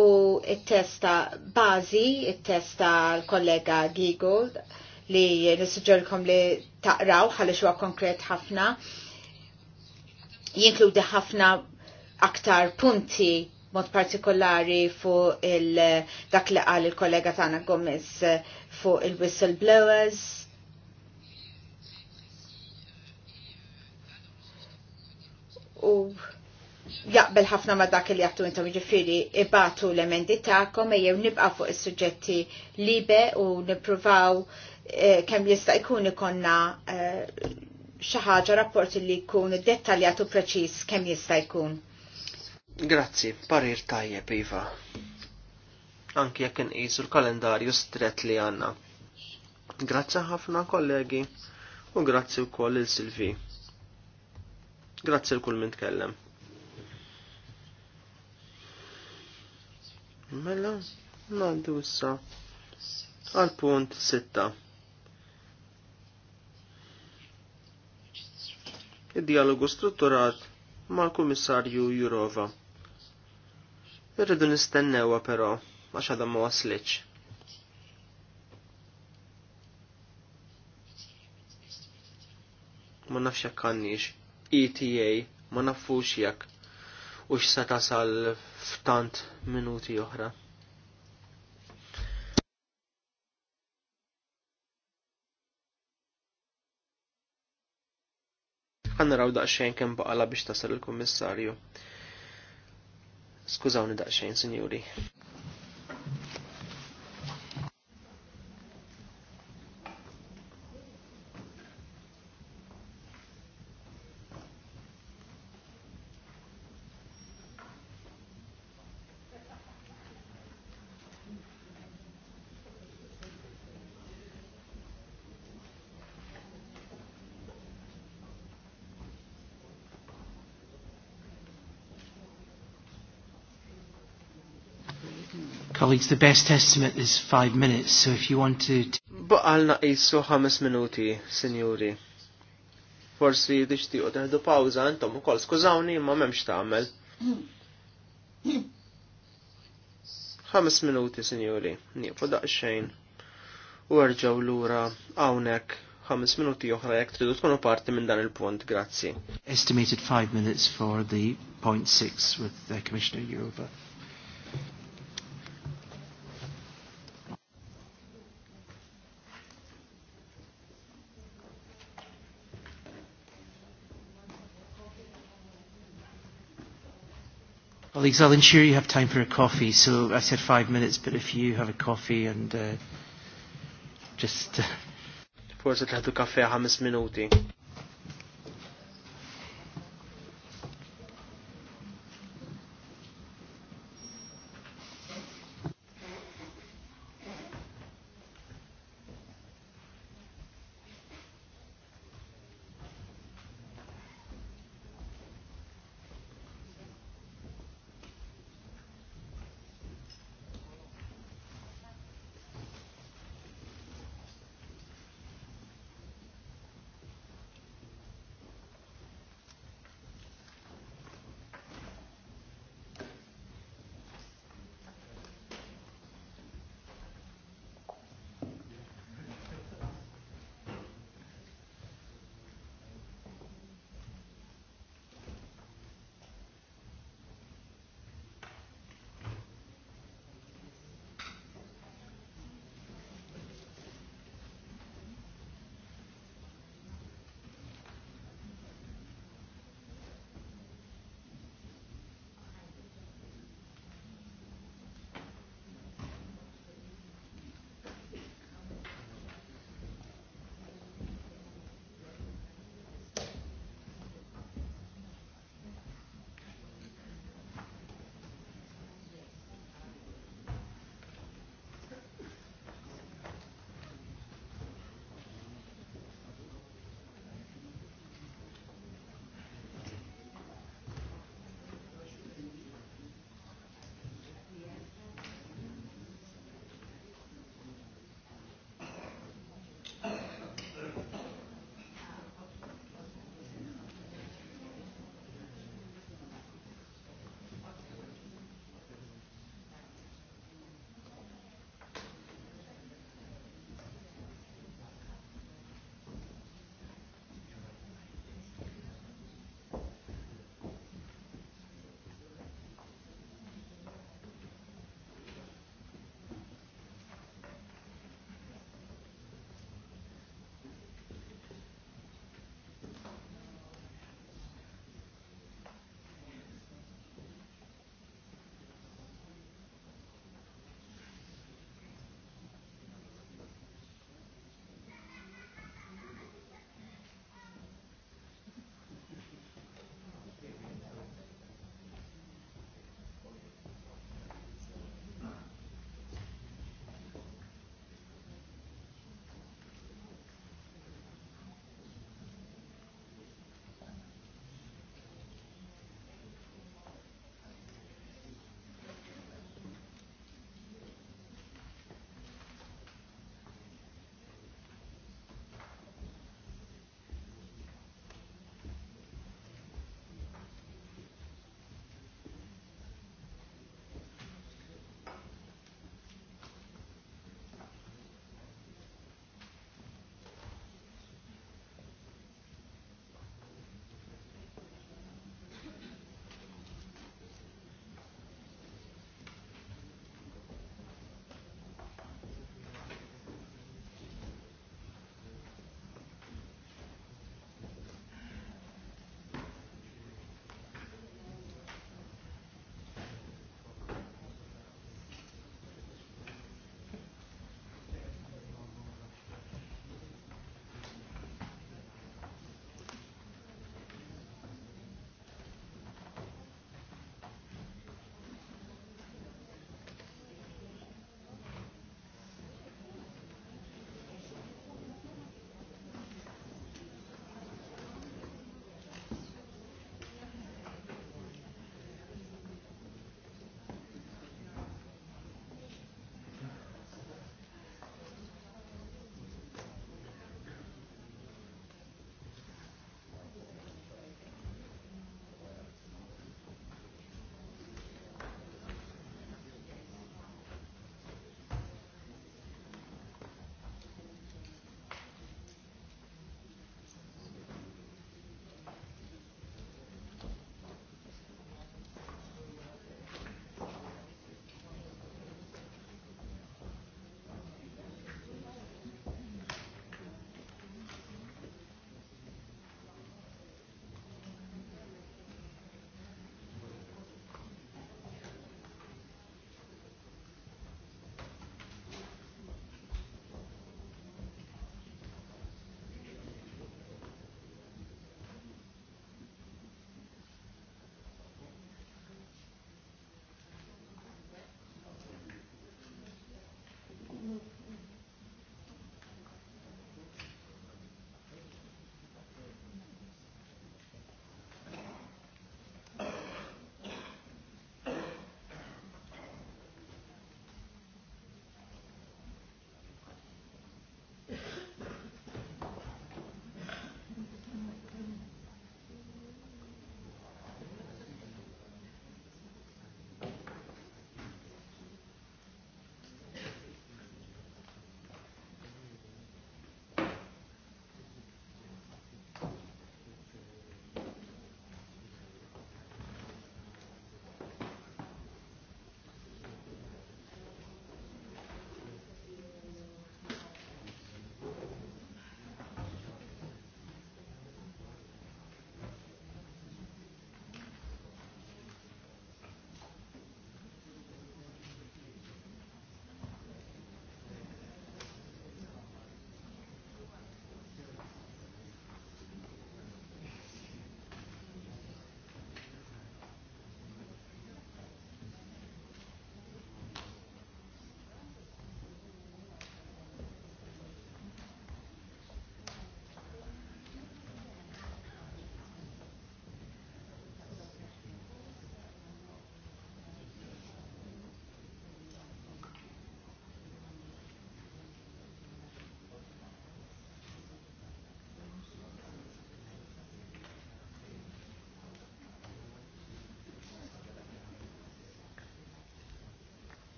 u il testa bazi, it-testa l-kollega Giggold li nisuġġerkom li taqraw ħalli xuwa konkret ħafna jinkludi ħafna aktar punti mod partikolari fuq il dak li qal il-kollega Tana Gomez fuq il-whistleblowers u jaqbel ħafna ma dak li jattu intom ġifiri ibatu l-emendi ta'kom e jew nibqa fuq is-suġġetti libe u nipruvaw kem eh, kemm jista' jkun ikonna eh, xi ħaġa rapport li jkun dettaljat u preċiż kemm jista' jkun. Grazzi, parir tajjeb iva. Anki jekk inqisu l-kalendarju stret li għandna. Grazzi ħafna kollegi u grazzi wkoll il-Silvi. Grazie l kull kellem. tkellem. Mela, nandu issa għal punt sitta. Id-dialogu strutturat mal-Kummissarju Jurova. Irridu nistennewa però, għax għadha ma waslitx. Ma nafx jekk ETA ma nafux jekk u x'sa tasal f'tant minuti oħra. Għanna raw daqxajn kemm baqala biex tasal il-Kummissarju. Skużawni daqsxejn, Sinjuri. Colleagues, the best estimate is five minutes, so if you want to... Baqalna jissu ħames minuti, sinjuri. Forsi tixtiqu teħdu pawza, intom ukoll skużawni imma m'hemmx tagħmel. Ħames minuti, sinjuri, nieqfu daqsxejn. U l-ura, hawnhekk ħames minuti uħra, jek tridu tkunu parti minn dan il-punt, grazzi. Estimated five minutes for the point six with the Commissioner Jourova. colleagues, I'll ensure you have time for a coffee. So I said five minutes, but if you have a coffee and uh, just... Uh, Forse tħadu kaffe ħames minuti.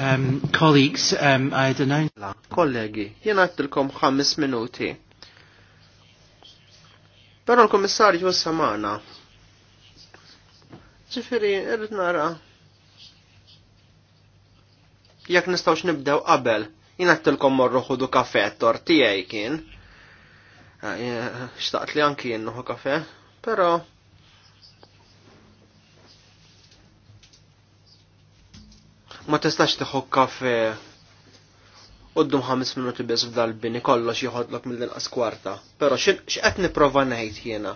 Um, colleagues, um, I had Kollegi, jena għattilkom ħammis minuti. Pero l-komissarju samana. Ġifiri, irrit nara. Jek nistawx nibdew qabel, jena għattilkom morru ħudu kafe, tortijaj kien. Ah, xtaqt li anki jennuħu kafe, pero tistax tħok kafe qoddum ħames minuti biss f'dal-bini kollox joħodlok mill-inqas kwarta. Però x'qed nipprova ngħid jiena.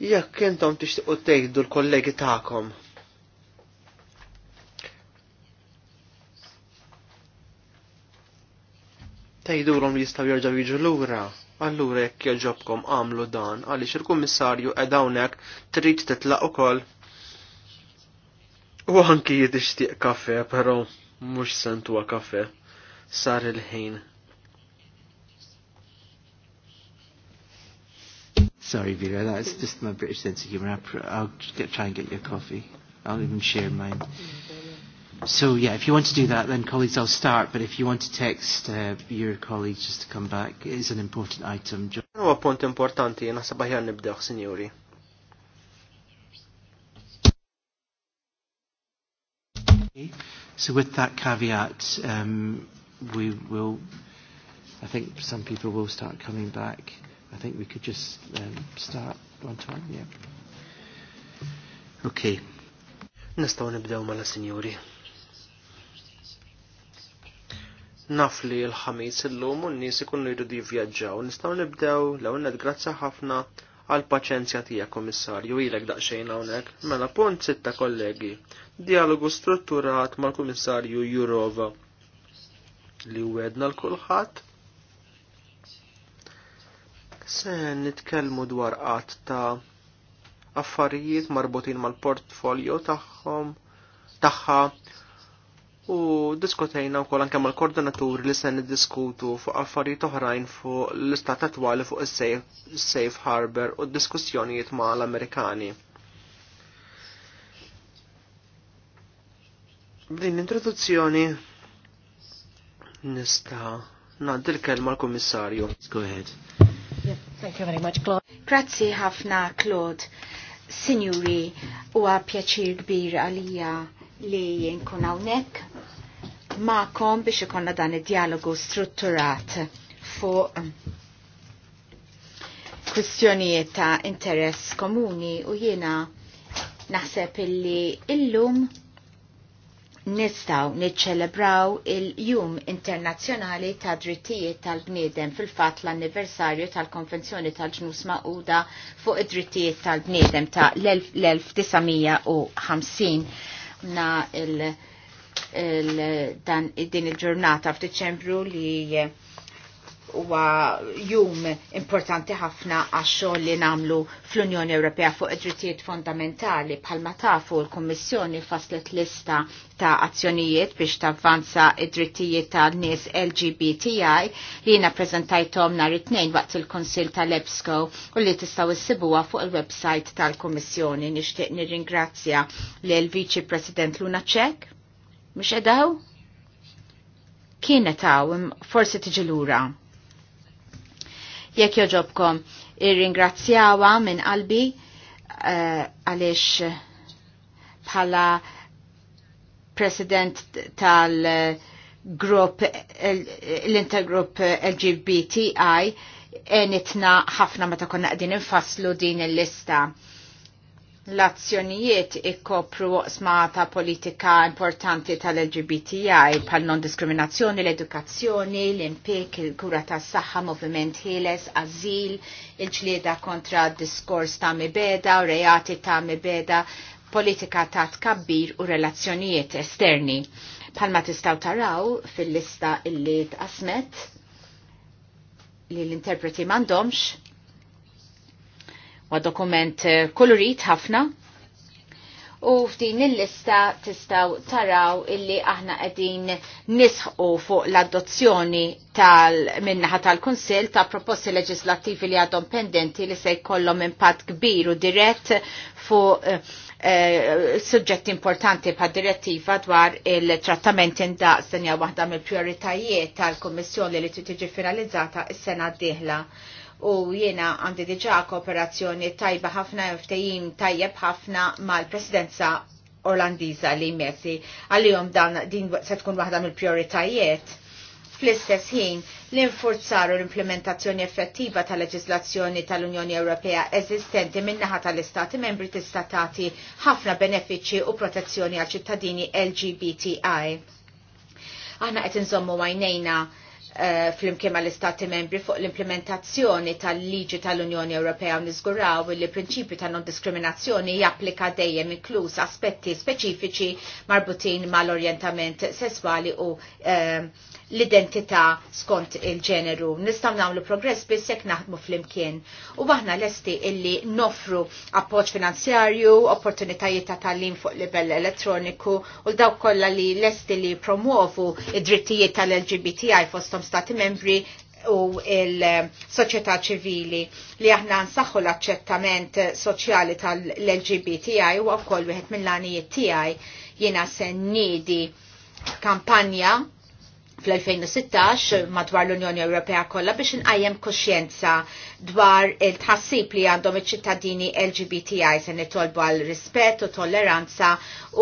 Jekk intom tixtiqu tgħidu l-kollegi tagħkom Tejdurom li jistaw jirġaw jiġu lura, allura jekk jogħġobkom għamlu dan, għaliex il-kummissarju hawnhekk trid titlaq ukoll U anki jidixtieq kaffe, mux sentu sentuha kaffe. Sar il-ħin. Sorry, Vera, that's just my British sense of humor. I'll get, try and get you a coffee. I'll even share mine. So, yeah, if you want to do that, then colleagues, I'll start. But if you want to text uh, your colleagues just to come back, it's an important item. Huwa Okay. So with that caveat, um, we will, I think some people will start coming back. I think we could just um, start on time, yeah. Okay. Nistaw nibdew mala sinjuri. Naf li l-ħamis l-lum u n-nies ikunu jridu jivvjaġġaw. Nistaw nibdew l-ewwel grazza ħafna għal paċenzja tija komissarju ilek daqxejn hawnhekk. Mela punt sitta kollegi. Dialogu strutturat mal-Kummissarju Jurova li wedna l-kulħadd. Se nitkellmu dwar qatt ta' affarijiet marbutin mal-portfolio tagħhom tagħha u diskutejna wkoll anke mal-koordinaturi li se niddiskutu fuq affarijiet oħrajn fuq l-istat attwali fuq is-safe harbor u d-diskussjonijiet mal-Amerikani. B'din l-introduzzjoni nista' ngħaddi l-kelma l-Kummissarju. Go ahead. Yeah, thank you very much, Claude. Grazzi ħafna, Claude. Signuri huwa pjaċir kbir għalija li nkun hawnhekk ma'kom biex ikonna dan id-dialogu strutturat fuq kwistjonijiet ta' interess komuni u jiena naħseb illi illum nistaw niċċelebraw il-Jum Internazzjonali ta' Drittijiet tal-Bniedem fil-fat l-anniversarju tal-Konvenzjoni tal-Ġnus Ma'uda fuq id-Drittijiet tal-Bniedem ta' l-1950 na il- din il-ġurnata f'Diċembru li eh, huwa jum importanti ħafna għax-xogħol li nagħmlu fl-Unjoni Ewropea fuq id-drittijiet fondamentali bħalma tafu l-Kummissjoni faslet lista ta' azzjonijiet biex tavvanza id-drittijiet ta' nies LGBTI li jiena preżentajthom nhar it-tnejn waqt il kunsill tal-EBSCO u li tistgħu issibuha fuq il-website tal-Kummissjoni. Nixtieq nirringrazzja lil Viċi President Luna Ċek Mux edaw? Kienet għaw, forse tiġi lura. Jekk joġobkom, ir-ringrazzjawa minn qalbi eh, għalix eh, bħala president tal-grupp eh, l-intergrupp LGBTI enitna ħafna meta konna qegħdin infasslu din il-lista l-azzjonijiet ikkopru oqsma ta' politika importanti tal-LGBTI pal non-diskriminazzjoni, l-edukazzjoni, l-impik, il-kura ta' saħħa, moviment ħieles, azil, il-ġlieda kontra diskors ta' mibeda u reati ta' mibeda, politika ta' tkabbir u relazzjonijiet esterni. Palma tistaw taraw fil-lista illi tqasmet li l-interpreti mandomx Ma dokument eh, kolorit ħafna. U f'din il-lista tistaw taraw illi aħna qegħdin nisħu fuq l-adozzjoni tal-minnaħa tal-Kunsill ta' proposti leġislattivi li għadhom pendenti li se jkollhom impatt kbir u dirett fuq eh, suġġetti importanti pa' direttiva dwar il trattamenti ndaq senja waħda mill-prioritajiet tal-Kummissjoni li tiġi finalizzata is-sena d-dieħla u jiena għandi diġa kooperazzjoni tajba ħafna ftejim tajjeb ħafna mal-presidenza Orlandiza li jmessi għal-jom dan din se tkun waħda mill-prioritajiet fl-istess ħin l-infurzar l-implementazzjoni effettiva tal leġislazzjoni tal-Unjoni Ewropea eżistenti minnaħa tal-Istati membri tista' tagħti ħafna benefiċċji u protezzjoni għal ċittadini LGBTI. Aħna qed inżommu għajnejna Eh, fl-imkien mal-Istati membri fuq l-implementazzjoni tal-liġi tal-Unjoni Ewropea u niżguraw li prinċipju ta' non-diskriminazzjoni japplika dejjem inkluż aspetti speċifiċi marbutin mal-orjentament sesswali u eh, l-identità skont il-ġeneru. Nistaw nagħmlu progress biss jekk naħdmu flimkien. U aħna lesti illi nofru appoġġ finanzjarju, opportunitajiet ta' tagħlim fuq livell elettroniku u dawk kollha li lesti li promuovu id-drittijiet tal-LGBTI fosthom stati membri u il-soċjetà ċivili li aħna nsaħħu l-aċċettament soċjali tal-LGBTI u wkoll wieħed mill-għanijiet tiegħi jiena se nniedi kampanja fl-2016 madwar l-Unjoni Ewropea kollha biex inqajjem koxjenza dwar il-tħassib li għandhom iċ-ċittadini LGBTI se nitolbu għal rispett u tolleranza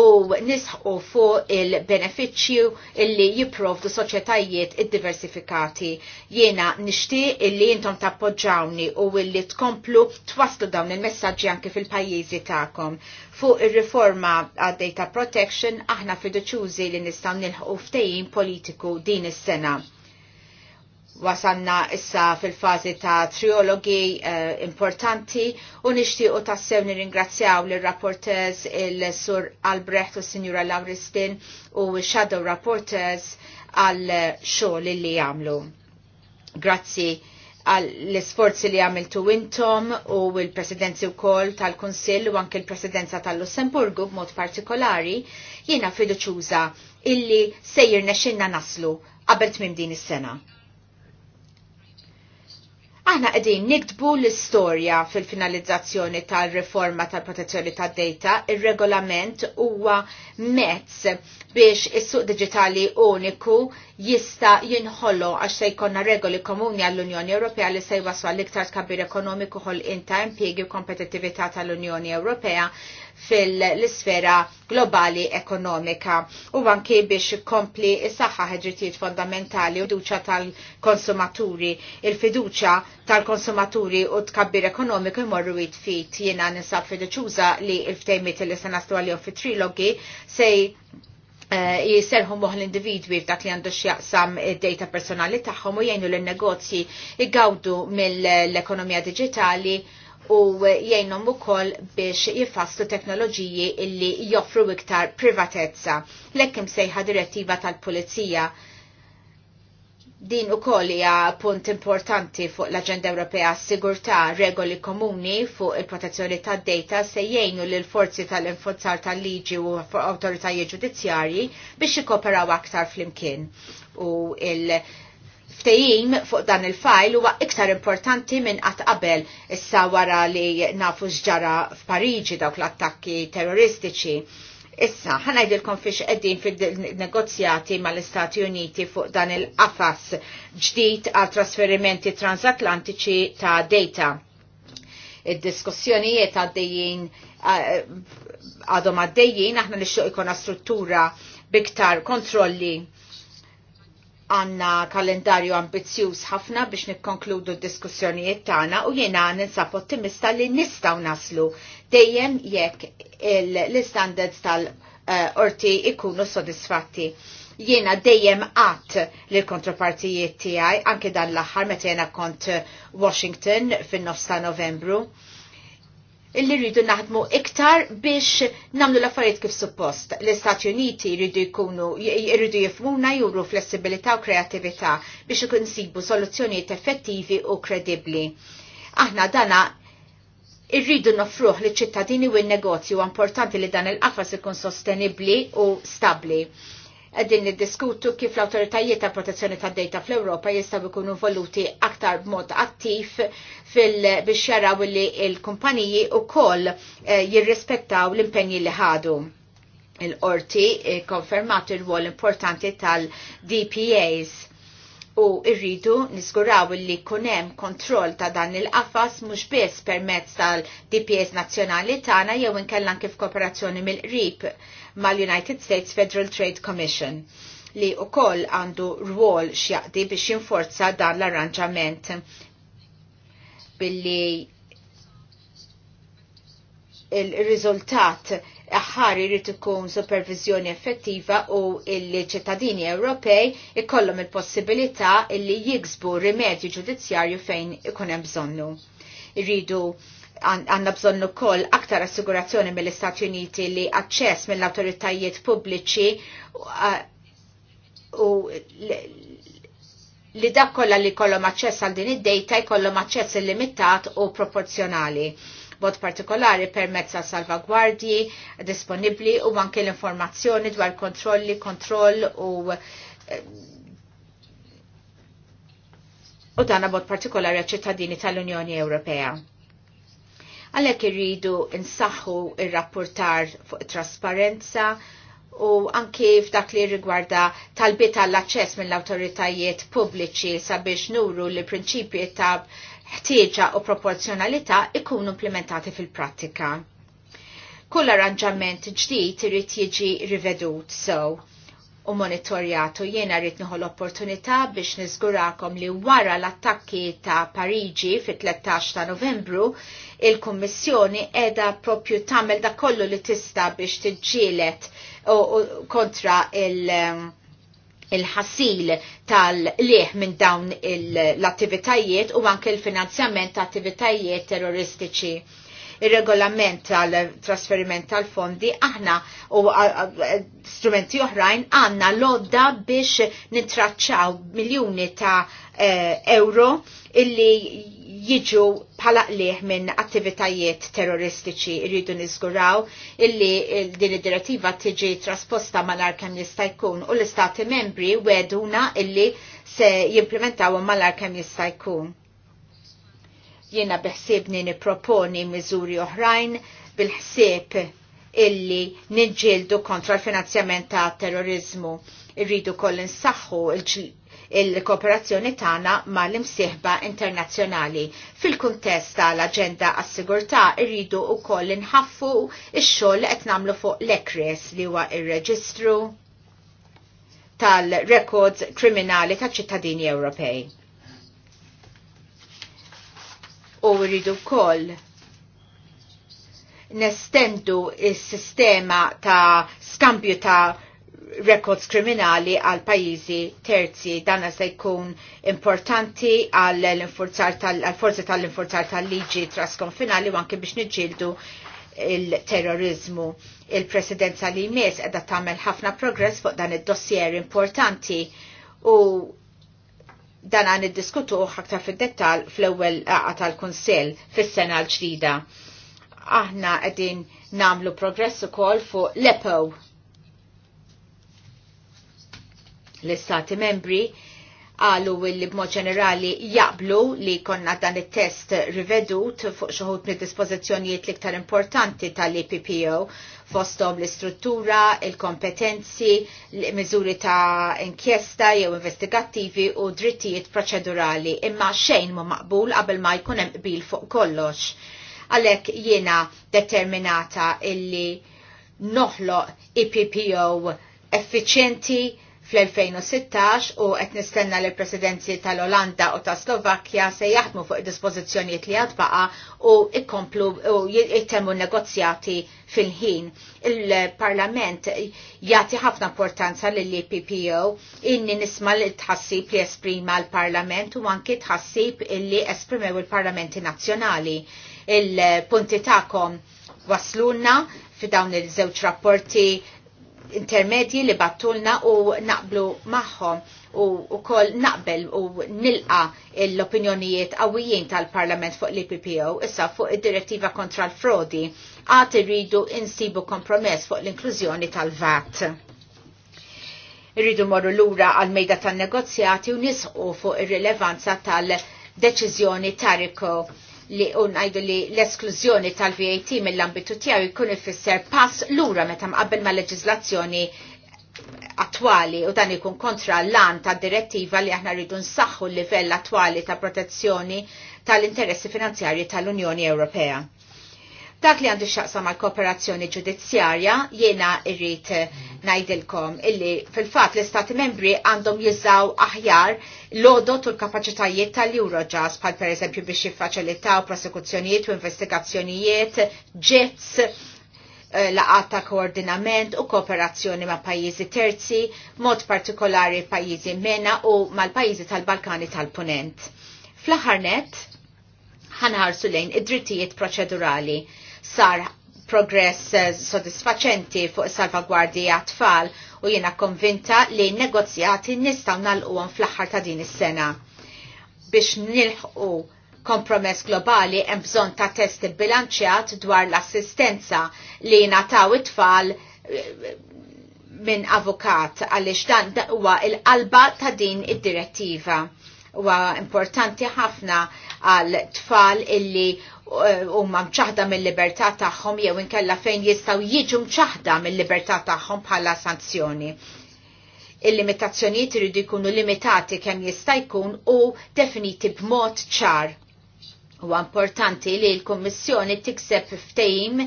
u nisħu fuq il-benefiċċju illi jipprovdu soċjetajiet id-diversifikati. Jiena nixtieq illi intom tappoġġawni u illi tkomplu twaslu dawn il-messaġġi anke fil-pajjiżi tagħkom. Fuq ir-riforma għad data protection aħna fiduċjużi li nistgħu nilħqu ftehim politiku din is-sena wasanna issa fil-fazi ta' triologi uh, importanti u u tassew nirringrazzjaw l rapportez il-sur Albrecht u Signora Lauristin u shadow rapporters għal xogħol li jagħmlu. Grazzi l-sforzi li għamiltu intom u l-presidenzi wkoll tal-Kunsill u anke l-presidenza tal-Lussemburgu b'mod partikolari jiena fiduċuża illi sejjer nexxinna naslu qabel minn din is-sena. Aħna qegħdin niktbu l-istorja fil-finalizzazzjoni tal-riforma tal-protezzjoni tad-data, ir-regolament huwa mezz biex is-suq diġitali uniku jista jinħollu għax se jkonna regoli komuni għall-Unjoni Ewropea li se jwaslu għall-iktar kabir ekonomiku ħol inta impiegi u kompetittività tal-Unjoni Ewropea fil-sfera globali ekonomika u anke biex kompli is-saħħa ħeġritijiet fondamentali u fiduċa tal-konsumaturi. Il-fiduċa tal-konsumaturi u tkabbir ekonomiku jmorru jitfit jiena nisab fiduċuza li il-ftejmiet li se għal-jom fit-trilogi se Eh, jiserħu moħ l-individwi f'dak li għandu xjaqsam id-data personali tagħhom u jgħinu l-negozji igawdu mill-ekonomija digitali u jgħinhom ukoll biex jifastu teknoloġiji illi joffru iktar privatezza. Lekkim sejħa direttiva tal-Pulizija Din u koll hija punt importanti fuq l-Aġenda Ewropea sigurtà regoli komuni fuq il-protezzjoni tad data se jgħinu lil forzi tal infozzar tal-liġi u awtoritajiet ġudizzjarji biex jikoperaw aktar flimkien. U il- ftejim fuq dan il-fajl huwa iktar importanti minn qatt qabel issa wara li nafu x'ġara f'Pariġi dawk l-attakki terroristiċi Issa, ħanajdilkom fiex qegħdin fil-negozjati mal-Istati Uniti fuq dan il-qafas ġdid għal trasferimenti transatlantiċi ta' data. Id-diskussjonijiet għaddejjin eh, għadhom għaddejjin, aħna nixtieq ikona struttura biktar kontrolli għanna kalendarju ambizjuż ħafna biex nikkonkludu d-diskussjonijiet tagħna u jiena ninsab ottimista li nistgħu naslu dejjem jekk l-standards tal-orti ikunu sodisfatti jiena dejjem għat li l-kontropartijiet tiegħi anke dan l-aħħar meta jena kont Washington fin-nofs ta' Novembru. Illi rridu naħdmu iktar biex namlu l-affarijiet kif suppost. L-Istati Uniti jridu jkunu jridu jifmuna juru flessibilità u kreativita biex ikun sibu soluzzjonijiet effettivi u kredibbli. Aħna dana irridu nofruħ li ċittadini u n-negozju importanti li dan il-qafas ikun sostenibli u stabli. Għedin niddiskutu kif l-autoritajiet ta' protezzjoni ta' data fl-Europa jistaw ikunu voluti aktar b'mod attiv biex jaraw li il-kumpaniji u koll eh, jirrispettaw l-impenji li ħadu. Il-qorti eh, konfermat il-wol importanti tal-DPAs u irridu niskuraw li kunem kontroll ta' dan il-qafas mhux biss permezz tal-DPS nazzjonali tagħna jew inkellan kif kooperazzjoni mill-qrib mal-United States Federal Trade Commission li u koll għandu rwol xjaqdi biex jinforza dan l-arranġament billi il-rizultat aħħar irid ikun supervizjoni effettiva u il-ċittadini Ewropej ikollhom il-possibilità illi jiksbu rimedju ġudizzjarju fejn ikun hemm bżonnu. Irridu għanna bżonnu koll aktar assigurazzjoni mill-Istati Uniti li aċċess mill-autoritajiet pubbliċi uh, u li dak kollha li kollhom aċċess għal din id-dejta jkollhom aċċess illimitat u proporzjonali mod partikolari permezz mezza salvagwardji disponibbli u anke l-informazzjoni dwar kontrolli, kontroll u eh, u dan b'mod partikolari ċittadini tal-Unjoni Ewropea għalek irridu insaħħu il-rapportar fuq trasparenza u anki f'dak li rigwarda talbiet għall aċċess mill-autoritajiet pubbliċi sabiex nuru li prinċipji ta' ħtieġa u proporzjonalità ikunu implementati fil-prattika. Kull arranġament ġdid irid jiġi rivedut sew so, u monitorjatu jiena rrid nieħu l-opportunità biex niżgurakom li wara l-attakki ta' Pariġi fit-13 ta' Novembru il-Kummissjoni edha propju tagħmel da kollu li tista' biex tiġġielet kontra il- um, il-ħassil tal-liħ minn dawn l-attivitajiet u anke l-finanzjament ta' attivitajiet terroristiċi. Il-regolament tal-trasferiment tal-fondi aħna u strumenti oħrajn għanna lodda biex nitraċċaw miljoni ta' eh, euro illi jiġu bħala liħ minn attivitajiet terroristiċi rridu nizguraw illi din id-direttiva tiġi trasposta malar kem jista' jkun u l-istati membri weduna illi se jimplementaw malar kem jista' jkun. Jiena beħsibni niproponi miżuri oħrajn bil-ħsieb illi ninġildu kontra l-finanzjament ta' terrorizmu. Irridu koll insaħħu il il-kooperazzjoni tagħna mal-imsieħba internazzjonali. Fil-kuntest tal-Aġenda għas-Sigurtà irridu wkoll inħaffu x-xogħol qed nagħmlu fuq l-ECRES li huwa ir-Reġistru tal-Records Kriminali tal-Ċittadini Ewropej. U rridu wkoll nestendu is-sistema ta' skambju ta' records kriminali għal pajizi terzi. dan se jkun importanti għal forzi tal-infurzar tal-liġi trasconfinali u anke biex niġġieldu il-terrorizmu. Il-presidenza li jmiss edha tagħmel ħafna progress fuq dan id-dossier importanti u dan għan id-diskutu ħaktar fid-dettal fl-ewwel għata tal-Kunsill fis-sena l-ġdida. Aħna qegħdin namlu progress ukoll fuq l-EPO L-Istati membri għalu li b'mod ġenerali jaqblu li konna dan it-test rivedut fuq xoħut mid dispożizzjonijiet l-iktar importanti tal-EPPO fostom l-istruttura, il-kompetenzi, l-mizuri ta' inkjesta jew investigattivi u drittijiet proċedurali imma xejn mu maqbul qabel ma jkun hemm qbil fuq kollox. Għalhekk jiena determinata illi noħloq EPPO effiċjenti fl-2016 u qed nistenna l presidenzi tal-Olanda u ta' Slovakkja se jaħdmu fuq id-dispożizzjonijiet li għadbaqa u jkomplu u jittemmu negozjati fil-ħin. Il-Parlament jagħti ħafna importanza lill eppo inni nisma li tħassib li esprima l-Parlament u anki tħassib illi esprimew il-Parlamenti nazzjonali. Il-punti ta'kom waslunna fi dawn il-żewġ rapporti intermedji li battulna u naqblu maħħom u, kol naqbel u nilqa l-opinjonijiet għawijin tal-Parlament fuq l-IPPO issa fuq id-direttiva kontra l-frodi għat irridu insibu kompromess fuq l-inklużjoni tal-VAT irridu morru lura għal-mejda tan negozjati u nisqu fuq ir-rilevanza tal-deċiżjoni tariko li unajdu li l-esklużjoni tal-VAT mill-ambitu tiegħu jkun ifisser pass lura meta mqabbel ma' leġizlazzjoni attwali u dan ikun kontra l-an ta' direttiva li aħna rridu nsaħħu l-livell attwali ta' protezzjoni tal-interessi finanzjarji tal-Unjoni Ewropea. Dak li għandu xaqsa mal kooperazzjoni ġudizzjarja jiena irrit eh, najdilkom illi fil-fat l-Istati membri għandhom jizzaw aħjar l-odot u l-kapacitajiet tal-Eurojust pal per eżempju biex jiffaċilitaw prosekuzzjonijiet u investigazzjonijiet, ġets, eh, laqat ta' koordinament u kooperazzjoni ma' pajjiżi terzi, mod partikolari pajjiżi mena u mal-pajjiżi tal-Balkani tal-Punent. Fl-aħarnet, ħanħarsu lejn id-drittijiet proċedurali sar progress eh, sodisfaċenti fuq salvagwardi għat-tfal u jiena konvinta li negozjati nistaw nalquhom fl-aħħar ta' din is-sena. Biex nilħqu kompromess globali hemm bżonn ta' test bilanċjat dwar l-assistenza li nataw it-tfal eh, minn avukat għaliex dan huwa il-qalba ta' din id-direttiva. Huwa importanti ħafna għal tfal illi eh, huma mċaħda mill-libertà tagħhom jew inkella fejn jistgħu jiġu mċaħda mill-libertà tagħhom bħala sanzjoni. Il-limitazzjonijiet iridu jkunu limitati kemm jista' jkun u definiti b'mod ċar. Huwa importanti li l-Kummissjoni tikseb ftehim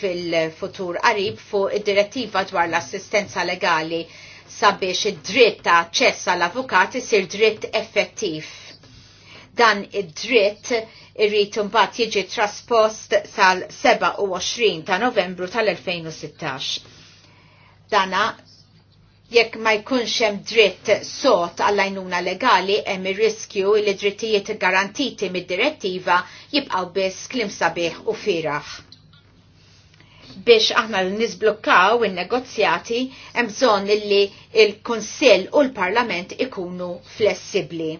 fil-futur qarib fuq id-direttiva dwar l-assistenza legali sabiex id-dritt ta' aċċess għall-avukat isir dritt effettiv dan id-dritt irrid mbagħad jiġi traspost sal-27 ta' Novembru tal-2016. Dana jekk ma jkunx hemm dritt sot għall-għajnuna legali hemm ir-riskju li drittijiet garantiti mid-direttiva jibqgħu biss klim sabiħ u firaħ. Biex aħna nisblokkaw in-negozjati hemm bżonn li l-Kunsill u l-Parlament ikunu flessibbli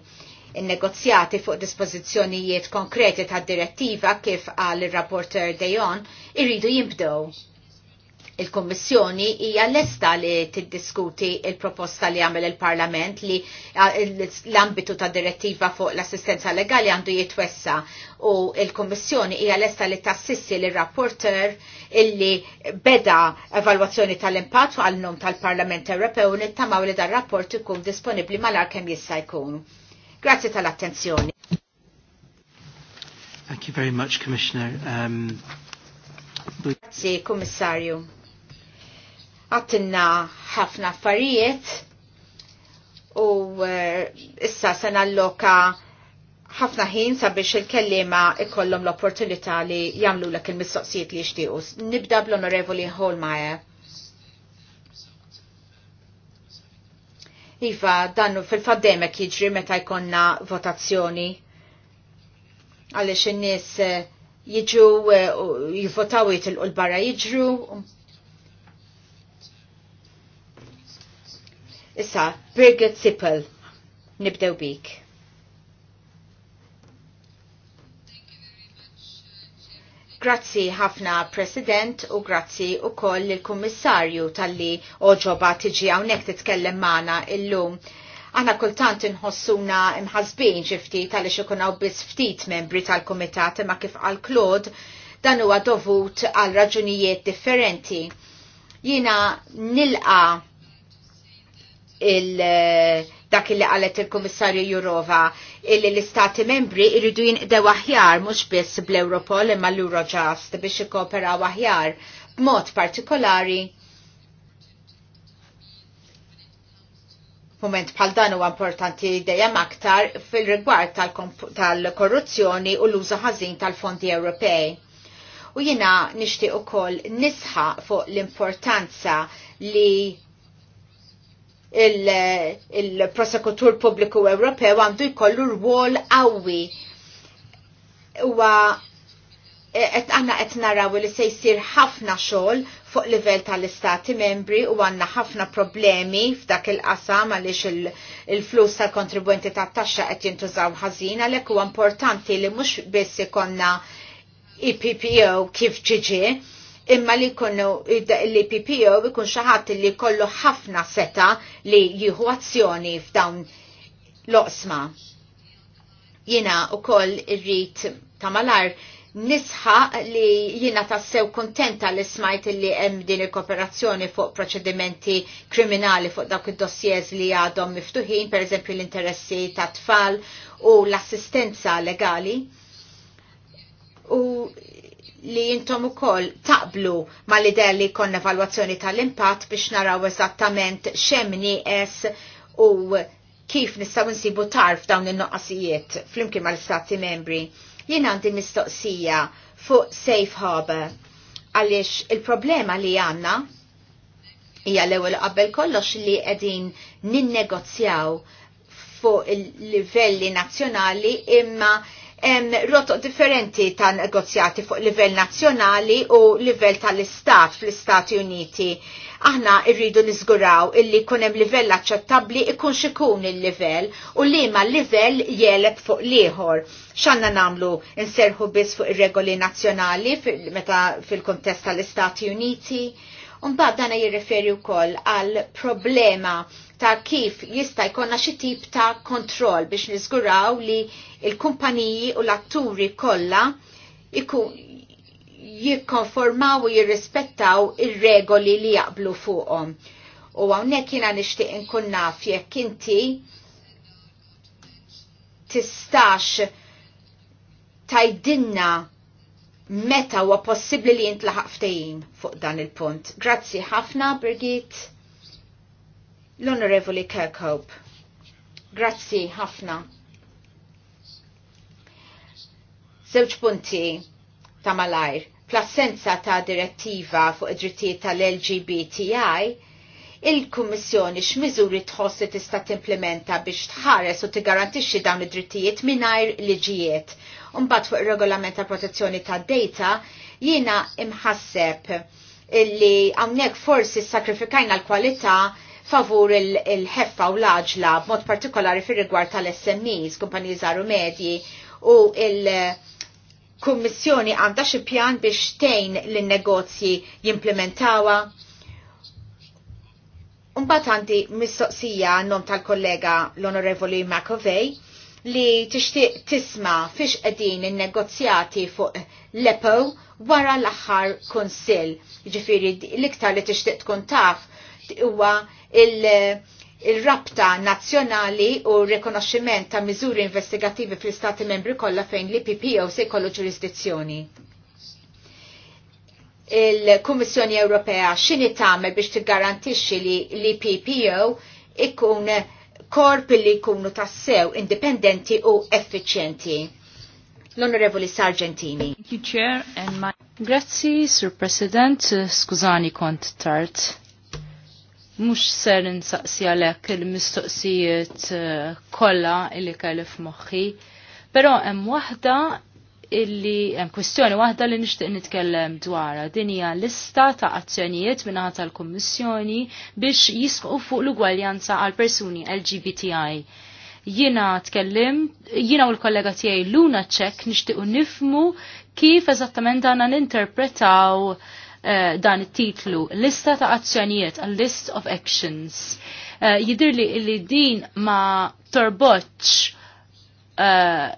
il negozjati fuq dispożizzjonijiet konkreti ta' direttiva kif għal il-rapporter Dejon irridu jimbdow. Il-Kommissjoni hija lesta li tiddiskuti il-proposta li għamel il-Parlament li l-ambitu ta' direttiva fuq l-assistenza legali għandu jitwessa u il-Kommissjoni hija lesta li tassissi l rapporter illi beda evalwazzjoni tal-impatt għal-nom tal-Parlament Ewropew nittamaw li dar rapport ikun disponibli mal-arkem jista' jkun. Grazzi tal-attenzjoni. Thank you very much, Commissioner. Um... Grazie, Kommissarju. Għattinna ħafna affarijiet u eh, issa se nalloka ħafna ħin sabiex il-kellima ikollhom l-opportunità li jagħmlu lek il-mistoqsijiet li jixtiequ. Nibda bl-Onorevoli Holmeyer. Iva, dan fil-faddemek jiġri meta jkonna votazzjoni. Għalix in-nies eh, jiġu eh, jivvotaw jitilqu l-barra jiġru. Issa, Birgit Sippel, nibdew bik. Grazzi ħafna President u grazzi u koll il-Kummissarju tal-li oġoba tiġi għawnek titkellem maħna illum. Għana kultant nħossuna imħazbin ġifti tal-li xikunaw bis ftit membri tal-Komitat ma kif għal-Klod dan huwa dovut għal raġunijiet differenti. Jina nilqa il- uh, dak li qalet il-Kummissarju Jurova illi l-Istati membri irridu jinqdew aħjar mhux biss bl-Europol imma l-Eurojust biex ikkooperaw aħjar b'mod partikolari Moment bħal dan huwa importanti dejjem aktar fil-rigward tal-korruzzjoni tal u l-użu ħażin tal-fondi Ewropej. U jiena nixtieq ukoll nisħa fuq l-importanza li il-prosekutur il pubbliku Ewropew għandu jkollu rwol qawwi. Huwa qed għanna qed naraw li se jsir ħafna xogħol fuq livell tal-istati membri u għanna ħafna problemi f'dak il-qasam għaliex il-flus tal kontribuenti tat-taxxa qed jintużaw ħażin għalhekk huwa importanti li mhux biss ikonna IPPO e kif ġiġi, imma li kunnu li PPO ikun xaħat li kollu ħafna seta li jieħu azzjoni f'dawn l-osma. Jina u koll irrit tamalar nisħa li jina tassew kontenta li smajt li hemm din il-kooperazzjoni fuq proċedimenti kriminali fuq dawk id-dossiers li għadhom miftuħin, per eżempju l-interessi ta' tfal u l-assistenza legali. U li jintom u koll taqblu mal-idea li kon evalwazzjoni tal-impatt biex naraw eżattament xemni es u kif nistaw nsibu tarf dawn il-noqqasijiet fl-imkien mal istati membri. Jien għandi mistoqsija fuq Safe Harbor għaliex il-problema li għanna hija l-ewwel qabel kollox li qegħdin ninnegozjaw fuq il-livelli nazzjonali imma rotoq differenti ta' negozjati fuq livell nazzjonali u livell tal-istat fl-Istati Uniti. Aħna irridu niżguraw illi kun hemm livell aċċettabbli ikun xikun il-livell u li ma livell jeleb fuq liħor. X'għandna nagħmlu inserħu biss fuq ir-regoli nazzjonali meta fil-kontest tal-Istati Uniti? Unbab dana jirreferi wkoll għal problema ta' kif jista' jkollna xi tip ta' kontroll biex niżguraw li il-kumpaniji u l-atturi kollha jikkonformaw u jirrispettaw ir-regoli li jaqblu fuqhom. U hawnhekk jiena nixtieq inkun naf jekk inti tistax tajdinna meta huwa possibbli li jintlaħaq ftehim fuq dan il-punt. Grazzi ħafna, Birgit. L-Onorevoli Kirkhope. Grazzi ħafna. Żewġ punti ta' malajr. Plassenza ta' direttiva fuq id-drittijiet tal-LGBTI, il-Kummissjoni x'miżuri tħoss li tista' timplementa biex tħares u tigarantixxi dawn id-drittijiet mingħajr liġijiet Umbat fuq regolament ta' protezzjoni ta' data jiena imħasseb li għamnek forsi sakrifikajna l-kwalità favur il-ħeffa u l-aġla b'mod partikolari fir rigward tal-SMEs, kumpaniji żaru medji u il-Kummissjoni għandha xi pjan biex tgħin lin-negozji jimplementawa. Mbagħad għandi mistoqsija nom tal-kollega l-Onorevoli McAvey li tixtieq tisma' fiex qegħdin in-negozjati fuq l-EPO wara l-aħħar kunsill. Ġifieri l-iktar li tixtieq tkun taf huwa il-rabta nazzjonali u rikonoxximent ta' miżuri investigativi fl-Istati membri kollha fejn l-IPPO se jkollu ġurisdizzjoni il-Kummissjoni Ewropea x'inhi tagħmel biex tiggarantixxi li l-PPO ikun korp li jkunu tassew indipendenti u effiċjenti. L-Onorevoli Sargentini. Thank you, Chair, and my... Grazzi, Sir President, skużani kont tart. Mux ser nsaqsi għalek il-mistoqsijiet eh, kolla li kalif f'moħħi, pero hemm waħda illi hemm kwestjoni waħda li nixtieq nitkellem dwarha din hija lista ta' azzjonijiet mingħata tal-Kummissjoni biex jisqu fuq l-ugwaljanza għal persuni LGBTI. Jiena tkellim, jiena u l-kollega tiegħi Luna Czech nixtiequ nifmu kif eżattament għandna ninterpretaw eh, dan it-titlu Lista ta' azzjonijiet, a list of actions. Eh, Jidhirli li, illi din ma torboċ Eh,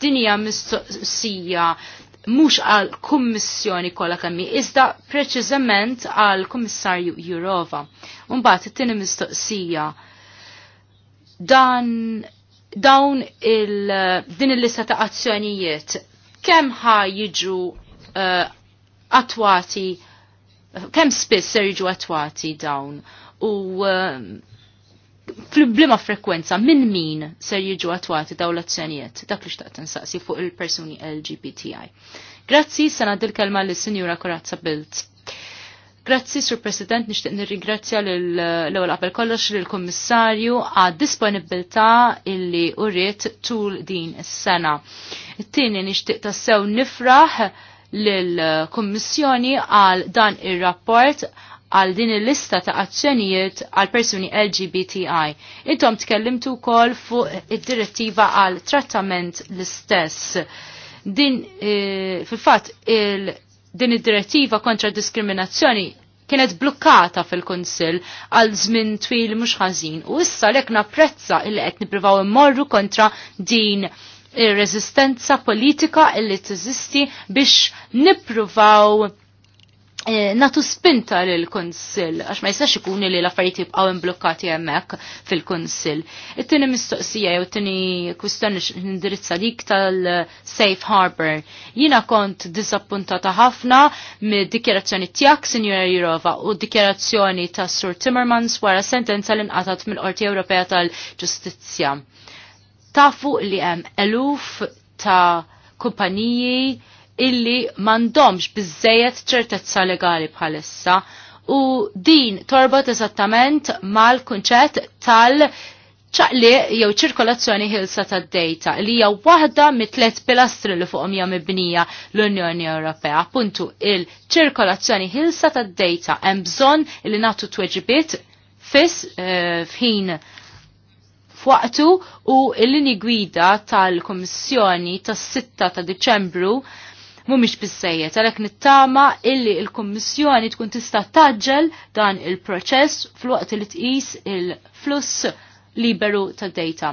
dinja mistoqsija mhux għal kummissjoni kollha kemmi, iżda preċiżament għal kummissarju Jurova. Mbagħad it-tieni mistoqsija dan dawn il din il-lista ta' azzjonijiet kemm ħa jiġu uh, attwati kemm spiss ser jiġu attwati dawn u uh, fl-blima frekwenza minn min ser jiġu attwati daw l-azzjonijiet dak li xtaqt nsaqsi fuq il-persuni LGBTI. Grazzi, sena dil kelma l sinjura Korazza Bilt. Grazzi, Sur President, nishtiq nirringrazzja l-ewwel qabel kollox lill-Kummissarju għad disponibilità illi uriet tul din is-sena. It-tieni nixtieq tassew nifraħ lill-Kummissjoni għal dan ir-rapport għal din il-lista ta' azzjonijiet għal persuni LGBTI. Intom tkellimtu kol fuq id-direttiva għal trattament l-istess. Din, e, fil-fat, din id-direttiva kontra diskriminazzjoni kienet blokkata fil-Konsil għal żmien twil mhux ħażin u issa lek napprezza il qed nippruvaw immorru kontra din ir-reżistenza politika illi tiżisti biex nippruvaw Eh, natu spinta lil konsil għax ma jistax ikun li l-affarijiet jibqgħu imblukkati hemmhekk fil-Konsil. It-tieni mistoqsija jew tieni kwistjoni indirizza dik tal-Safe Harbor. Jiena kont disappuntata ħafna mid-dikjerazzjoni tiegħek, sinjora Jirova, u d-dikjerazzjoni ta' Sur Timmermans wara sentenza li nqatat mill-Qorti Ewropea tal-Ġustizzja. Tafu li hemm eluf ta' kumpaniji illi mandomx bizzejet ċertezza legali bħalissa u din torbot eżattament mal-kunċett tal- ċaqli jew ċirkolazzjoni ħilsa tad data li hija waħda mit tliet pilastri li fuqhom hija mibnija l-Unjoni Ewropea. Puntu il-ċirkolazzjoni ħilsa tad data hemm bżonn li nagħtu tweġibiet fis eh, fħin f'waqtu u l-lini gwida tal-Kommissjoni tas-6 ta' Diċembru mhumiex bissejjed għalhekk nittama illi l-Kummissjoni tkun tista' taġġel dan il-proċess fl-waqt li tqis il-fluss liberu tad-data.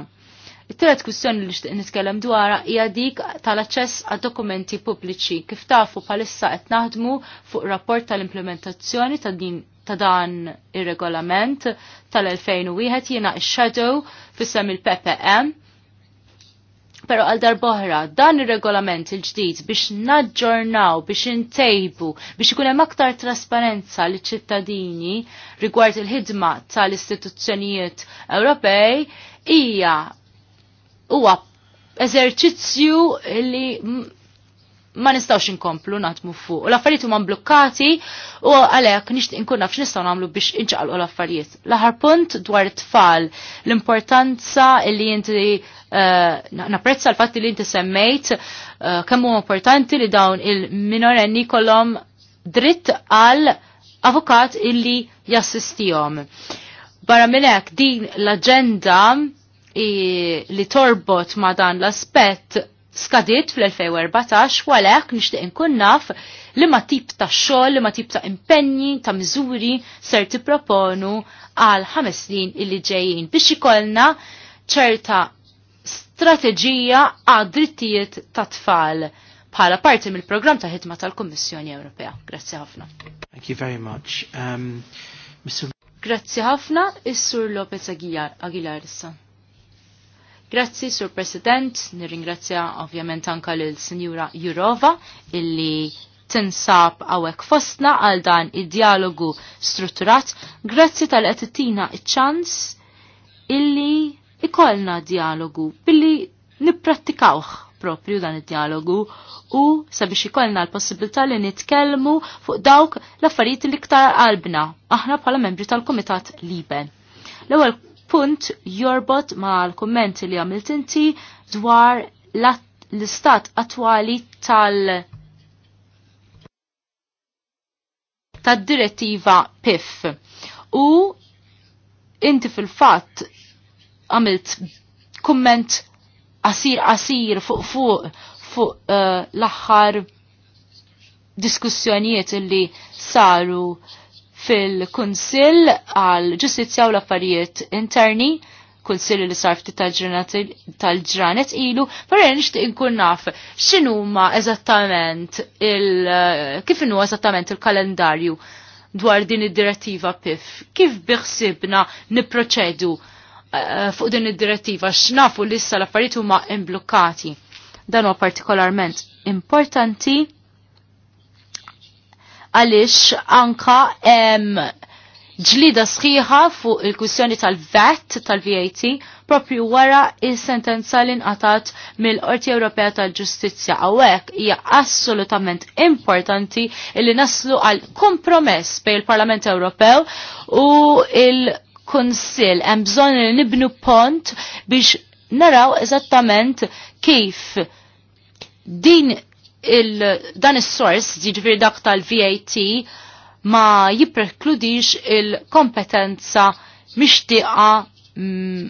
it telet kwistjoni li nitkellem dwarha hija dik tal-aċċess għad dokumenti pubbliċi. Kif tafu bħalissa qed naħdmu fuq rapport tal-implementazzjoni ta' din ta' dan ir-regolament tal-2001 jiena x-shadow fissem il-PPM Pero għal darboħra, dan il-regolament il-ġdid biex naġġornaw, biex intejbu, biex ikun hemm aktar trasparenza li ċittadini rigward il-ħidma tal-istituzzjonijiet Ewropej hija huwa eżerċizzju li ma nistawx inkomplu natmu fuq. U l-affarijiet huma mblukkati u għalhekk nixtieq inkun nafx nistgħu nagħmlu biex inċaqalqu l-affarijiet. L-aħħar punt dwar it-tfal, l-importanza li inti eh, napprezza l-fatt li inti semmejt eh, kemm huwa importanti li dawn il-minorenni kollhom dritt għal avukat illi jassistihom. Barra minnek din l agenda li torbot ma dan l-aspett skadiet fl-2014 u għalhekk nixtieq inkun naf li ma tip ta' xogħol, li ma tip ta' impenni, ta' miżuri ser tipproponu għal ħames snin illi ġejjin biex ikollna ċerta strateġija għad drittijiet ta' tfal bħala parti mill-programm ta' ħidma tal-Kummissjoni Ewropea. Grazzi ħafna. Thank you very much. Um, Grazzi ħafna, is-Sur Lopez Aguilar, Aguilar issa. Grazzi, Sur President, nirringrazzja ovvjament anka lil sinjura Jurova illi tinsab għawek fostna għal dan id-dialogu strutturat. Grazzi tal-qed iċ-ċans illi ikolna dialogu billi nipprattikawh propju dan id-dialogu u sabiex ikollna l-possibilità li nitkellmu fuq dawk l-affarijiet li ktar qalbna aħna bħala membri tal-Kumitat Liben. L-ewwel punt jorbot ma' l-komment li għamilt inti dwar l-istat attwali tal- tad-direttiva PIF. U inti fil-fatt għamilt komment qasir qasir fuq fuq fuq uh, l-aħħar diskussjonijiet illi saru fil-Kunsill għal ġustizzja u l-affarijiet interni, kunsill li sarf tal-ġranet ilu, parren nixtieq inkun naf x'inhuma eżattament il- kif inhu eżattament il-kalendarju dwar din id-direttiva PIF. Kif biħsibna niproċedu eh, fuq din id-direttiva x'nafu l issa l-affarijiet huma imblukkati. Dan huwa partikolarment importanti għaliex anka um, ġlida sħiħa fuq il-kwistjoni tal-VAT tal-VAT propju wara il-sentenza li nqatat mill-Qorti Ewropea tal-Ġustizzja għawek hija assolutament importanti li naslu għal kompromess bejn il-Parlament Ewropew u il-Kunsill hemm bżonn li nibnu pont biex naraw eżattament kif din dan is-sors, jiġifieri dak tal-VAT, ma jipprekludix il-kompetenza mixtieqa mm,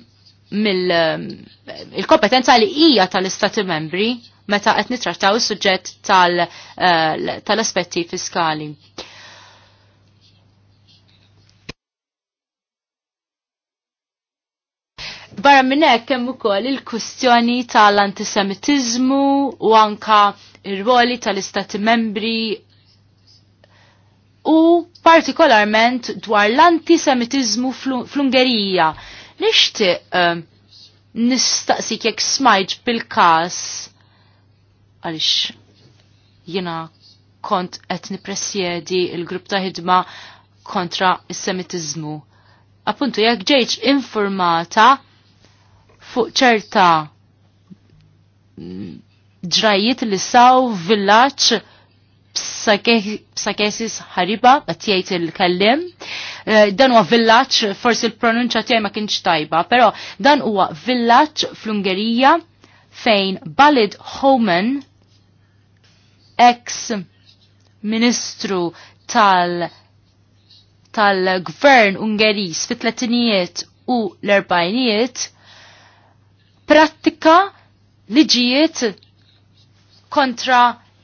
mill-kompetenza mm, li hija tal-Istati membri meta qed nitrattaw is-suġġett eh, tal-aspetti fiskali. Barra minn hekk hemm ukoll il-kwistjoni tal-antisemitiżmu u anka ir-roli tal-istati membri u partikolarment dwar l-antisemitizmu fl-Ungerija. Nishti Nixtieq uh, nistaqsik jekk smajġ bil-każ għaliex jiena kont qed presjedi il-grupp ta' ħidma kontra is-semitizmu. Appuntu jekk ġejġ informata fuq ċerta ġrajiet li saw villaċ psakesis ħariba, għatijajt il-kellim. Eh, dan huwa villaċ, forsi l pronunċa tiegħi ma kienx tajba, però dan huwa villaċ fl-Ungerija fejn Balid Homan, ex-ministru tal- tal-gvern Ungeris fit-tletinijiet u l-erbajnijiet prattika liġijiet kontra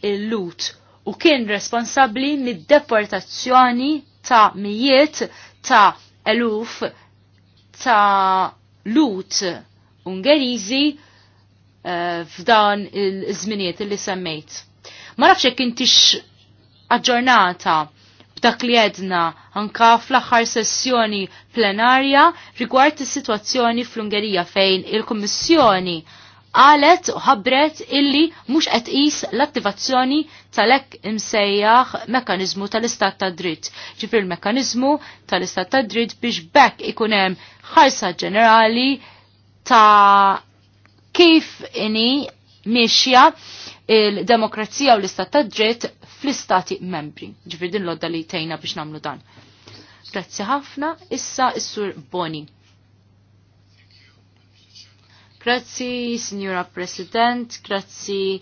il-lut u kien responsabli mid-deportazzjoni ta' mijiet ta' eluf ta' lut Ungeriżi uh, eh, f'dan il-żminiet li semmejt. Ma nafx jekk intix aġġornata Dak li jedna anka fl-aħħar sessjoni plenarja rigward is-sitwazzjoni fl-Ungerija fejn il-Kummissjoni qalet u ħabbret illi mhux qed qis l-attivazzjoni tal ek imsejjaħ mekkaniżmu tal-istat ta' dritt. Ġifir il-mekkaniżmu tal-istat ta' dritt biex bekk ikun hemm ħarsa ġenerali ta' kif ini mixja il-demokrazija u l-istat ta' dritt fl-istati membri. Ġifri din lodda li tejna biex namlu dan. Grazzi ħafna, issa is-sur Boni. Grazzi, Signora President, grazzi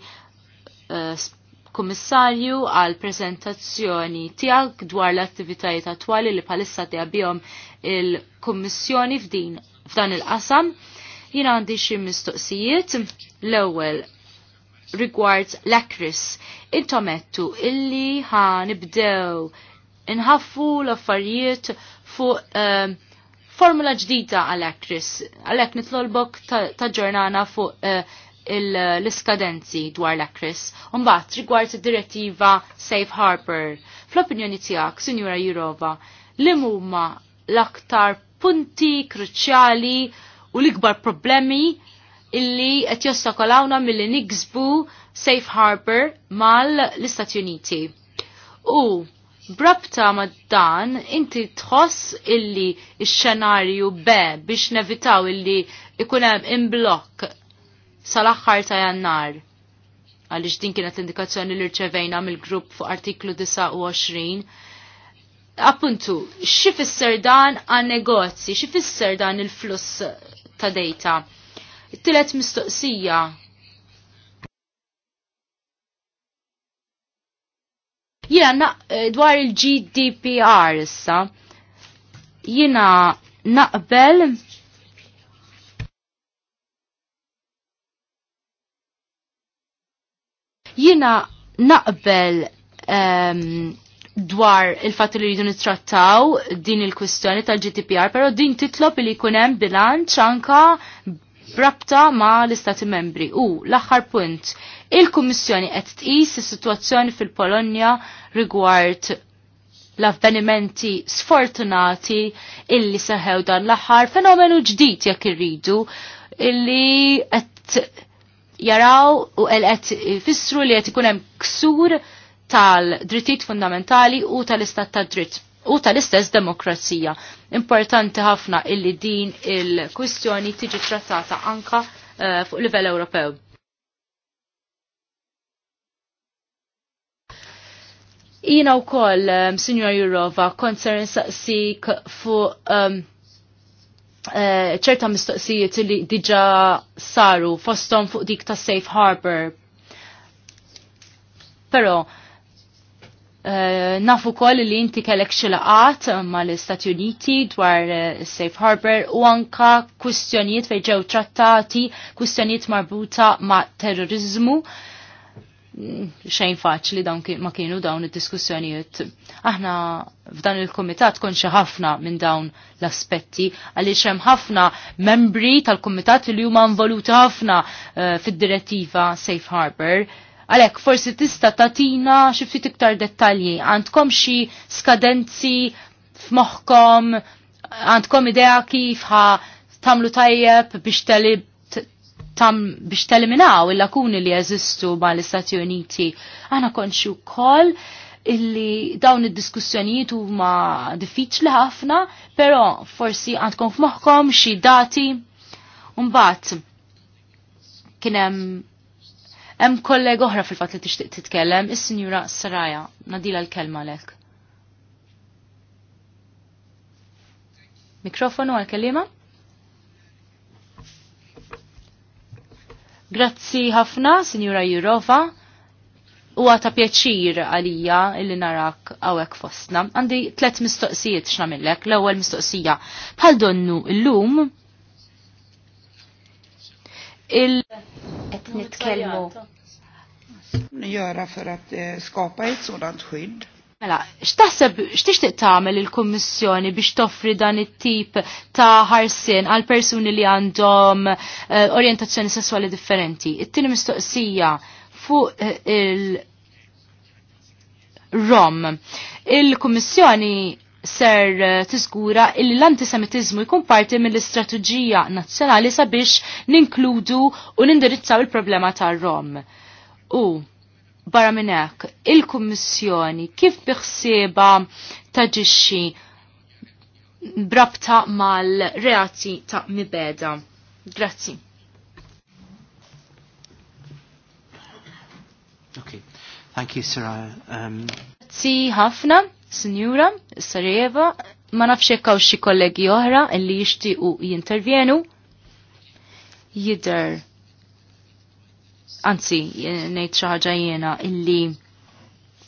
uh, għal prezentazzjoni tiegħek dwar l-attivitajiet attwali li palissa tiegħbihom il-Kummissjoni f'din f'dan il-qasam. Jien għandi xi mistoqsijiet. L-ewwel rigward l Intomettu illi ħan nibdew inħaffu l-affarijiet fuq ehm, formula ġdida għal-ekris. Għalek nitlolbok ta' ġurnana fuq uh, l-iskadenzi dwar l-ekris. Umbat, rigward direttiva Safe Harbor. Fl-opinjoni tijak, Signora Jurova, li mumma l-aktar punti kruċjali u l-ikbar problemi illi qed jostakolawna milli niksbu safe harbor mal-Istati Uniti. U brabta ma dan inti tħoss illi x-xenarju B biex nevitaw illi ikun hemm imblok sal-aħħar ta' jannar. Għaliex din kienet l-indikazzjoni li rċevejna mill-grupp fuq artiklu 29. Appuntu, x'ifisser dan għan negozji, x'ifisser dan il-fluss ta' data It-tielet mistoqsija. Jiena eh, dwar il-GDPR issa. Jiena naqbel jina naqbel um, dwar il-fat li rridu nittrattaw din il-kwistjoni tal-GDPR, pero din titlob li jkun hemm bilanċ anka brabta ma l-Istati membri. U l-aħħar punt, il-Kummissjoni qed tqis is-sitwazzjoni fil-Polonja rigward l-avvenimenti sfortunati illi seħew dan l-aħħar fenomenu ġdid jekk irridu illi qed jaraw u qed ifissru li qed ikun hemm ksur tal-drittijiet fundamentali u tal-istat tad dritt u tal-istess demokrazija. Importanti ħafna illi din il-kwistjoni tiġi trattata anka eh, fuq livell Ewropew. Jina u koll, um, eh, Signor Jurova, koncern saqsik fuq um, ċerta mistoqsijiet li diġa saru fostom fuq dik ta' Safe Harbor. Pero, Eh, nafu kol li inti kellek xilaqat eh, mal-Istati Uniti dwar eh, Safe Harbor u anka kwistjonijiet fej ġew trattati, kwistjonijiet marbuta ma' terrorizmu. Mm, xejn faċli dawn ma kienu dawn id-diskussjonijiet. Aħna f'dan il-komitat konxi ħafna minn dawn l-aspetti għaliex hemm ħafna membri tal-komitat li huma involuti ħafna uh, fid-direttiva Safe Harbor Għalek, forsi tista tatina xifti iktar dettalji. Għandkom xi skadenzi f'moħkom, għandkom idea kif ħa tamlu tajjeb biex tali tam biex teliminaw il-lakuni li jeżistu ma l-Istati Uniti. Għana konxu kol illi dawn id-diskussjonijiet huma diffiċli ħafna, però forsi għandkom f'moħħkom xi dati. Mbagħad kien hemm Hemm kollega oħra fil-fatt li tixtieq titkellem, is-Sinjura Saraja, nadila l-kelma lek. Mikrofonu għal-kelima? Grazzi ħafna, Sinjura Jurova. Huwa ta' pjaċir għalija illi narak għawek fostna. Għandi tlet mistoqsijiet x'namillek. L-ewwel mistoqsija bħal donnu llum. il- nitkellmu. Jara ferat eh, skapajt sonant xid. Mela, x'taħseb x'tixtieq tagħmel il-Kummissjoni biex toffri dan it-tip ta' ħarsien għal persuni li għandhom eh, orjentazzjoni sesswali differenti. It-tieni mistoqsija fuq eh, il-Rom. Il-Kummissjoni ser eh, tiżgura illi l-antisemitizmu jkun parti mill-istrateġija nazzjonali sabiex ninkludu u nindirizzaw il-problema tar-Rom. U barra minn hekk, il-Kummissjoni kif biħsieba taġixxi brabta mal-reati ta' mibeda. Grazzi. Okay. Thank you, Sarah. Um... Grazzi ħafna. Sinjura, Sarajevo, ma nafx jekk xi kollegi oħra jishti jixtiequ jintervjenu. Jider anzi ngħid xi ħaġa jiena illi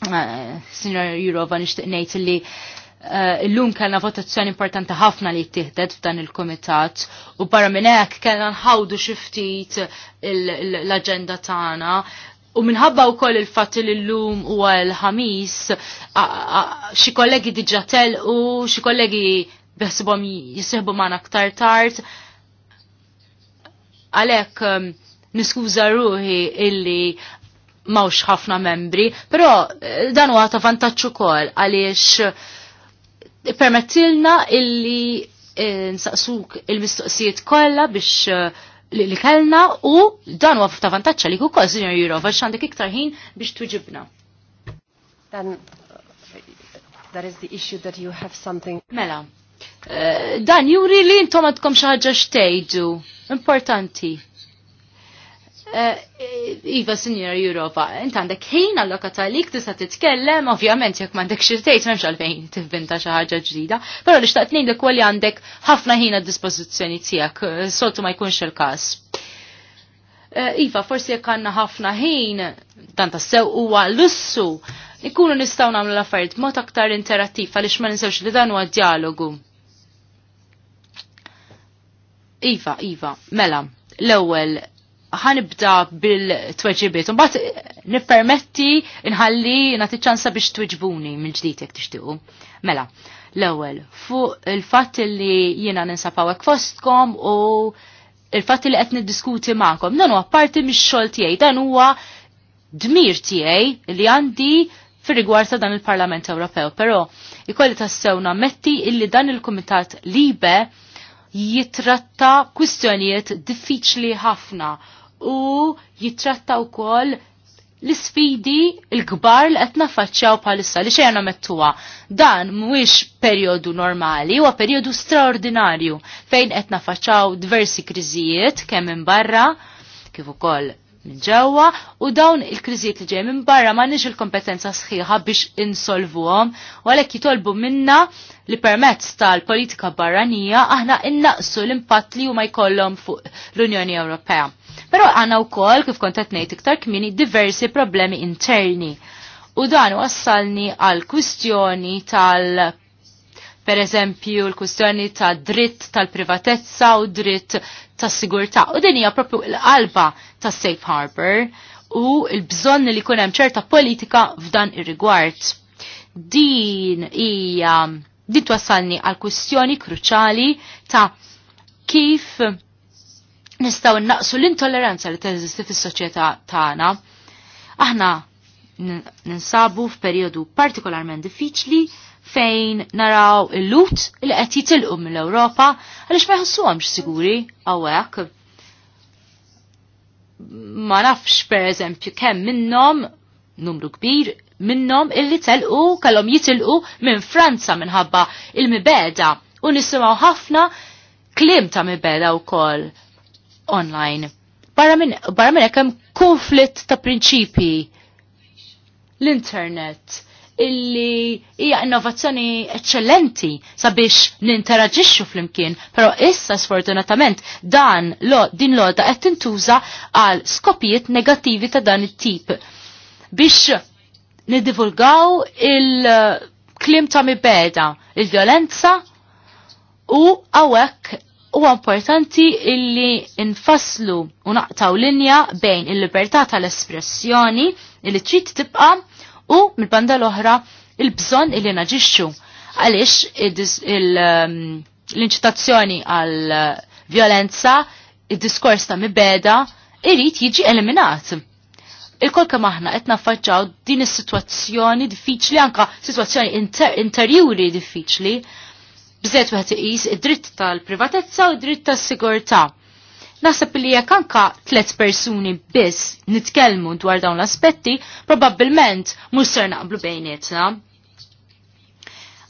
uh, Jurova nixtieq ngħid illi uh, illum kellna votazzjoni importanti ħafna li tieħdet f'dan il-kumitat u barra minn hekk kellna nħawdu xi ftit l-aġenda tagħna U minħabba u koll il-fat li l-lum u għal-ħamis, xi kollegi diġatel u xi kollegi besibom jisibom għana ktar tart. Għalek um, niskuza ruħi illi mawx ħafna membri, pero eh, dan u għata vantaċu koll għaliex eh, permettilna illi eh, nsaqsuk il-mistoqsijiet kollha biex li kellna u dan huwa ta' vantaċċa li ukoll Sinjor Jurov għax għandek iktar ħin biex tuġibna. Dan uh, that is the issue that you have something. Mela. Uh, dan juri li intom għadkom xi ħaġa xtejdu. Importanti. Eh, iva Senior Europa, int għandek ħin allokata lik tista' titkellem, ovvjament jekk m'għandek xi tgħid m'hemmx għalfejn tivvinta xi ħaġa ġdida, però li xtaqt ngħidlek li għandek ħafna ħin għad-dispożizzjoni tiegħek, eh, soltu ma jkunx il-każ. Eh, iva, forsi jekk għandna ħafna ħin, tanta sew huwa lussu, ikunu nistgħu nagħmlu l-affarijiet mod aktar interattiv għaliex ma ninsewx li dan huwa dialogu. Iva, Iva, mela, l-ewwel ħanibda bil-tweġibiet, un bat nipermetti nħalli nati ċansa biex tweġbuni minn ġdijt jek tixtiqu. Mela, l-ewel, fuq il-fat li jiena ninsapaw ek fostkom u il-fat li qed niddiskuti magħkom. Dan huwa parti mix-xogħol tiegħi, dan huwa dmir tiegħi li għandi fir rigward ta' dan il-Parlament Ewropew, però ikolli sewna metti illi dan il-Kumitat Libe jitratta kwistjonijiet diffiċli ħafna u jitratta wkoll l-sfidi l-kbar li qed naffaċċjaw bħalissa li xejn mettuha. Dan mhuwiex perjodu normali, huwa perjodu straordinarju fejn qed naffaċċjaw diversi kriżijiet kemm minn barra kif ukoll minn ġewwa u dawn il-kriżijiet li ġej minn barra m'għandniex il-kompetenza sħiħa biex insolvuhom u għalhekk jitolbu minna li permezz tal-politika barranija aħna innaqsu l-impatt li huma jkollhom fuq l-Unjoni Ewropea. Pero għana u kol, kif kontat nejt iktar kmini, diversi problemi interni. U dan wassalni għal kwistjoni tal per eżempju l-kwistjoni ta' dritt tal-privatezza u dritt ta' sigurtà U din hija propju l-qalba ta' Safe Harbor u l-bżonn li jkun hemm ċerta politika f'dan ir-rigward. Din hija din twassalni għal kustjoni kruċali ta' kif nistaw naqsu l-intolleranza li teżisti fis-soċjetà tagħna. Aħna ninsabu f'perjodu partikolarment diffiċli fejn naraw il-lut li qed jitilqu mill-Ewropa għaliex ma jħossuhomx siguri hawnhekk. Ma nafx pereżempju kemm minnhom numru kbir minnhom illi telqu kellhom jitilqu minn Franza minħabba il-mibeda u nisimgħu ħafna klim ta' mibeda wkoll online. Barra minn hekk hemm konflitt ta' prinċipji. L-internet illi hija innovazzjoni eccellenti sabiex ninteraġixxu flimkien, però issa sfortunatament dan lo, din loda qed tintuża għal skopijiet negattivi ta' dan it-tip biex nidivulgaw il-klim uh, ta' mibeda, il-violenza u għawek huwa importanti illi nfasslu u naqtaw linja bejn il-libertà tal-espressjoni illi trid tibqa' u mill-banda l-oħra il-bżonn illi naġixxu għaliex um, l-inċitazzjoni għal uh, violenza id-diskors ta' mibeda irid jiġi eliminat. Il-kol kem aħna qed naffaċċaw din is-sitwazzjoni diffiċli anka sitwazzjoni inter interjuri diffiċli bżed wieħed iqis id-dritt tal-privatezza u id-dritt tas-sigurtà. Naħseb li jekk anka tliet persuni biss nitkellmu dwar dawn l-aspetti, probabbilment mhux ser naqblu bejnietna.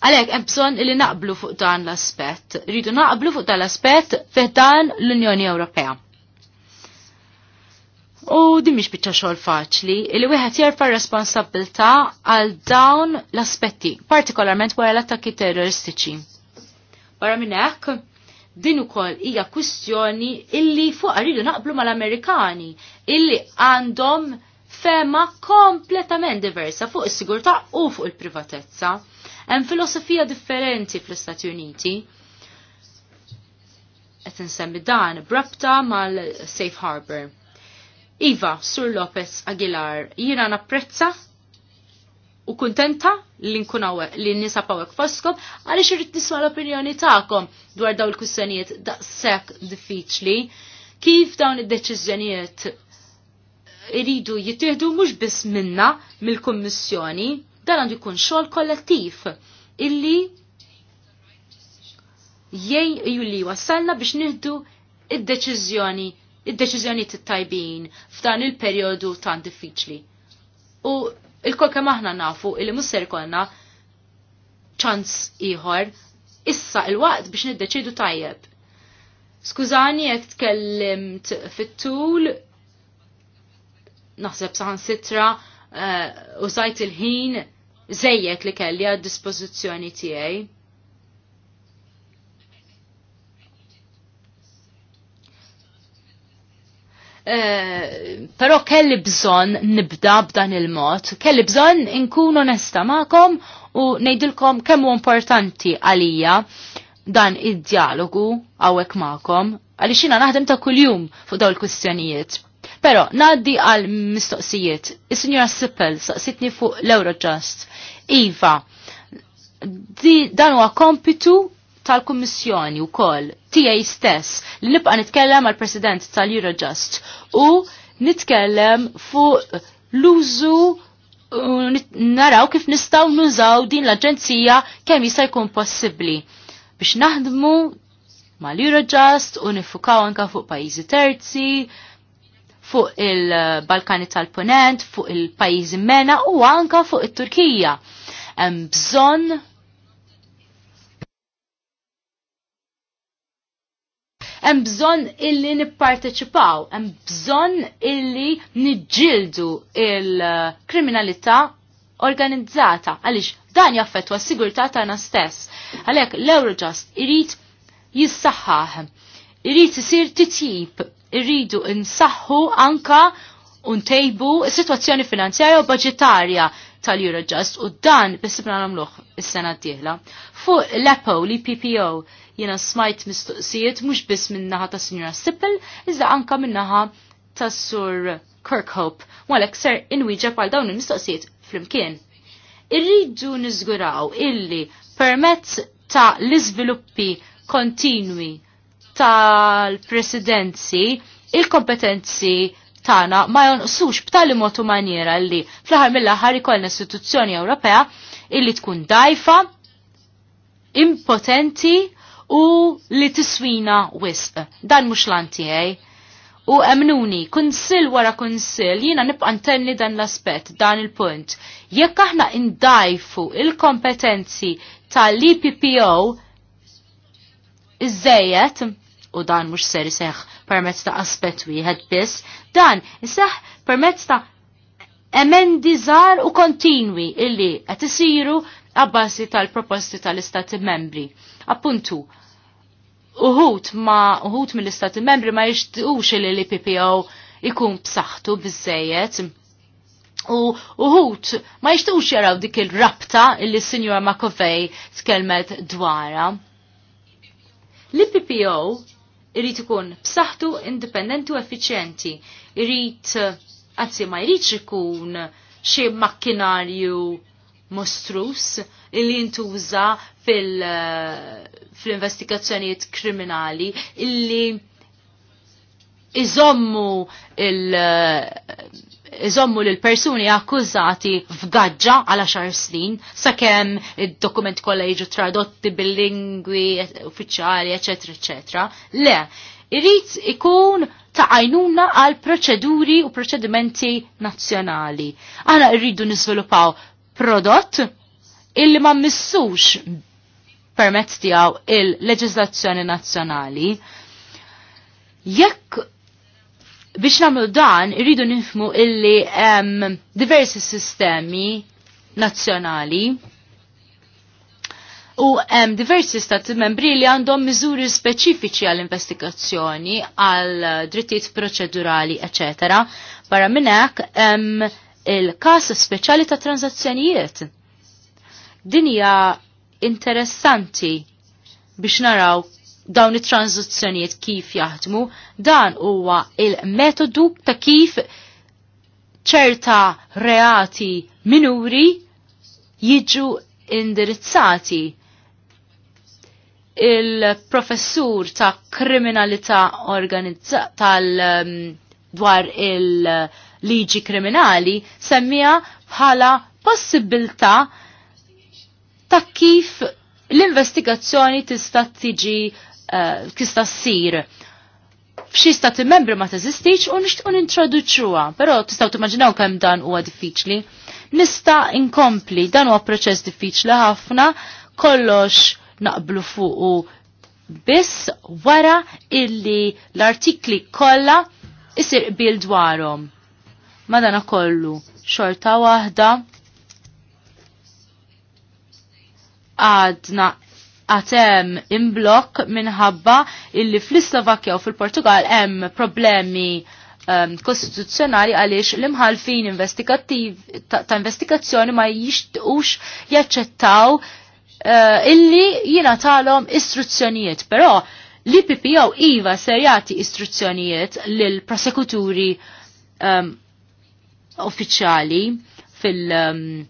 Għalhekk hemm bżonn li naqblu fuq dan l-aspett. Rridu naqblu fuq dan l-aspett fih dan l-Unjoni Ewropea. U din mhix biċċa xogħol faċli li wieħed jerfa' responsabilta għal dawn l-aspetti, partikolarment wara l-attakki terroristiċi. Barra minn hekk, din ukoll hija kwistjoni illi fuq rridu naqblu mal-Amerikani illi għandhom fema kompletament diversa fuq is-sigurtà u fuq il-privatezza. Hemm filosofija differenti fl-Istati Uniti. Qed insemmi dan brabta mal-Safe Harbor. Iva, Sur Lopez Aguilar, jiena napprezza u kuntenta li nkun hawnhekk li nisa hawnhekk foskom għaliex irid nisma' l-opinjoni tagħkom dwar dawn il da' daqshekk diffiċli. Kif dawn id-deċiżjonijiet iridu jittieħdu mhux biss minna mill-Kummissjoni, dan għandu jkun xogħol kollettiv illi jgħin ju li wasalna biex nieħdu id-deċiżjoni id-deċiżjoni tajbin f'dan il-perjodu tan diffiċli. U Il-kol kem aħna nafu illi mhux konna ċans ieħor issa il-waqt biex niddeċidu tajjeb. Skużani jekk tkellimt fit-tul naħseb saħan sitra eh, użajt uh, il-ħin zejjek li kelli għad dispożizzjoni tiegħi. Eh, pero kelli bżon nibda b'dan il-mod, kelli bżon inkun onesta ma'kom u nejdilkom kemmu importanti għalija dan id-dialogu għawek ma'kom, għalli xina naħdem ta' kuljum fuq daw il-kwistjonijiet. Pero, naddi għal mistoqsijiet. is signora Sippel saqsitni fuq l-Eurojust. Iva, dan huwa kompitu tal-Kummissjoni u kol tijaj stess, li nibqa nitkellem għal president tal-Eurojust u nitkellem fuq l-użu naraw kif nistaw nużaw din l-Aġenzija kemm jista' jkun possibbli biex naħdmu mal-Eurojust u nifukaw anka fuq pajjiżi terzi, fuq il-Balkani tal-Ponent, fuq il-pajjiżi Mena u anka fuq it-Turkija. Hemm bżonn hemm bżonn illi nipparteċipaw, hemm bżonn illi niġġieldu il-kriminalità organizzata għaliex dan jaffettwa s-sigurtà tagħna stess. Għalhekk l-Eurojust irid jissaħħaħ, irid isir titjib, irridu nsaħħu anka untejbu s-sitwazzjoni finanzjarja u budġetarja tal-Eurojust u dan bis nagħmluh is-sena d-dieħla. Fuq l-EPO, l-PPO, Jena smajt mistoqsijiet mhux biss minnaħa ta' Sinjora Sippel, iżda anka minnaħa ta' Sur Kirkhope. Walek ser inwieġeb għal dawn il-mistoqsijiet flimkien. Irridu niżguraw illi permezz ta' l-iżviluppi kontinwi tal-presidenzi il-kompetenzi tana ma jonqsux b'tali motu maniera li fl-ħar mill-ħar ikollna istituzzjoni Ewropea illi tkun dajfa, impotenti u li tiswina wisq. Dan mux lantijaj. U emnuni, kunsil wara kunsil, jina nibqa ntenni dan l-aspet, dan il-punt. Jekk aħna indajfu il-kompetenzi tal-IPPO, iżejet, u dan mux ser seħ permezz ta' aspet wieħed biss, dan iseħ permezz ta' emendi żgħar u kontinwi illi qed isiru għabbasi tal-proposti tal-istati membri. Appuntu, uħut ma uħut mill-istati membri ma jixtiqux li l-PPO ikun b'saħħtu biżejjed. U uħut ma jixtiqux jaraw dik il-rabta illi Sinjora Makovej tkellmet dwara. L-PPO irrid ikun b'saħħtu indipendenti u effiċjenti. Irid għazzi ma jridx ikun xi makkinarju mostrus illi jintuża fil-investigazzjonijiet fil eh, kriminali illi iżommu il- eh, iżommu lil persuni akkużati f'gaġġa għal xar snin sakemm id-dokument kollha jiġu tradotti bil-lingwi uffiċjali, eċetera, eċetera. Le, irrid ikun ta' għajnuna għal proċeduri u proċedimenti nazzjonali. Għana irridu niżviluppaw prodott illi ma missux permezz tiegħu il-leġiżlazzjoni nazzjonali. Jekk biex nagħmlu dan irridu nifmu illi hemm diversi sistemi nazzjonali U hemm diversi stati membri li għandhom miżuri speċifiċi għall-investigazzjoni, għal drittijiet proċedurali, ecc. Barra minn hekk hemm il-kas speċjali ta' tranzazzjonijiet. Dinja interessanti biex naraw dawn it-tranzazzjonijiet kif jaħdmu, dan huwa il-metodu ta' kif ċerta reati minuri jiġu indirizzati. Il-professur ta' kriminalità organizzata tal um, dwar il- liġi kriminali semmija bħala possibilità ta' kif l-investigazzjoni tista' tiġi eh, tista' ssir f'xi stati membri ma teżistix u nixtiequ nintroduċuha, però tistgħu timmaġinaw kemm dan huwa diffiċli. Nista' inkompli dan huwa proċess diffiċli ħafna, kollox naqblu fuqu biss wara illi l-artikli kollha isir bil dwarhom. Madana kollu xorta waħda għadna għatem imblok minħabba illi fl-Slovakja u fil-Portugal hemm problemi um, kostituzzjonali għaliex l-imħalfin ta', ta investigazzjoni ma jixtqux jaċċettaw uh, illi jina talom istruzzjonijiet, però l-IPP jew IVA serjati istruzzjonijiet lil prosekuturi um, uffiċjali fil- um,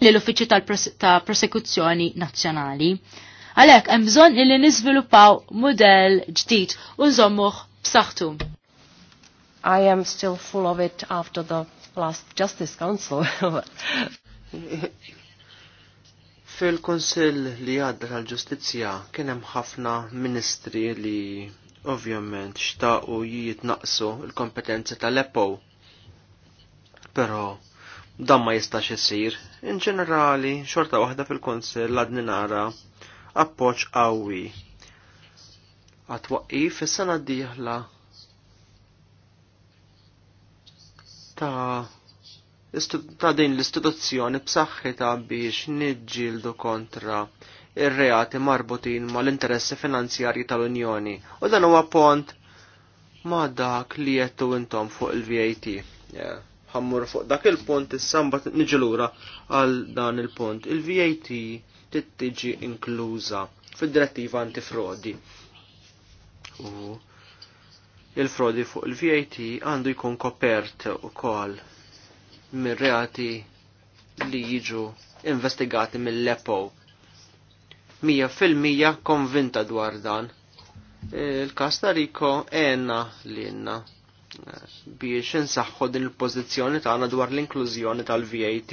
lill uffiċċju tal-Prosekuzzjoni Nazzjonali. Għalhekk hemm bżonn illi niżviluppaw mudell ġdid u nżommuh b'saħħtu. I am still full of it after the last Justice Council. *laughs* Fil-Konsil li għadda tal-Ġustizzja kien hemm ħafna ministri li ovvjament xtaqu jitnaqsu l-kompetenzi tal-EPO Però dan ma jistax isir. In ġenerali, xorta waħda fil-Kunsill għadni nara appoġġ qawwi. Għatwaqqif is-sena d-dieħla ta' ta' din l-istituzzjoni b'saħħitha biex niġġieldu kontra ir-reati marbutin mal-interessi finanzjarji tal-Unjoni u dan huwa pont ma' dak li jettu intom fuq il-VAT. Yeah ħammur fuq dak il-punt is-samba niġi lura għal dan il-punt. Il-VAT tittiġi inkluża fid-direttiva antifrodi. U il-frodi fuq il-VAT għandu jkun kopert ukoll minn reati li jiġu investigati mill-lepo. Mija fil-mija konvinta dwar dan. Il-Kastariko enna l-inna biex insaħħu din il-pożizzjoni tagħna dwar l-inklużjoni tal-VAT.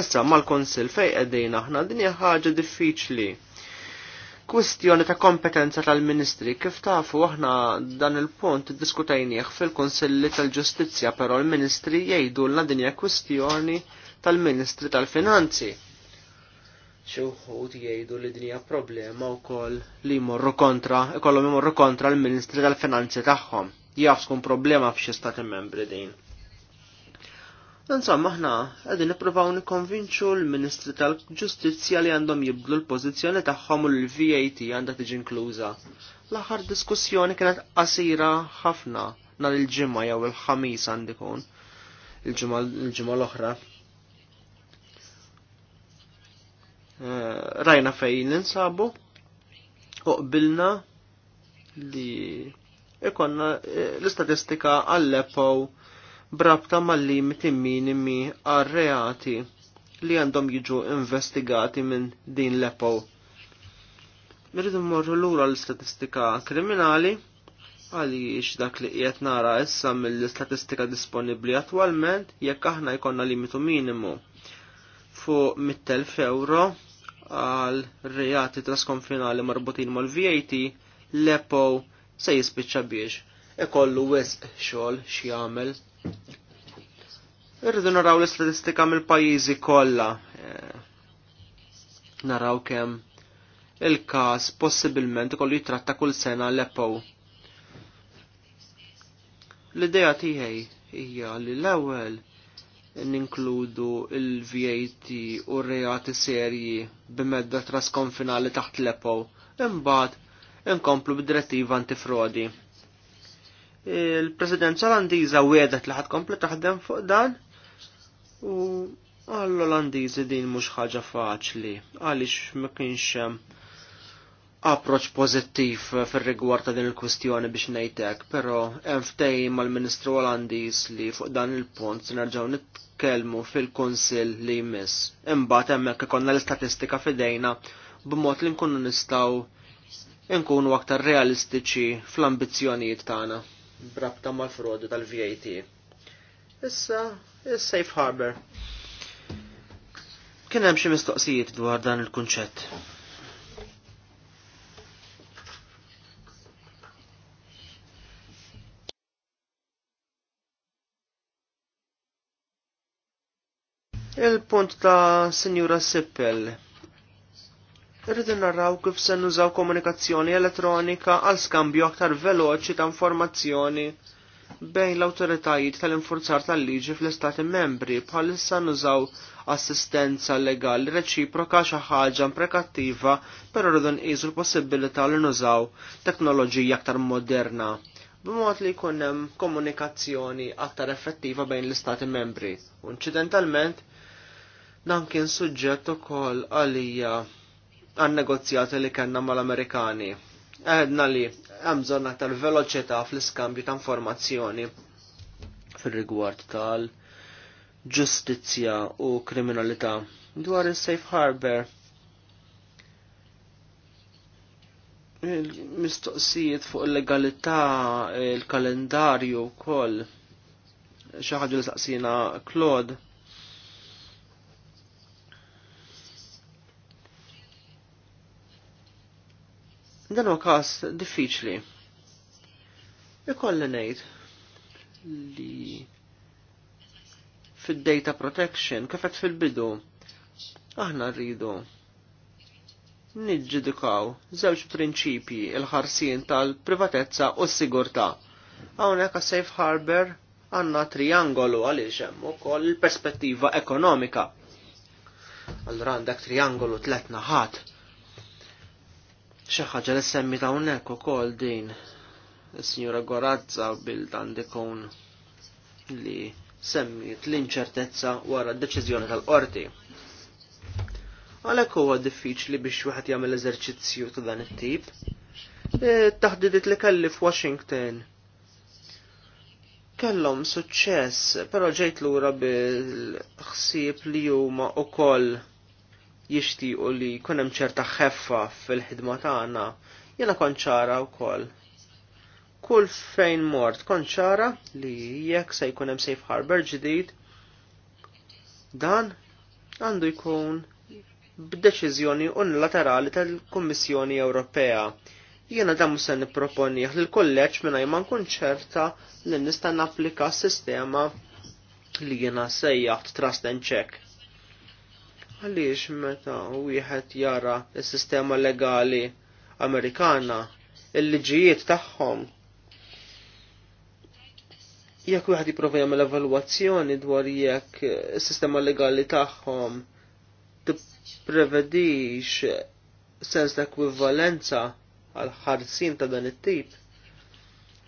Issa mal-Konsil fejn qegħdin aħna din hija ħaġa diffiċli. Kwistjoni ta' kompetenza tal-Ministri kif tafu aħna dan il-punt diskutajnieh fil-Konsilli tal-Ġustizzja però l-Ministri jgħidulna din hija kwistjoni tal-Ministri tal-Finanzi. Xi wħud jgħidu li din hija problema wkoll li jmorru kontra, ikollhom imorru kontra l-Ministri tal-Finanzi tagħhom jaf tkun problema f'xi stati membri din. Insomma, aħna qegħdin nippruvaw nikkonvinċu l-Ministri tal-Ġustizzja li għandhom jibdlu l-pożizzjoni tagħhom u l-VAT għandha tiġi inkluża. L-aħħar diskussjoni kienet qasira ħafna nhar il-ġimgħa jew il-ħamis għandi ikun il-ġimgħa l-oħra. Eh, rajna fejn ninsabu u qbilna li ikonna eh, l-istatistika għallepow brabta mal-limiti minimi għal-reati li għandhom jiġu investigati minn din l-epow. Nridu l lura l-istatistika kriminali għaliex dak li qiegħed nara issa mill-istatistika disponibbli attwalment jekk aħna jkollna limitu minimu fuq 100.000 euro għal reati trasconfinali marbutin mal-VAT l se jispiċċa biex ikollu wisq xogħol jagħmel. Irridu naraw l-istatistika mill-pajjiżi kollha. Eh, naraw kemm il-każ possibilment ikollu jitratta kull sena l-epow. L-idea tiegħi hija li l-ewwel ninkludu il-VAT u r-reati serji b'medda trasconfinali taħt l-epow. Imbagħad inkomplu bid-direttiva antifrodi. Il-Presidenza Olandiża wedet li ħad komplu taħdem fuq dan u għall-Olandiżi din mhux ħaġa faċli għaliex ma kienx hemm approċ pożittiv fir-rigward ta' din il-kwistjoni biex ngħidlek, però hemm ftehim mal-Ministru Olandiż li fuq dan il-punt se nerġgħu nitkellmu fil-Kunsill li jmiss. Imbagħad hemmhekk ikollna l-istatistika f'idejna b'mod li nkunu nistgħu nkunu aktar realistiċi fl-ambizzjonijiet tagħna brabta mal-frodi tal-VAT. Issa, is-safe harbor. Kien hemm xi mistoqsijiet dwar dan il-kunċett. Il-punt ta' Sinjura Sippel Irridu narraw kif se nużaw komunikazzjoni elettronika għal skambju aktar veloċi ta' informazzjoni bejn l-autoritajiet tal-infurzar tal-liġi fl-istati membri bħalissa nużaw assistenza legali reċiproka xi ħaġa imprekattiva però rridu nqisu l-possibilità li nużaw teknoloġija aktar moderna b'mod li jkun hemm komunikazzjoni aktar effettiva bejn l-istati membri. Unċidentalment, inċidentalment dan kien suġġett ukoll għalija għan negozjati li kellna mal-Amerikani. Għedna li hemm bżonn aktar veloċità fl-iskambju ta' informazzjoni fir-rigward tal-ġustizzja u kriminalità dwar il safe harbor. mistoqsijiet fuq il-legalità, il-kalendarju wkoll xi ħaġa li saqsina Claude Dan huwa każ diffiċli. Ikolli ngħid li fid-data protection kif qed fil-bidu aħna rridu niġġudikaw żewġ prinċipji il-ħarsien tal-privatezza u s-sigurtà. Hawnhekk a safe harbor għandna triangolu għaliex hemm ukoll il-perspettiva ekonomika. Allura għandek triangolu tlet naħat Xi ħaġa li semmi ta' hawnhekk ukoll din is signora Gorazza bil dan dikon li semmiet l-inċertezza wara d-deċiżjoni tal-qorti. Għalhekk huwa diffiċli biex wieħed jagħmel eżerċizzju ta' dan it-tip. E, taħdidiet li kelli f'Washington kellhom suċċess, però ġejt lura bil-ħsieb li huma ukoll u li jkun hemm ċerta ħeffa fil-ħidma tagħna, jiena kont ċara wkoll. Kull fejn mort kont ċara li jekk se jkun hemm safe harbor ġdid, dan għandu jkun b'deċiżjoni unilaterali tal-Kummissjoni Ewropea. Jiena dan mhux se nipproponi l kolleġġ mingħajr ma nkun ċerta li nista' napplika s-sistema li jiena sejjaħt trust and check Għaliex meta wieħed jara s-sistema legali Amerikana, il-liġijiet tagħhom. Jekk wieħed jipprova jagħmel evalwazzjoni dwar jekk is-sistema legali tagħhom tipprevedix sens ta' ekwivalenza għal ħarsin ta' dan it-tip.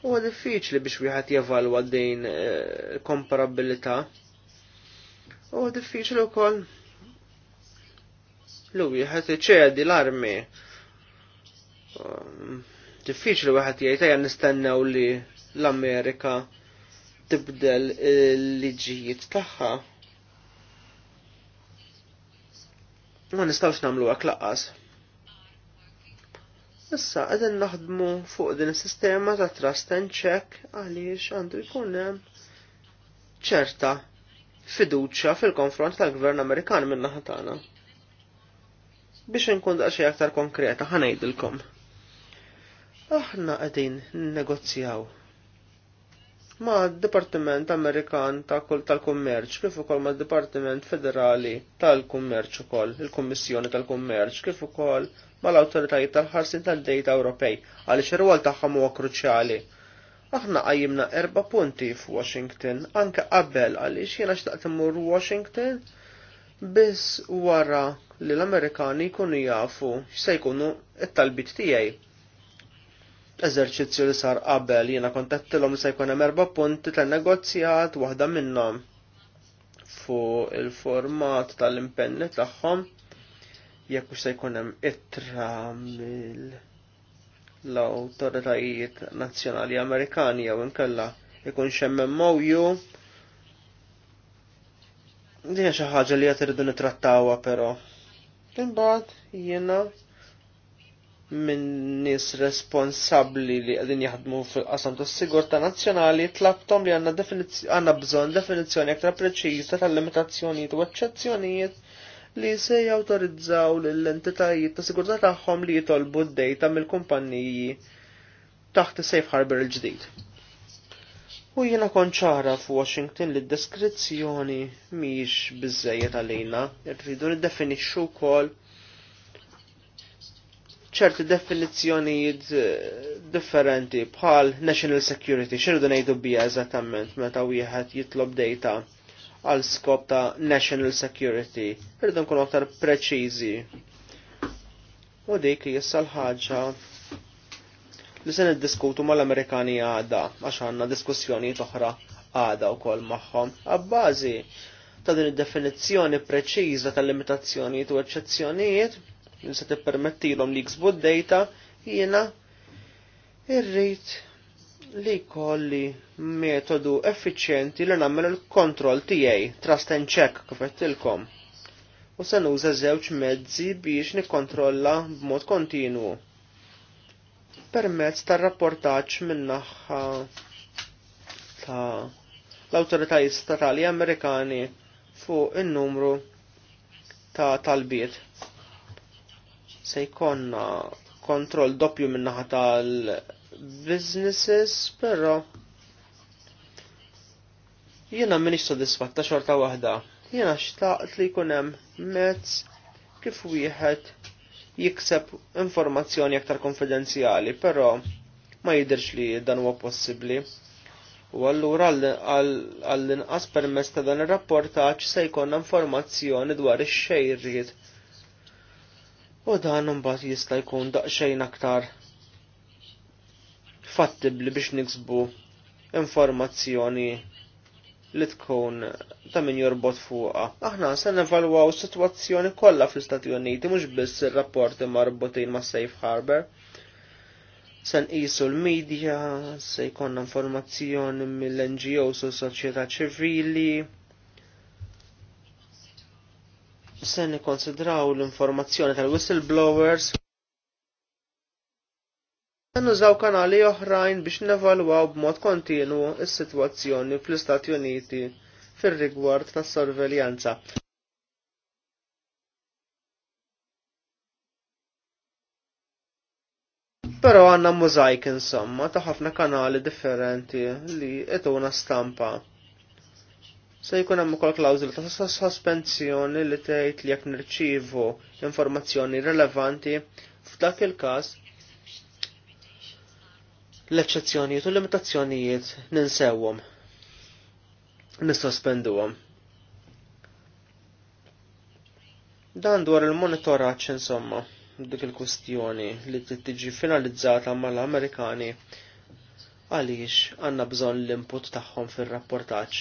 Huwa diffiċli biex wieħed jevalwa din eh, komparabilità. Huwa diffiċli wkoll Lu wieħed iċedi l-armi. Um, diffiċli wieħed jgħid jgħan nistennew li l-Amerika tibdel il-liġijiet tagħha. Ma nistgħux nagħmlu hekk laqqas. Issa qegħdin naħdmu fuq din is-sistema ta' trust and check għaliex għandu jkun hemm ċerta fiduċja fil-konfront tal-Gvern Amerikan minn naħa tagħna. Biex nkun daqxie aktar konkreta, ħanajdilkom. Aħna qegħdin negozjaw ma' Dipartiment Amerikan tal-Kummerċ, kif ukoll ma' Dipartiment Federali tal-Kummerċ ukoll, il-Kummissjoni tal-Kummerċ, kif ukoll ma' l-Awtoritajiet tal-Ħarsin tad-Dejta Ewropej, għaliex ir-rwol tagħhom huwa kruċjali. Aħna qajjimna erba' punti f'Washington anke qabel għaliex jiena xtaqt imur Washington biss wara li l-Amerikani jkunu jafu x'se jkunu it-talbit tiegħi. Eżerċizzju li sar qabel jiena kontattilhom se jkun hemm erba' punti tan-negozjat waħda minnhom fuq il-format tal-impenni tagħhom jekk se jkun hemm ittra l-awtoritajiet nazzjonali Amerikani jew inkella ikun xemmem mowju Dinja xi ħaġa li qed irridu nittrattawha però. Imbagħad jiena minn nies responsabbli li qegħdin jaħdmu fil-qasam tas-sigurta nazzjonali tlabtom li għandna għandna bżonn definizzjoni aktar preċiża tal-limitazzjonijiet u eċċezzjonijiet li se jawtorizzaw lill-entitajiet ta' sigurtà tagħhom li jitolbu d-dejta mill-kumpanniji taħt is-safe harbor il-ġdid. U jiena kont ċara f'Washington li d-deskrizzjoni mhijiex biżejjed għalina, rridu niddefinixxu wkoll ċerti definizzjonijiet eh, differenti bħal national security, xirridu ngħidu bija eżattament meta wieħed jitlob data għal skop ta' national security, rridu nkunu aktar preċiżi. U dik hija l-ħaġa li se niddiskutu mal-Amerikani għada għax għandna diskussjoni oħra għada wkoll magħhom. Abbażi ta' din id-definizzjoni preċiża tal-limitazzjonijiet u eċċezzjonijiet li se tippermettilhom li jiksbu d-dejta jiena irrid li kolli metodu effiċjenti li nagħmel il-kontroll tiegħi, trust and check kif U se nuża żewġ mezzi biex nikkontrolla b'mod kontinwu permezz tar-rapportaġġ min-naħa ta' l-awtoritajiet statali Amerikani fuq in-numru ta' talbiet. Se jkollna kontroll doppju min-naħa tal-businesses, però jiena m'iniex sodisfatta xorta waħda. Jiena xtaqt li jkun hemm mezz kif wieħed jikseb informazzjoni aktar konfidenzjali, però ma jidirx li dan huwa possibbli. U allura għall-inqas permess ta' dan ir-rapportaġġ se jkollna informazzjoni dwar ix-xejriet. U dan imbagħad jista' jkun daqsxejn aktar fattibli biex niksbu informazzjoni li tkun ta' min jorbot fuqa. Aħna se nevalwaw situazzjoni kollha fl-Istati Uniti mhux biss ir-rapporti marbutin ma' Safe Harbor. Se nqisu l-medja, se jkollna informazzjoni mill-NGOs u soċjetà ċivili. Se nikkonsidraw l-informazzjoni tal-whistleblowers Nużaw kanali oħrajn biex nevalwaw b'mod kontinu is-sitwazzjoni fl-Istati Uniti fir-rigward tas-sorveljanza. Pero għanna mużajk insomma ta' ħafna kanali differenti li etuna stampa. Se jkun hemm ukoll klawżil ta' sospensjoni li tgħid li jekk nirċievu informazzjoni rilevanti f'dak il-każ l-eċċezzjonijiet u l-limitazzjonijiet ninsewhom. Nissospenduhom. Dan dwar il-monitoraġġ insomma dik il-kustjoni li tiġi finalizzata mal-Amerikani għaliex għanna bżon l-input tagħhom fir-rapportaġġ.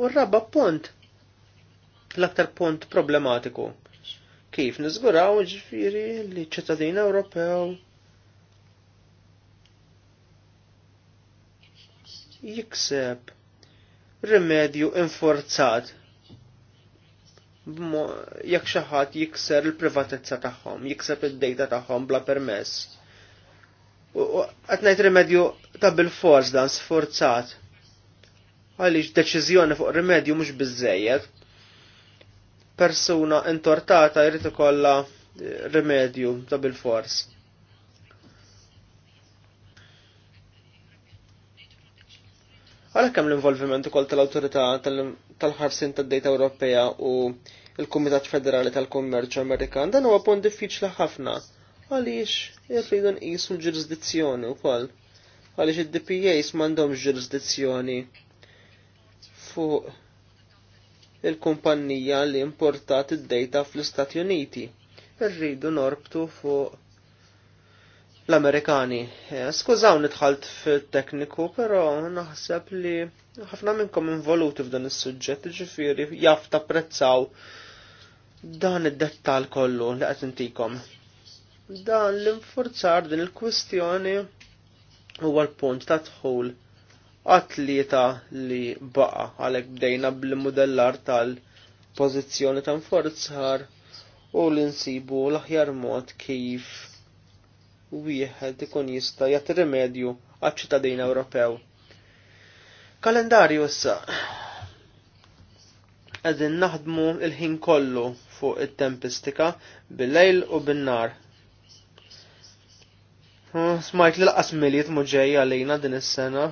U r punt l-aktar punt problematiku. Kif nizguraw ġifiri li ċittadin Ewropew jikseb rimedju inforzat jekk xi ħadd jikser il-privatezza tagħhom, jikseb id-dejta tagħhom bla permess. Qed ngħid rimedju ta' bil-fors dan sforzat. Għaliex deċiżjoni fuq rimedju mhux biżejjed. Persuna intortata jrid ikollha eh, rimedju ta' bil-fors. Għalhekk hemm l-involviment kol tal-Awtorità tal-ħarsin tad-Dejta Ewropea u l-Kumitat Federali tal-Kummerċ Amerikan dan huwa pont diffiċli ħafna għaliex jekk nqisu l-ġurisdizzjoni wkoll għaliex id-DPAs m'għandhomx ġurisdizzjoni fuq il-kumpanija li importat id-dejta fl-Istati Uniti. Irridu norbtu fuq l-Amerikani. E, Skużaw nitħalt fil-tekniku, pero naħseb li ħafna minnkom involuti f'dan is-suġġett, ġifieri jaf prezzaw dan id-dettal kollu li qed intikom. Dan l-infurzar din il-kwistjoni huwa l-punt ta' dħul għatlieta li baqa għalhekk bdejna bl-modellar tal-pożizzjoni ta' infurzar u l-insibu l-aħjar mod kif wieħed ikun jista' jagħti rimedju għaċ-ċittadin Ewropew. Kalendarju issa. Qegħdin naħdmu l-ħin kollu fuq it-tempistika bil-lejl u bin-nar. Hm, smajt li laqas miliet ġej għalina din is-sena.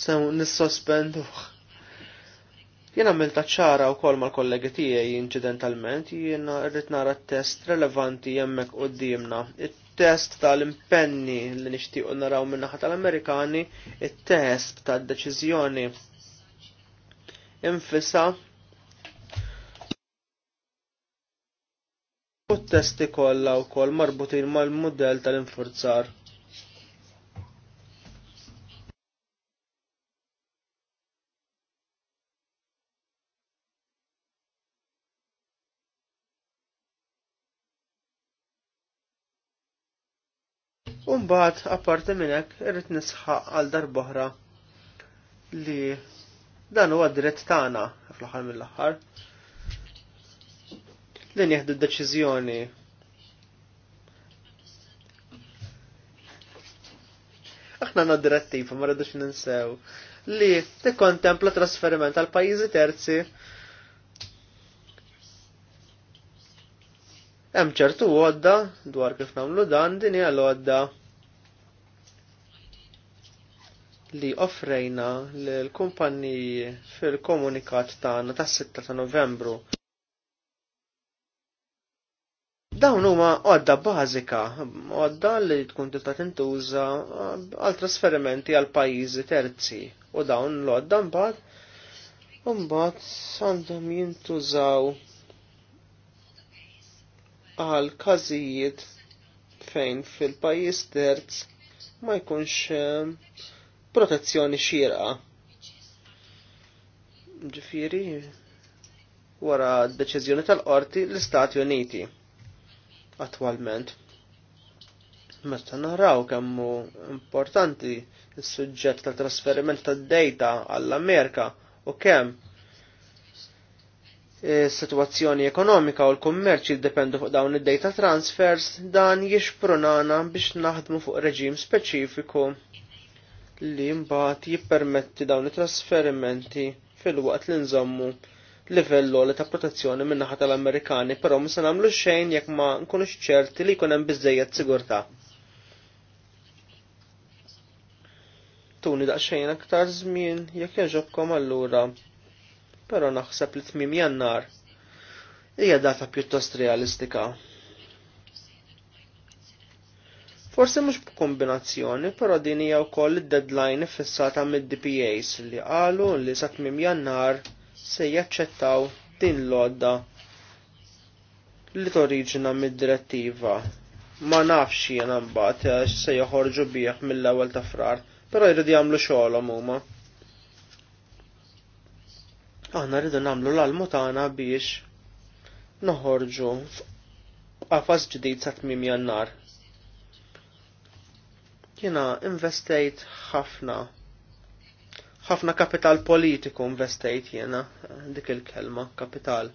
Sew nissospendu. Jena għamilta ċara u kol mal-kollegi tijaj incidentalment, jena rrit nara test relevanti jemmek u d-dimna test tal-impenni li nixtiequ naraw min-naħa tal-Amerikani, it-test tad-deċiżjoni infisa u t-testi kollha wkoll marbutin mal-mudell tal-infurzar. Umbat, apparti minn hekk irrid nisħaq għal darboħra li dan huwa dritt tagħna fl-aħħar mill-aħħar. Li nieħdu d-deċiżjoni aħna għandna direttiva ma rridux ninsew li tikkontempla trasferiment għal pajjiżi terzi hemm ċertu għodda dwar kif nagħmlu dan din hija l-għodda li offrejna l-kumpanniji fil-komunikat tagħna tas-6 ta' Novembru. Dawn huma għodda bażika, għodda li tkun tista' tintuża għal trasferimenti għal pajjiżi terzi u dawn l-għodda mbagħad mbagħad għandhom jintużaw għal każijiet fejn fil-pajjiż terz ma jkunx eh, protezzjoni xirqa. Ġifiri, wara d-deċiżjoni tal-qorti l-Istati Uniti. Attwalment. Meta naraw kemm hu importanti s-suġġett tal-trasferiment tad data għall-Amerika u kemm situazzjoni ekonomika u l-kummerċ jiddependu fuq dawn id-data transfers, dan jixprunana biex naħdmu fuq reġim speċifiku li mbagħad jippermetti dawn it-trasferimenti fil-waqt li nżommu livell li ta' protezzjoni min naħa tal-Amerikani, però ma se nagħmlu xejn jekk ma nkunux ċerti li jkun hemm biżejjed sigurtà. Tuni daqsxejn aktar żmien jekk jaġobkom allura, però naħseb li tmiem jannar hija data pjuttost realistika. Forse mhux b'kombinazzjoni, però din hija wkoll id-deadline fissata mid-DPAs li qalu li sa tmiem jannar se jaċċettaw din l odda li toriġina mid-direttiva. Ma nafx jiena mbagħad se joħorġu bih mill-ewwel ta' frar, però jridu jagħmlu xogħolhom huma. Aħna rridu nagħmlu l-almu tagħna biex noħorġu f'qafas ġdid sa tmiem jannar Jiena investejt ħafna ħafna kapital politiku investejt jiena dik il-kelma kapital.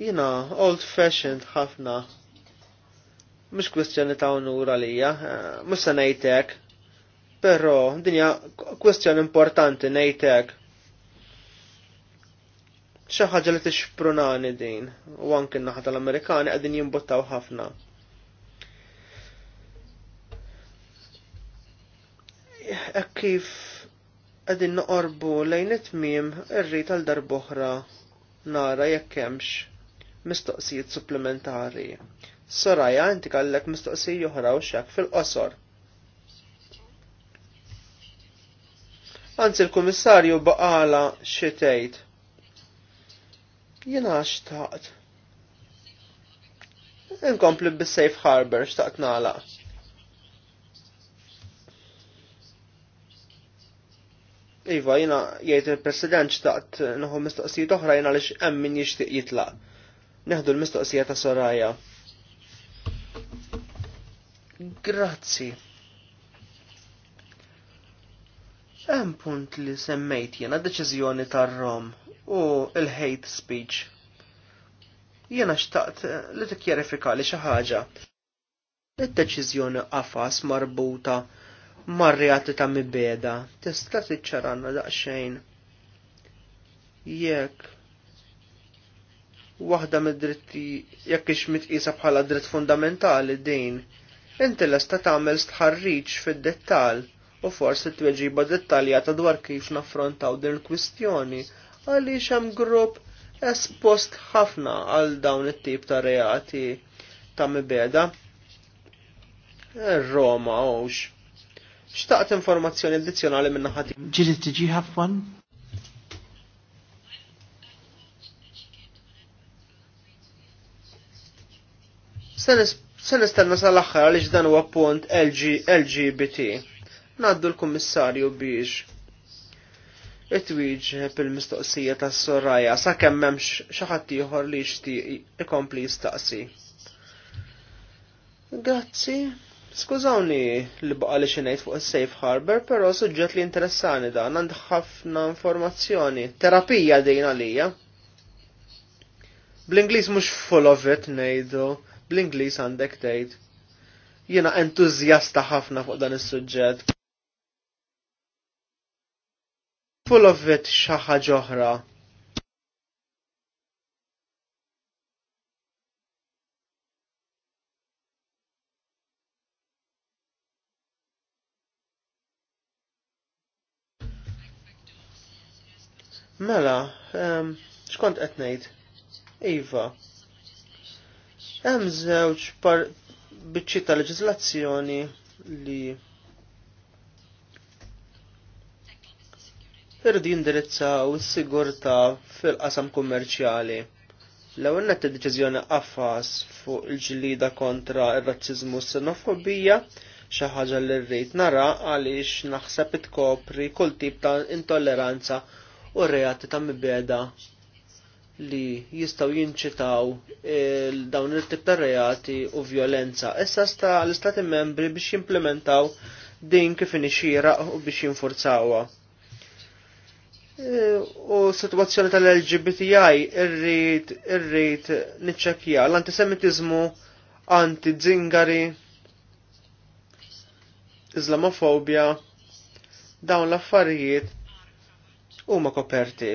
Jiena old fashioned ħafna mhux kwestjoni ta' onura lija, mhux se ngħidlek, però dinja kwestjoni importanti nejtek xaħġa ħaġa li tixprunani din u għankin naħat tal-Amerikani qegħdin jimbottaw ħafna. E kif għadin noqorbu lejn it tmim irrid għal darboħra nara jekk hemmx mistoqsijiet supplementari. Soraja inti għallek mistoqsijiet oħra u xek fil-qosor. Anzi l-kummissarju baqala xitejt. Jena xtaqt. Inkompli bis-safe harbor xtaqt nalaq. Iva, jina jgħid il-president xtaqt nħu mistoqsijiet oħra jina lix hemm min jixtieq jitlaq. Neħdu l-mistoqsija ta' Soraja. Grazzi. Hemm punt li semmejt jiena deċiżjoni tar-Rom u l-hate speech. Jiena xtaqt li tikkjarifika li xi ħaġa. Id-deċiżjoni qafas marbuta marriati ta' mibeda. Tista' tiċċaranna daqsxejn. Jekk waħda mid-dritti jekk ix mitqisa bħala dritt fundamentali din, inti lesta tagħmel stħarriġ fid-dettall u forsi tweġiba dettaljata dwar kif naffrontaw din il-kwistjoni għaliex hemm grupp espost ħafna għal dawn it-tip ta' reati ta' mibeda. Roma għawx xtaqt informazzjoni addizzjonali minna ħati. Judith, did you have one? Se nistenna sal-axħar għaliex dan huwa punt LGBT. Naddu l-kummissarju biex it-twieġ bil-mistoqsija tas sorraja sa' kemmem xaħat ieħor li jixtieq ikompli jistaqsi. Grazzi. Skużawni li baqa li xinejt fuq il-Safe Harbor, pero suġġet li interessani dan, għand ħafna informazzjoni, terapija dejna lija. Bl-Inglis mux full of it nejdu, bl-Inglis għandek tgħid. Jiena entuzjasta ħafna fuq dan is-suġġett. Full of it xi ħaġa oħra. Mela, xkont qed ngħid? Iva. Hemm żewġ par biċċi ta' leġiżlazzjoni li irridu jindirizzaw is-sigurtà fil-qasam kummerċjali. L-ewwel net id-deċiżjoni qafas fuq il-ġlida kontra r-razziżmu u s-xenofobija xi ħaġa li rrid nara għaliex naħseb itkopri kull tip ta' intolleranza u reati ta' mibeda li jistaw jinċitaw dawn il-tip ta' reati u violenza. Issa sta l-istati membri biex jimplementaw din kif inixira u biex jinforzawa. E, u situazzjoni tal-LGBTI irrid irrit niċċekkja l-antisemitizmu anti-dzingari islamofobia dawn l-affarijiet huma koperti.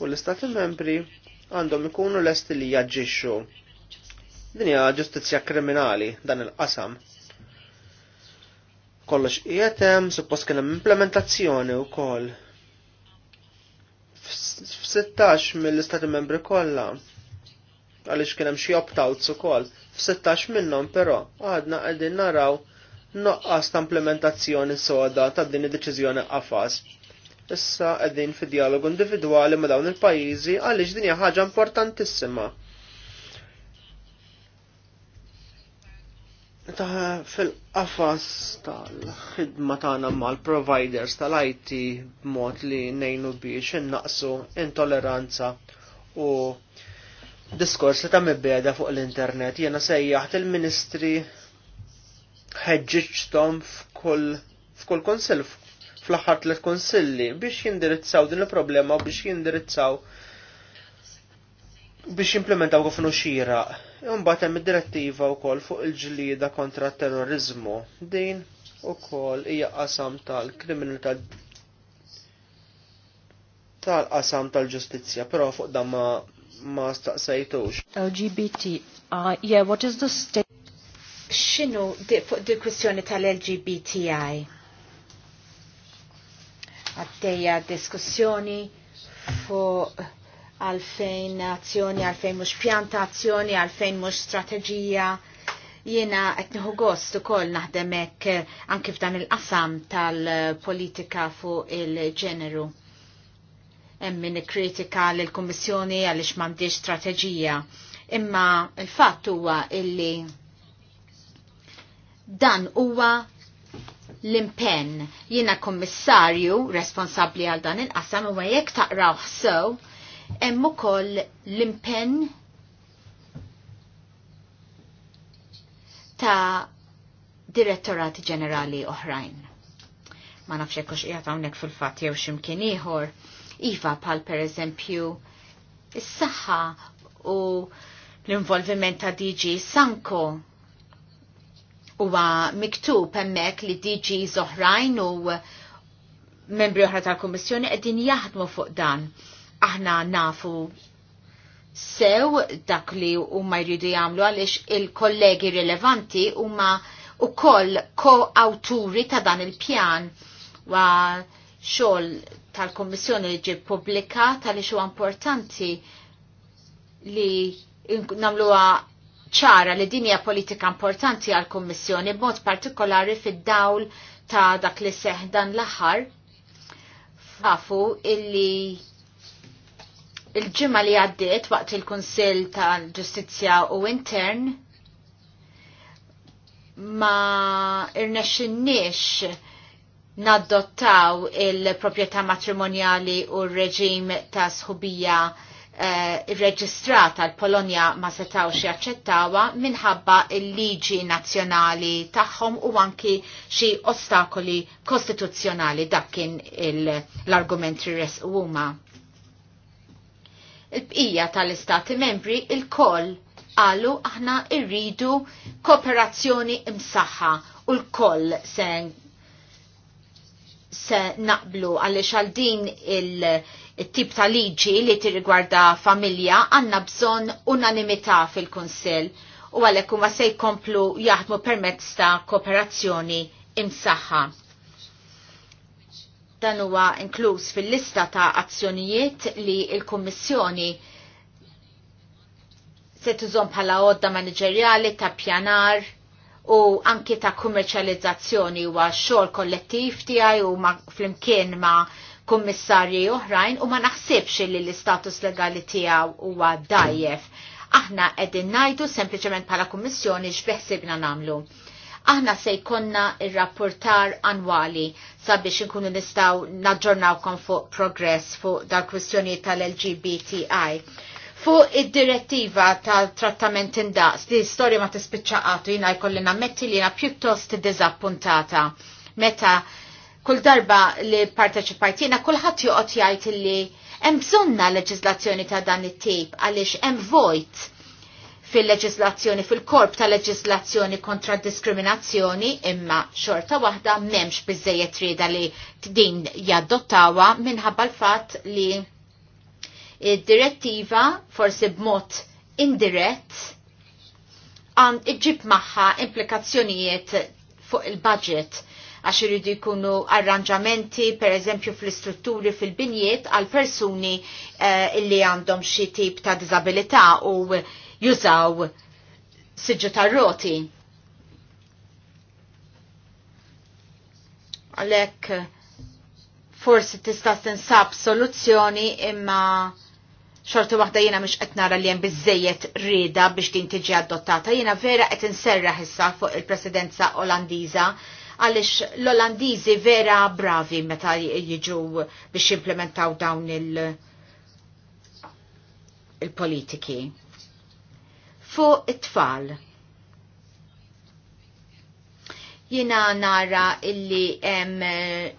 U l-Istati membri għandhom ikunu lesti li jaġġixxu. Din hija ġustizzja kriminali dan il-qasam. Kollox qiegħed hemm suppost kien hemm implementazzjoni wkoll. F-16 mill-Istati membri kollha għaliex kien hemm xi opt-outs ukoll. F-16 minnhom però għadna qegħdin naraw noqqas ta' implementazzjoni soda ta' din id-deċiżjoni qafas. Issa qegħdin fi dialogu individwali ma' dawn il-pajjiżi għaliex din hija ħaġa importantissima. Ta' fil-qafas tal-ħidma tagħna mal-providers tal-IT b'mod li ngħinu biex innaqsu intolleranza u diskors li ta' mibbeda fuq l-internet jena sejjaħt il-ministri ħeġġiġtom f'kull konsil fl-aħħar tliet konsilli biex jindirizzaw din il-problema biex jindirizzaw biex jimplementaw għafnu xira. Imbagħad hemm id-direttiva wkoll fuq il-ġlieda kontra terrorizmu. Din ukoll hija qasam tal-kriminalità tal-qasam tal-ġustizzja, però fuq dan ma ma staqsejtux. LGBT, uh, yeah, what is the state? xinu fuq di kwistjoni tal-LGBTI? Għaddeja diskussjoni fuq għalfejn azzjoni, għalfejn mux pjanta azzjoni, għalfejn mux strategija. Jena etniħu gost u koll naħdemek eh, anki f'dan il-qasam tal-politika fuq il-ġeneru. Emmin kritika l-Kommissjoni għalix mandi strategija. Imma il-fatt huwa illi Dan huwa l-impenn. Jiena kommissarju responsabli għal dan il-qasam u jekk taqraw sew, hemm ukoll l-impenn ta' direttorati ġenerali oħrajn. Ma nafxek hekk qiegħed hawnhekk fil-fatt jew x'imkien ieħor. Iva pal per eżempju is-saħħa u l-involviment ta' DG Sanko huwa miktub hemmhekk li DG oħrajn u membri oħra tal-Kummissjoni qegħdin jaħdmu fuq dan. Aħna nafu sew dak li huma jridu jagħmlu għaliex il-kollegi rilevanti huma wkoll ko-awturi ta' dan il-pjan wa xogħol tal-Kommissjoni li ġib publika tal-ixu importanti li namluwa ċara li dinja politika importanti għal kummissjoni b'mod partikolari fid-dawl ta' dak li seħ dan l-aħħar. Fafu illi il-ġimma li għaddiet waqt il-Kunsill tal-Ġustizzja u Intern ma irnexxinniex naddottaw il-proprjetà matrimonjali u r-reġim ta' sħubija Eh, ir-reġistrata l-Polonja ma setawx jaċċettawa minħabba il-liġi nazzjonali tagħhom u anki xi ostakoli kostituzzjonali dak kien l-argument res huma. Il-bqija tal-Istati membri il-koll għalu aħna irridu kooperazzjoni imsaħħa u l-koll se naqblu għalli xaldin din il- tip ta' liġi li tirrigwarda familja għanna bżon unanimità fil-Kunsill u għalhekk huma se jkomplu jaħdmu permezz ta' kooperazzjoni imsaħħa. Dan huwa inkluż fil-lista ta' azzjonijiet li l-Kummissjoni se tużom bħala għodda manageriali ta' pjanar u anki ta' kummerċializzazzjoni huwa xogħol kollettiv tiegħi u flimkien ma' kummissarji oħrajn u ma naħsibx li l-istatus legali tiegħu huwa dajjef. Aħna qegħdin ngħidu sempliċement bħala kummissjoni x'beħsibna nagħmlu. Aħna se jkonna ir-rapportar annwali sabiex inkunu nistgħu naġġornawkom fuq progress fuq dal-kwistjoni tal-LGBTI fuq id-direttiva tal trattament indaqs li storja ma tispiċċaqatu jina jkollina metti li jina pjuttost dizappuntata meta Kull darba li parteċipajtina, kullħat joqgħod jgħid li hemm bżonna leġislazzjoni ta' dan it-tip għaliex hemm vojt fil leġizlazzjoni fil-korp ta' leġizlazzjoni kontra diskriminazzjoni, imma xorta waħda memx bizzejiet rida li din jaddottawa minħabba l-fat li id-direttiva forsi b'mod indirett għan iġib maħħa implikazzjonijiet fuq il-budget għax iridu jkunu arranġamenti, per eżempju, fl-istrutturi fil-binjiet għal persuni eh, illi għandhom xi tip ta' disabilità u jużaw siġġu tar-roti. Għalek forsi tista' tinsab soluzzjoni imma xortu waħda jena qed nara li hemm biżejjed rieda biex din tiġi adottata. Jena vera qed inserraħ issa fuq il-presidenza Olandiża għalix l-Olandizi vera bravi meta jiġu biex implementaw dawn il-politiki. Il Fuq it-tfal. Jina nara illi hemm eh,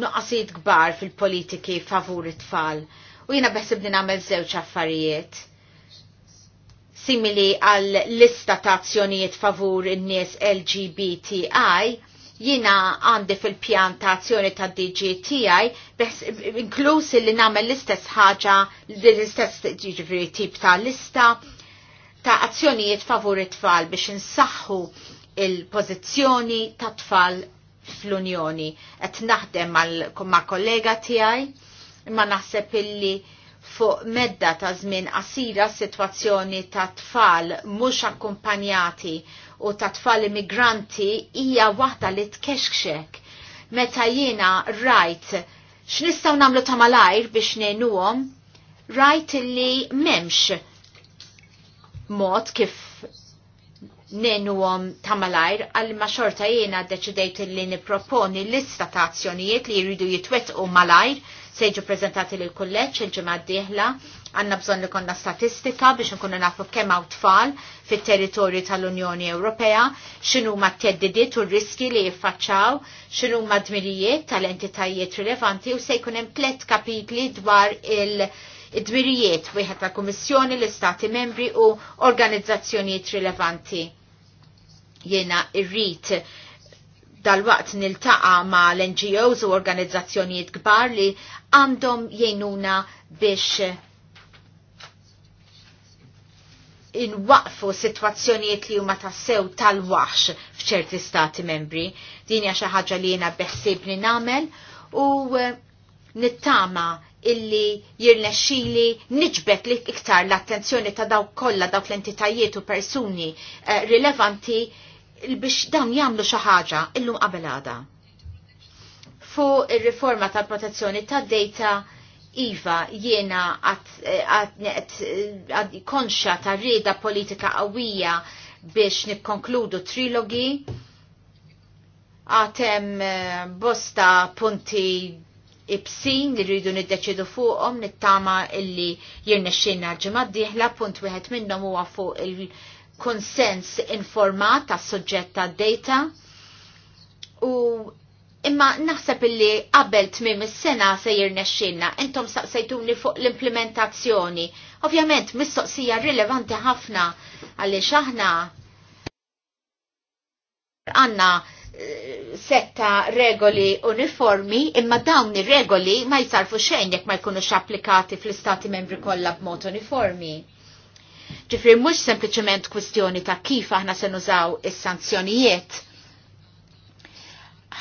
nuqqasijiet kbar fil-politiki favur it-tfal. U jina besib din nagħmel żewġ affarijiet simili għal lista ta' azzjonijiet favur in-nies LGBTI Jina għandi fil-pjan ta' azzjoni ta' DG tiegħi li nagħmel l-istess ħaġa, l-istess tip ta' lista ta' azzjonijiet favori tfal biex insaħħu il-pożizzjoni ta' tfal fl-Unjoni. Qed naħdem ma' kollega tiegħi, ma naħseb illi fuq medda ta' żmien qasira situazzjoni ta' tfal mhux akkumpanjati u ta' tfal immigranti hija waħda li tkexxek Meta jiena rajt x'nistgħu nagħmlu ta' malajr biex ngħinuhom, rajt li m'hemmx mod kif nenu ta' malajr għal ma xorta jiena deċidejt li niproponi lista ta' azzjonijiet li jridu jitwettqu malajr se jiġu prezentati lill-kulleġġ il ġimgħa d-dieħla. Għanna bżon li konna statistika biex nkunu nafu kemm hawn tfal fit-territorju tal-Unjoni Ewropea, xinu ma t-teddidiet u r-riski li jiffaċċaw, xinu ma dmirijiet tal-entitajiet rilevanti u se jkun hemm tliet kapitli dwar il- id-dmirijiet wieħed tal kummissjoni l-Istati membri u organizzazzjonijiet rilevanti. Jiena irrit dal-waqt niltaqa ma l-NGOs u organizzazzjonijiet kbar li għandhom jgħinuna biex inwaqfu situazzjonijiet li huma tassew tal-waħx f'ċerti stati membri. Din hija xi ħaġa li jiena beħsibni nagħmel u eh, nittama illi jirnexxili niġbet li iktar l-attenzjoni ta' dawk kollha dawk l-entitajiet u persuni eh, rilevanti biex dawn jagħmlu xi ħaġa illum qabel għada. Fu ir-riforma tal-protezzjoni tad-data Iva, jiena għad konxa ta' rida politika qawwija biex nikkonkludu trilogi. Għatem eh, bosta punti ibsin li rridu niddeċidu fuqhom nittama illi jirna xinna ġemad diħla punt wieħed minnhom huwa fuq il-konsens informat tas suġġett ta' data u Imma naħseb illi qabel tmim is-sena se jirnexxinna, intom saqsejtuni fuq l-implementazzjoni. Ovvjament mistoqsija rilevanti ħafna għaliex aħna għanna eh, setta regoli uniformi imma dawn ir-regoli ma jsarfu xejn jekk ma jkunux applikati fl-istati membri kollha b'mod uniformi. Ġifri mhux sempliċement kwistjoni ta' kif aħna se nużaw is-sanzjonijiet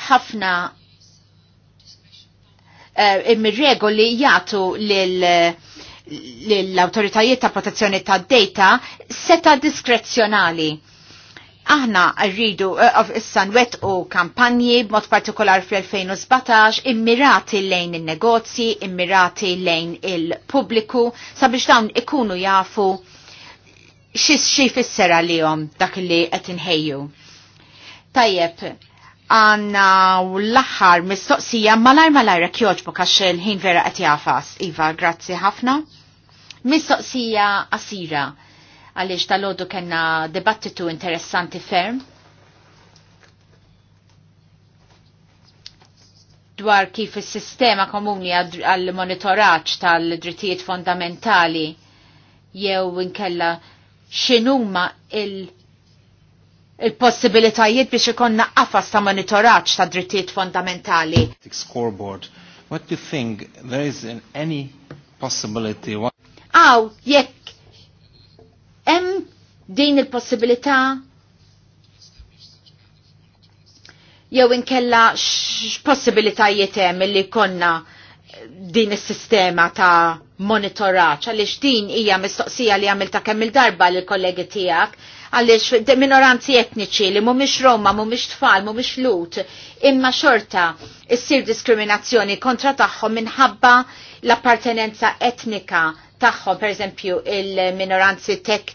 ħafna eh, ir-regoli jagħtu l-autoritajiet ta' protezzjoni ta' data seta' diskrezzjonali. Aħna rridu eh, issa wet u kampanji b'mod partikolar fl-2017 immirati lejn il-negozji, immirati lejn il-pubbliku sabiex dawn ikunu jafu xis xi fissera lihom dak li qed inħejju. Tajjeb, għanna l-axar mistoqsija malajr malajr kjoġbu għax il-ħin vera għati jafas. Iva, grazzi ħafna. Mistoqsija asira għaliex tal-ħodu kena dibattitu interessanti ferm. dwar kif is-sistema komuni għall monitoraġġ tal-drittijiet fondamentali jew inkella x'inhuma il- il-possibilitajiet biex ikonna qafas ta' monitoraġġ ta' drittijiet fondamentali. Scoreboard. What do you think there is in any possibility? Aw, jekk hemm din il-possibilità jew inkella x'possibilitajiet hemm illi konna din is-sistema ta' monitoraġġ għaliex din hija mistoqsija li għamilta kemm il-darba lill kollegi tiegħek għaliex minoranzi etniċi li mhumiex Roma, mhumiex tfal, mhumiex Lut, imma xorta issir diskriminazzjoni kontra tagħhom minħabba l-appartenenza etnika tagħhom, eżempju, il-minoranzi eh,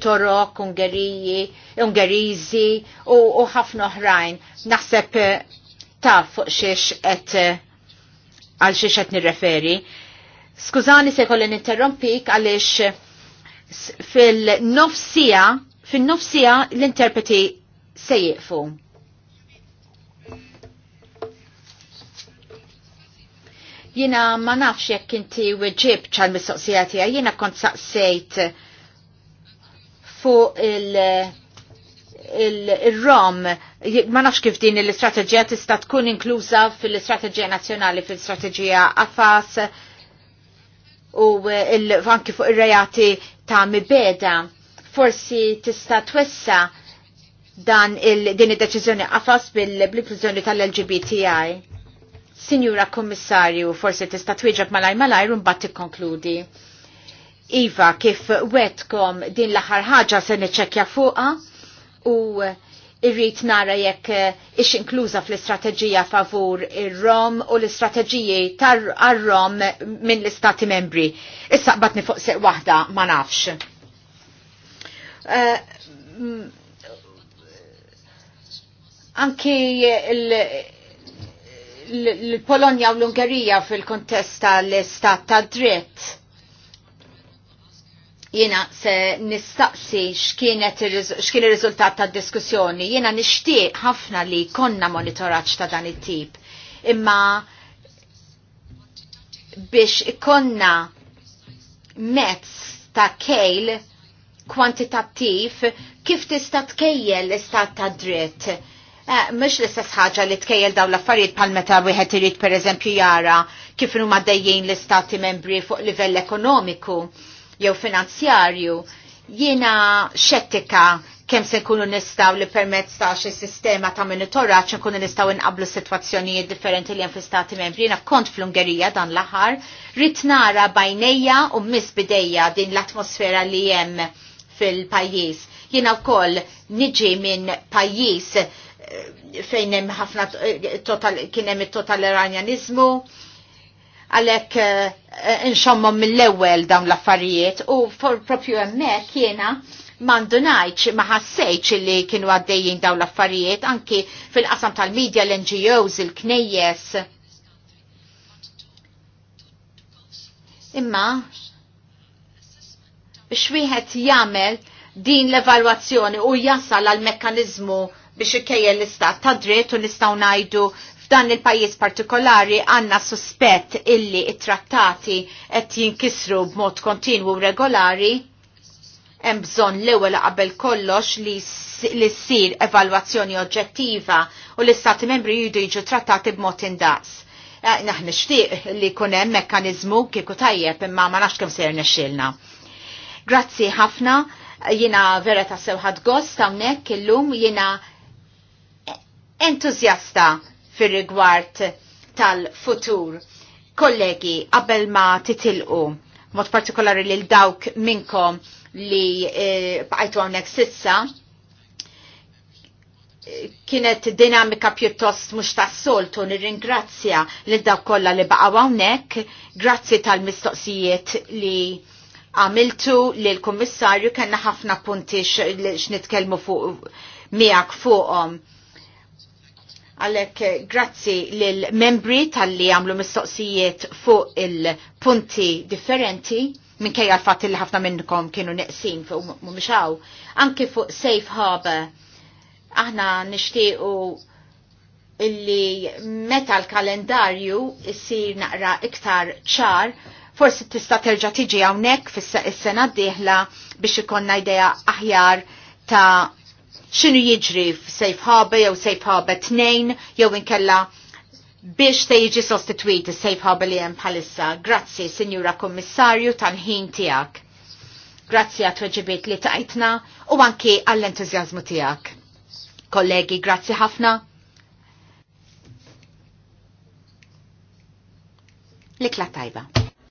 Torok, Ungeriji, Ungeriżi u ħafna oħrajn. Naħseb eh, taf fuq xiex et eh, għal xiex qed nirreferi. Skużani se kollin ninterrompik għaliex fil-nofsija fin-nofsija l-interpreti se jieqfu. Jina ma nafx jekk inti weġib ċal mistoqsija tiegħi, jiena kont saqsejt fuq il- il-rom, ma nafx kif din l-istrateġija tista' tkun inkluża fil-istrateġija nazzjonali, fil-istrateġija AFAS u anki fuq ir-rejati ta' mibeda forsi tista twessa dan il, din id-deċiżjoni qafas bil-inklużjoni tal-LGBTI. Sinjura Kommissarju, forsi tista' twieġeb malaj malaj un bat tikkonkludi. Iva, kif wetkom din l-aħħar ħaġa se niċċekkja fuqha u irrit nara jekk ix inkluża fl-istrateġija favur ir-Rom u l-istrateġiji tar-Rom minn l-Istati membri. Issa qbatni fuq seq waħda ma nafx. Eh, anki l-Polonja u l-Ungerija fil-kontest tal-istat ta' dritt. Jena se nistaqsi xkien il-rizultat ta' diskussjoni. Jena nishtiq ħafna li konna monitoraċ ta' dan it-tip. Imma biex ikonna mezz ta' kejl kwantitattiv kif tista' tkejjel l-istat ta' dritt. Eh, mhux l-istess ħaġa li tkejjel dawn l-affarijiet bħal meta wieħed irid pereżempju jara kif huma dejjin l-istati membri fuq livell ekonomiku jew finanzjarju. Jiena xettika kemm se nkunu nistgħu li permezz ta' xi sistema ta' monitoraġġ nkunu nistgħu inqablu sitwazzjonijiet differenti li hemm fl-istati membri. Jiena kont fl-Ungerija dan l-aħħar, rid nara bajnejja u miss bidejja din l-atmosfera li hemm fil-pajjiż. Jiena wkoll niġi minn pajjiż eh, fejn hemm ħafna eh, kien hemm it-totaliranjanizmu għalek eh, nxommom mill ewwel dawn l-affarijiet u propju hemmhekk jena mandunajċ maħassejċ li kienu għaddejjin dawn l-affarijiet anki fil-qasam tal-medja l-NGOs, il-knejjes. Imma xwieħed jagħmel din l-evalwazzjoni u jasal għal mekkanizmu biex ikkejjel l-istat ta' dritt u nistgħu ngħidu f'dan il-pajjiż partikolari għandna suspett illi it-trattati qed jinkisru b'mod kontinwu regolari hemm bżonn l-ewwel qabel kollox li ssir evalwazzjoni oġġettiva u l-istati membri jridu jiġu trattati b'mod indaqs. Eh, Naħna nixtieq li jkun hemm mekkaniżmu kieku tajjeb imma ma nafx kemm ser nexxilna. Grazzi ħafna, jina vera ta' sewħad gost għamnek illum jina entuzjasta fil-rigward tal-futur. Kollegi, qabel ma titilqu, mod partikolari lil dawk minkom li eh, bqajtu għonek sissa, kienet dinamika pjuttost mux tas-soltu nirringrazzja lil dawk kollha li baqgħu hawnhekk, grazzi tal-mistoqsijiet li għamiltu li l-Kommissarju kena ħafna punti x'nitkellmu fuq miegħek fuqhom. Għalek grazzi lill-membri tal-li għamlu mistoqsijiet fuq il-punti differenti minkejja l-fatt li ħafna minnkom kienu neqsin fuq mumiex anki fuq Safe Harbor aħna nishtiqu illi meta l-kalendarju jisir naqra iktar ċar Forsi tista' terġa' tiġi hawnhekk fis-sena d-dieħla biex ikonna idea aħjar ta' x'inhu jiġri f-sejf ħabe jew Safe t tnejn jew inkella biex te jiġi sostituit sejf ħabe li hemm bħalissa. Grazzi, Sinjura Kommissarju, tal-ħin tiegħek. Grazzi għat weġibiet li tajtna u anki għall-entuzjazmu tijak. Kollegi, grazzi ħafna. Likla tajba.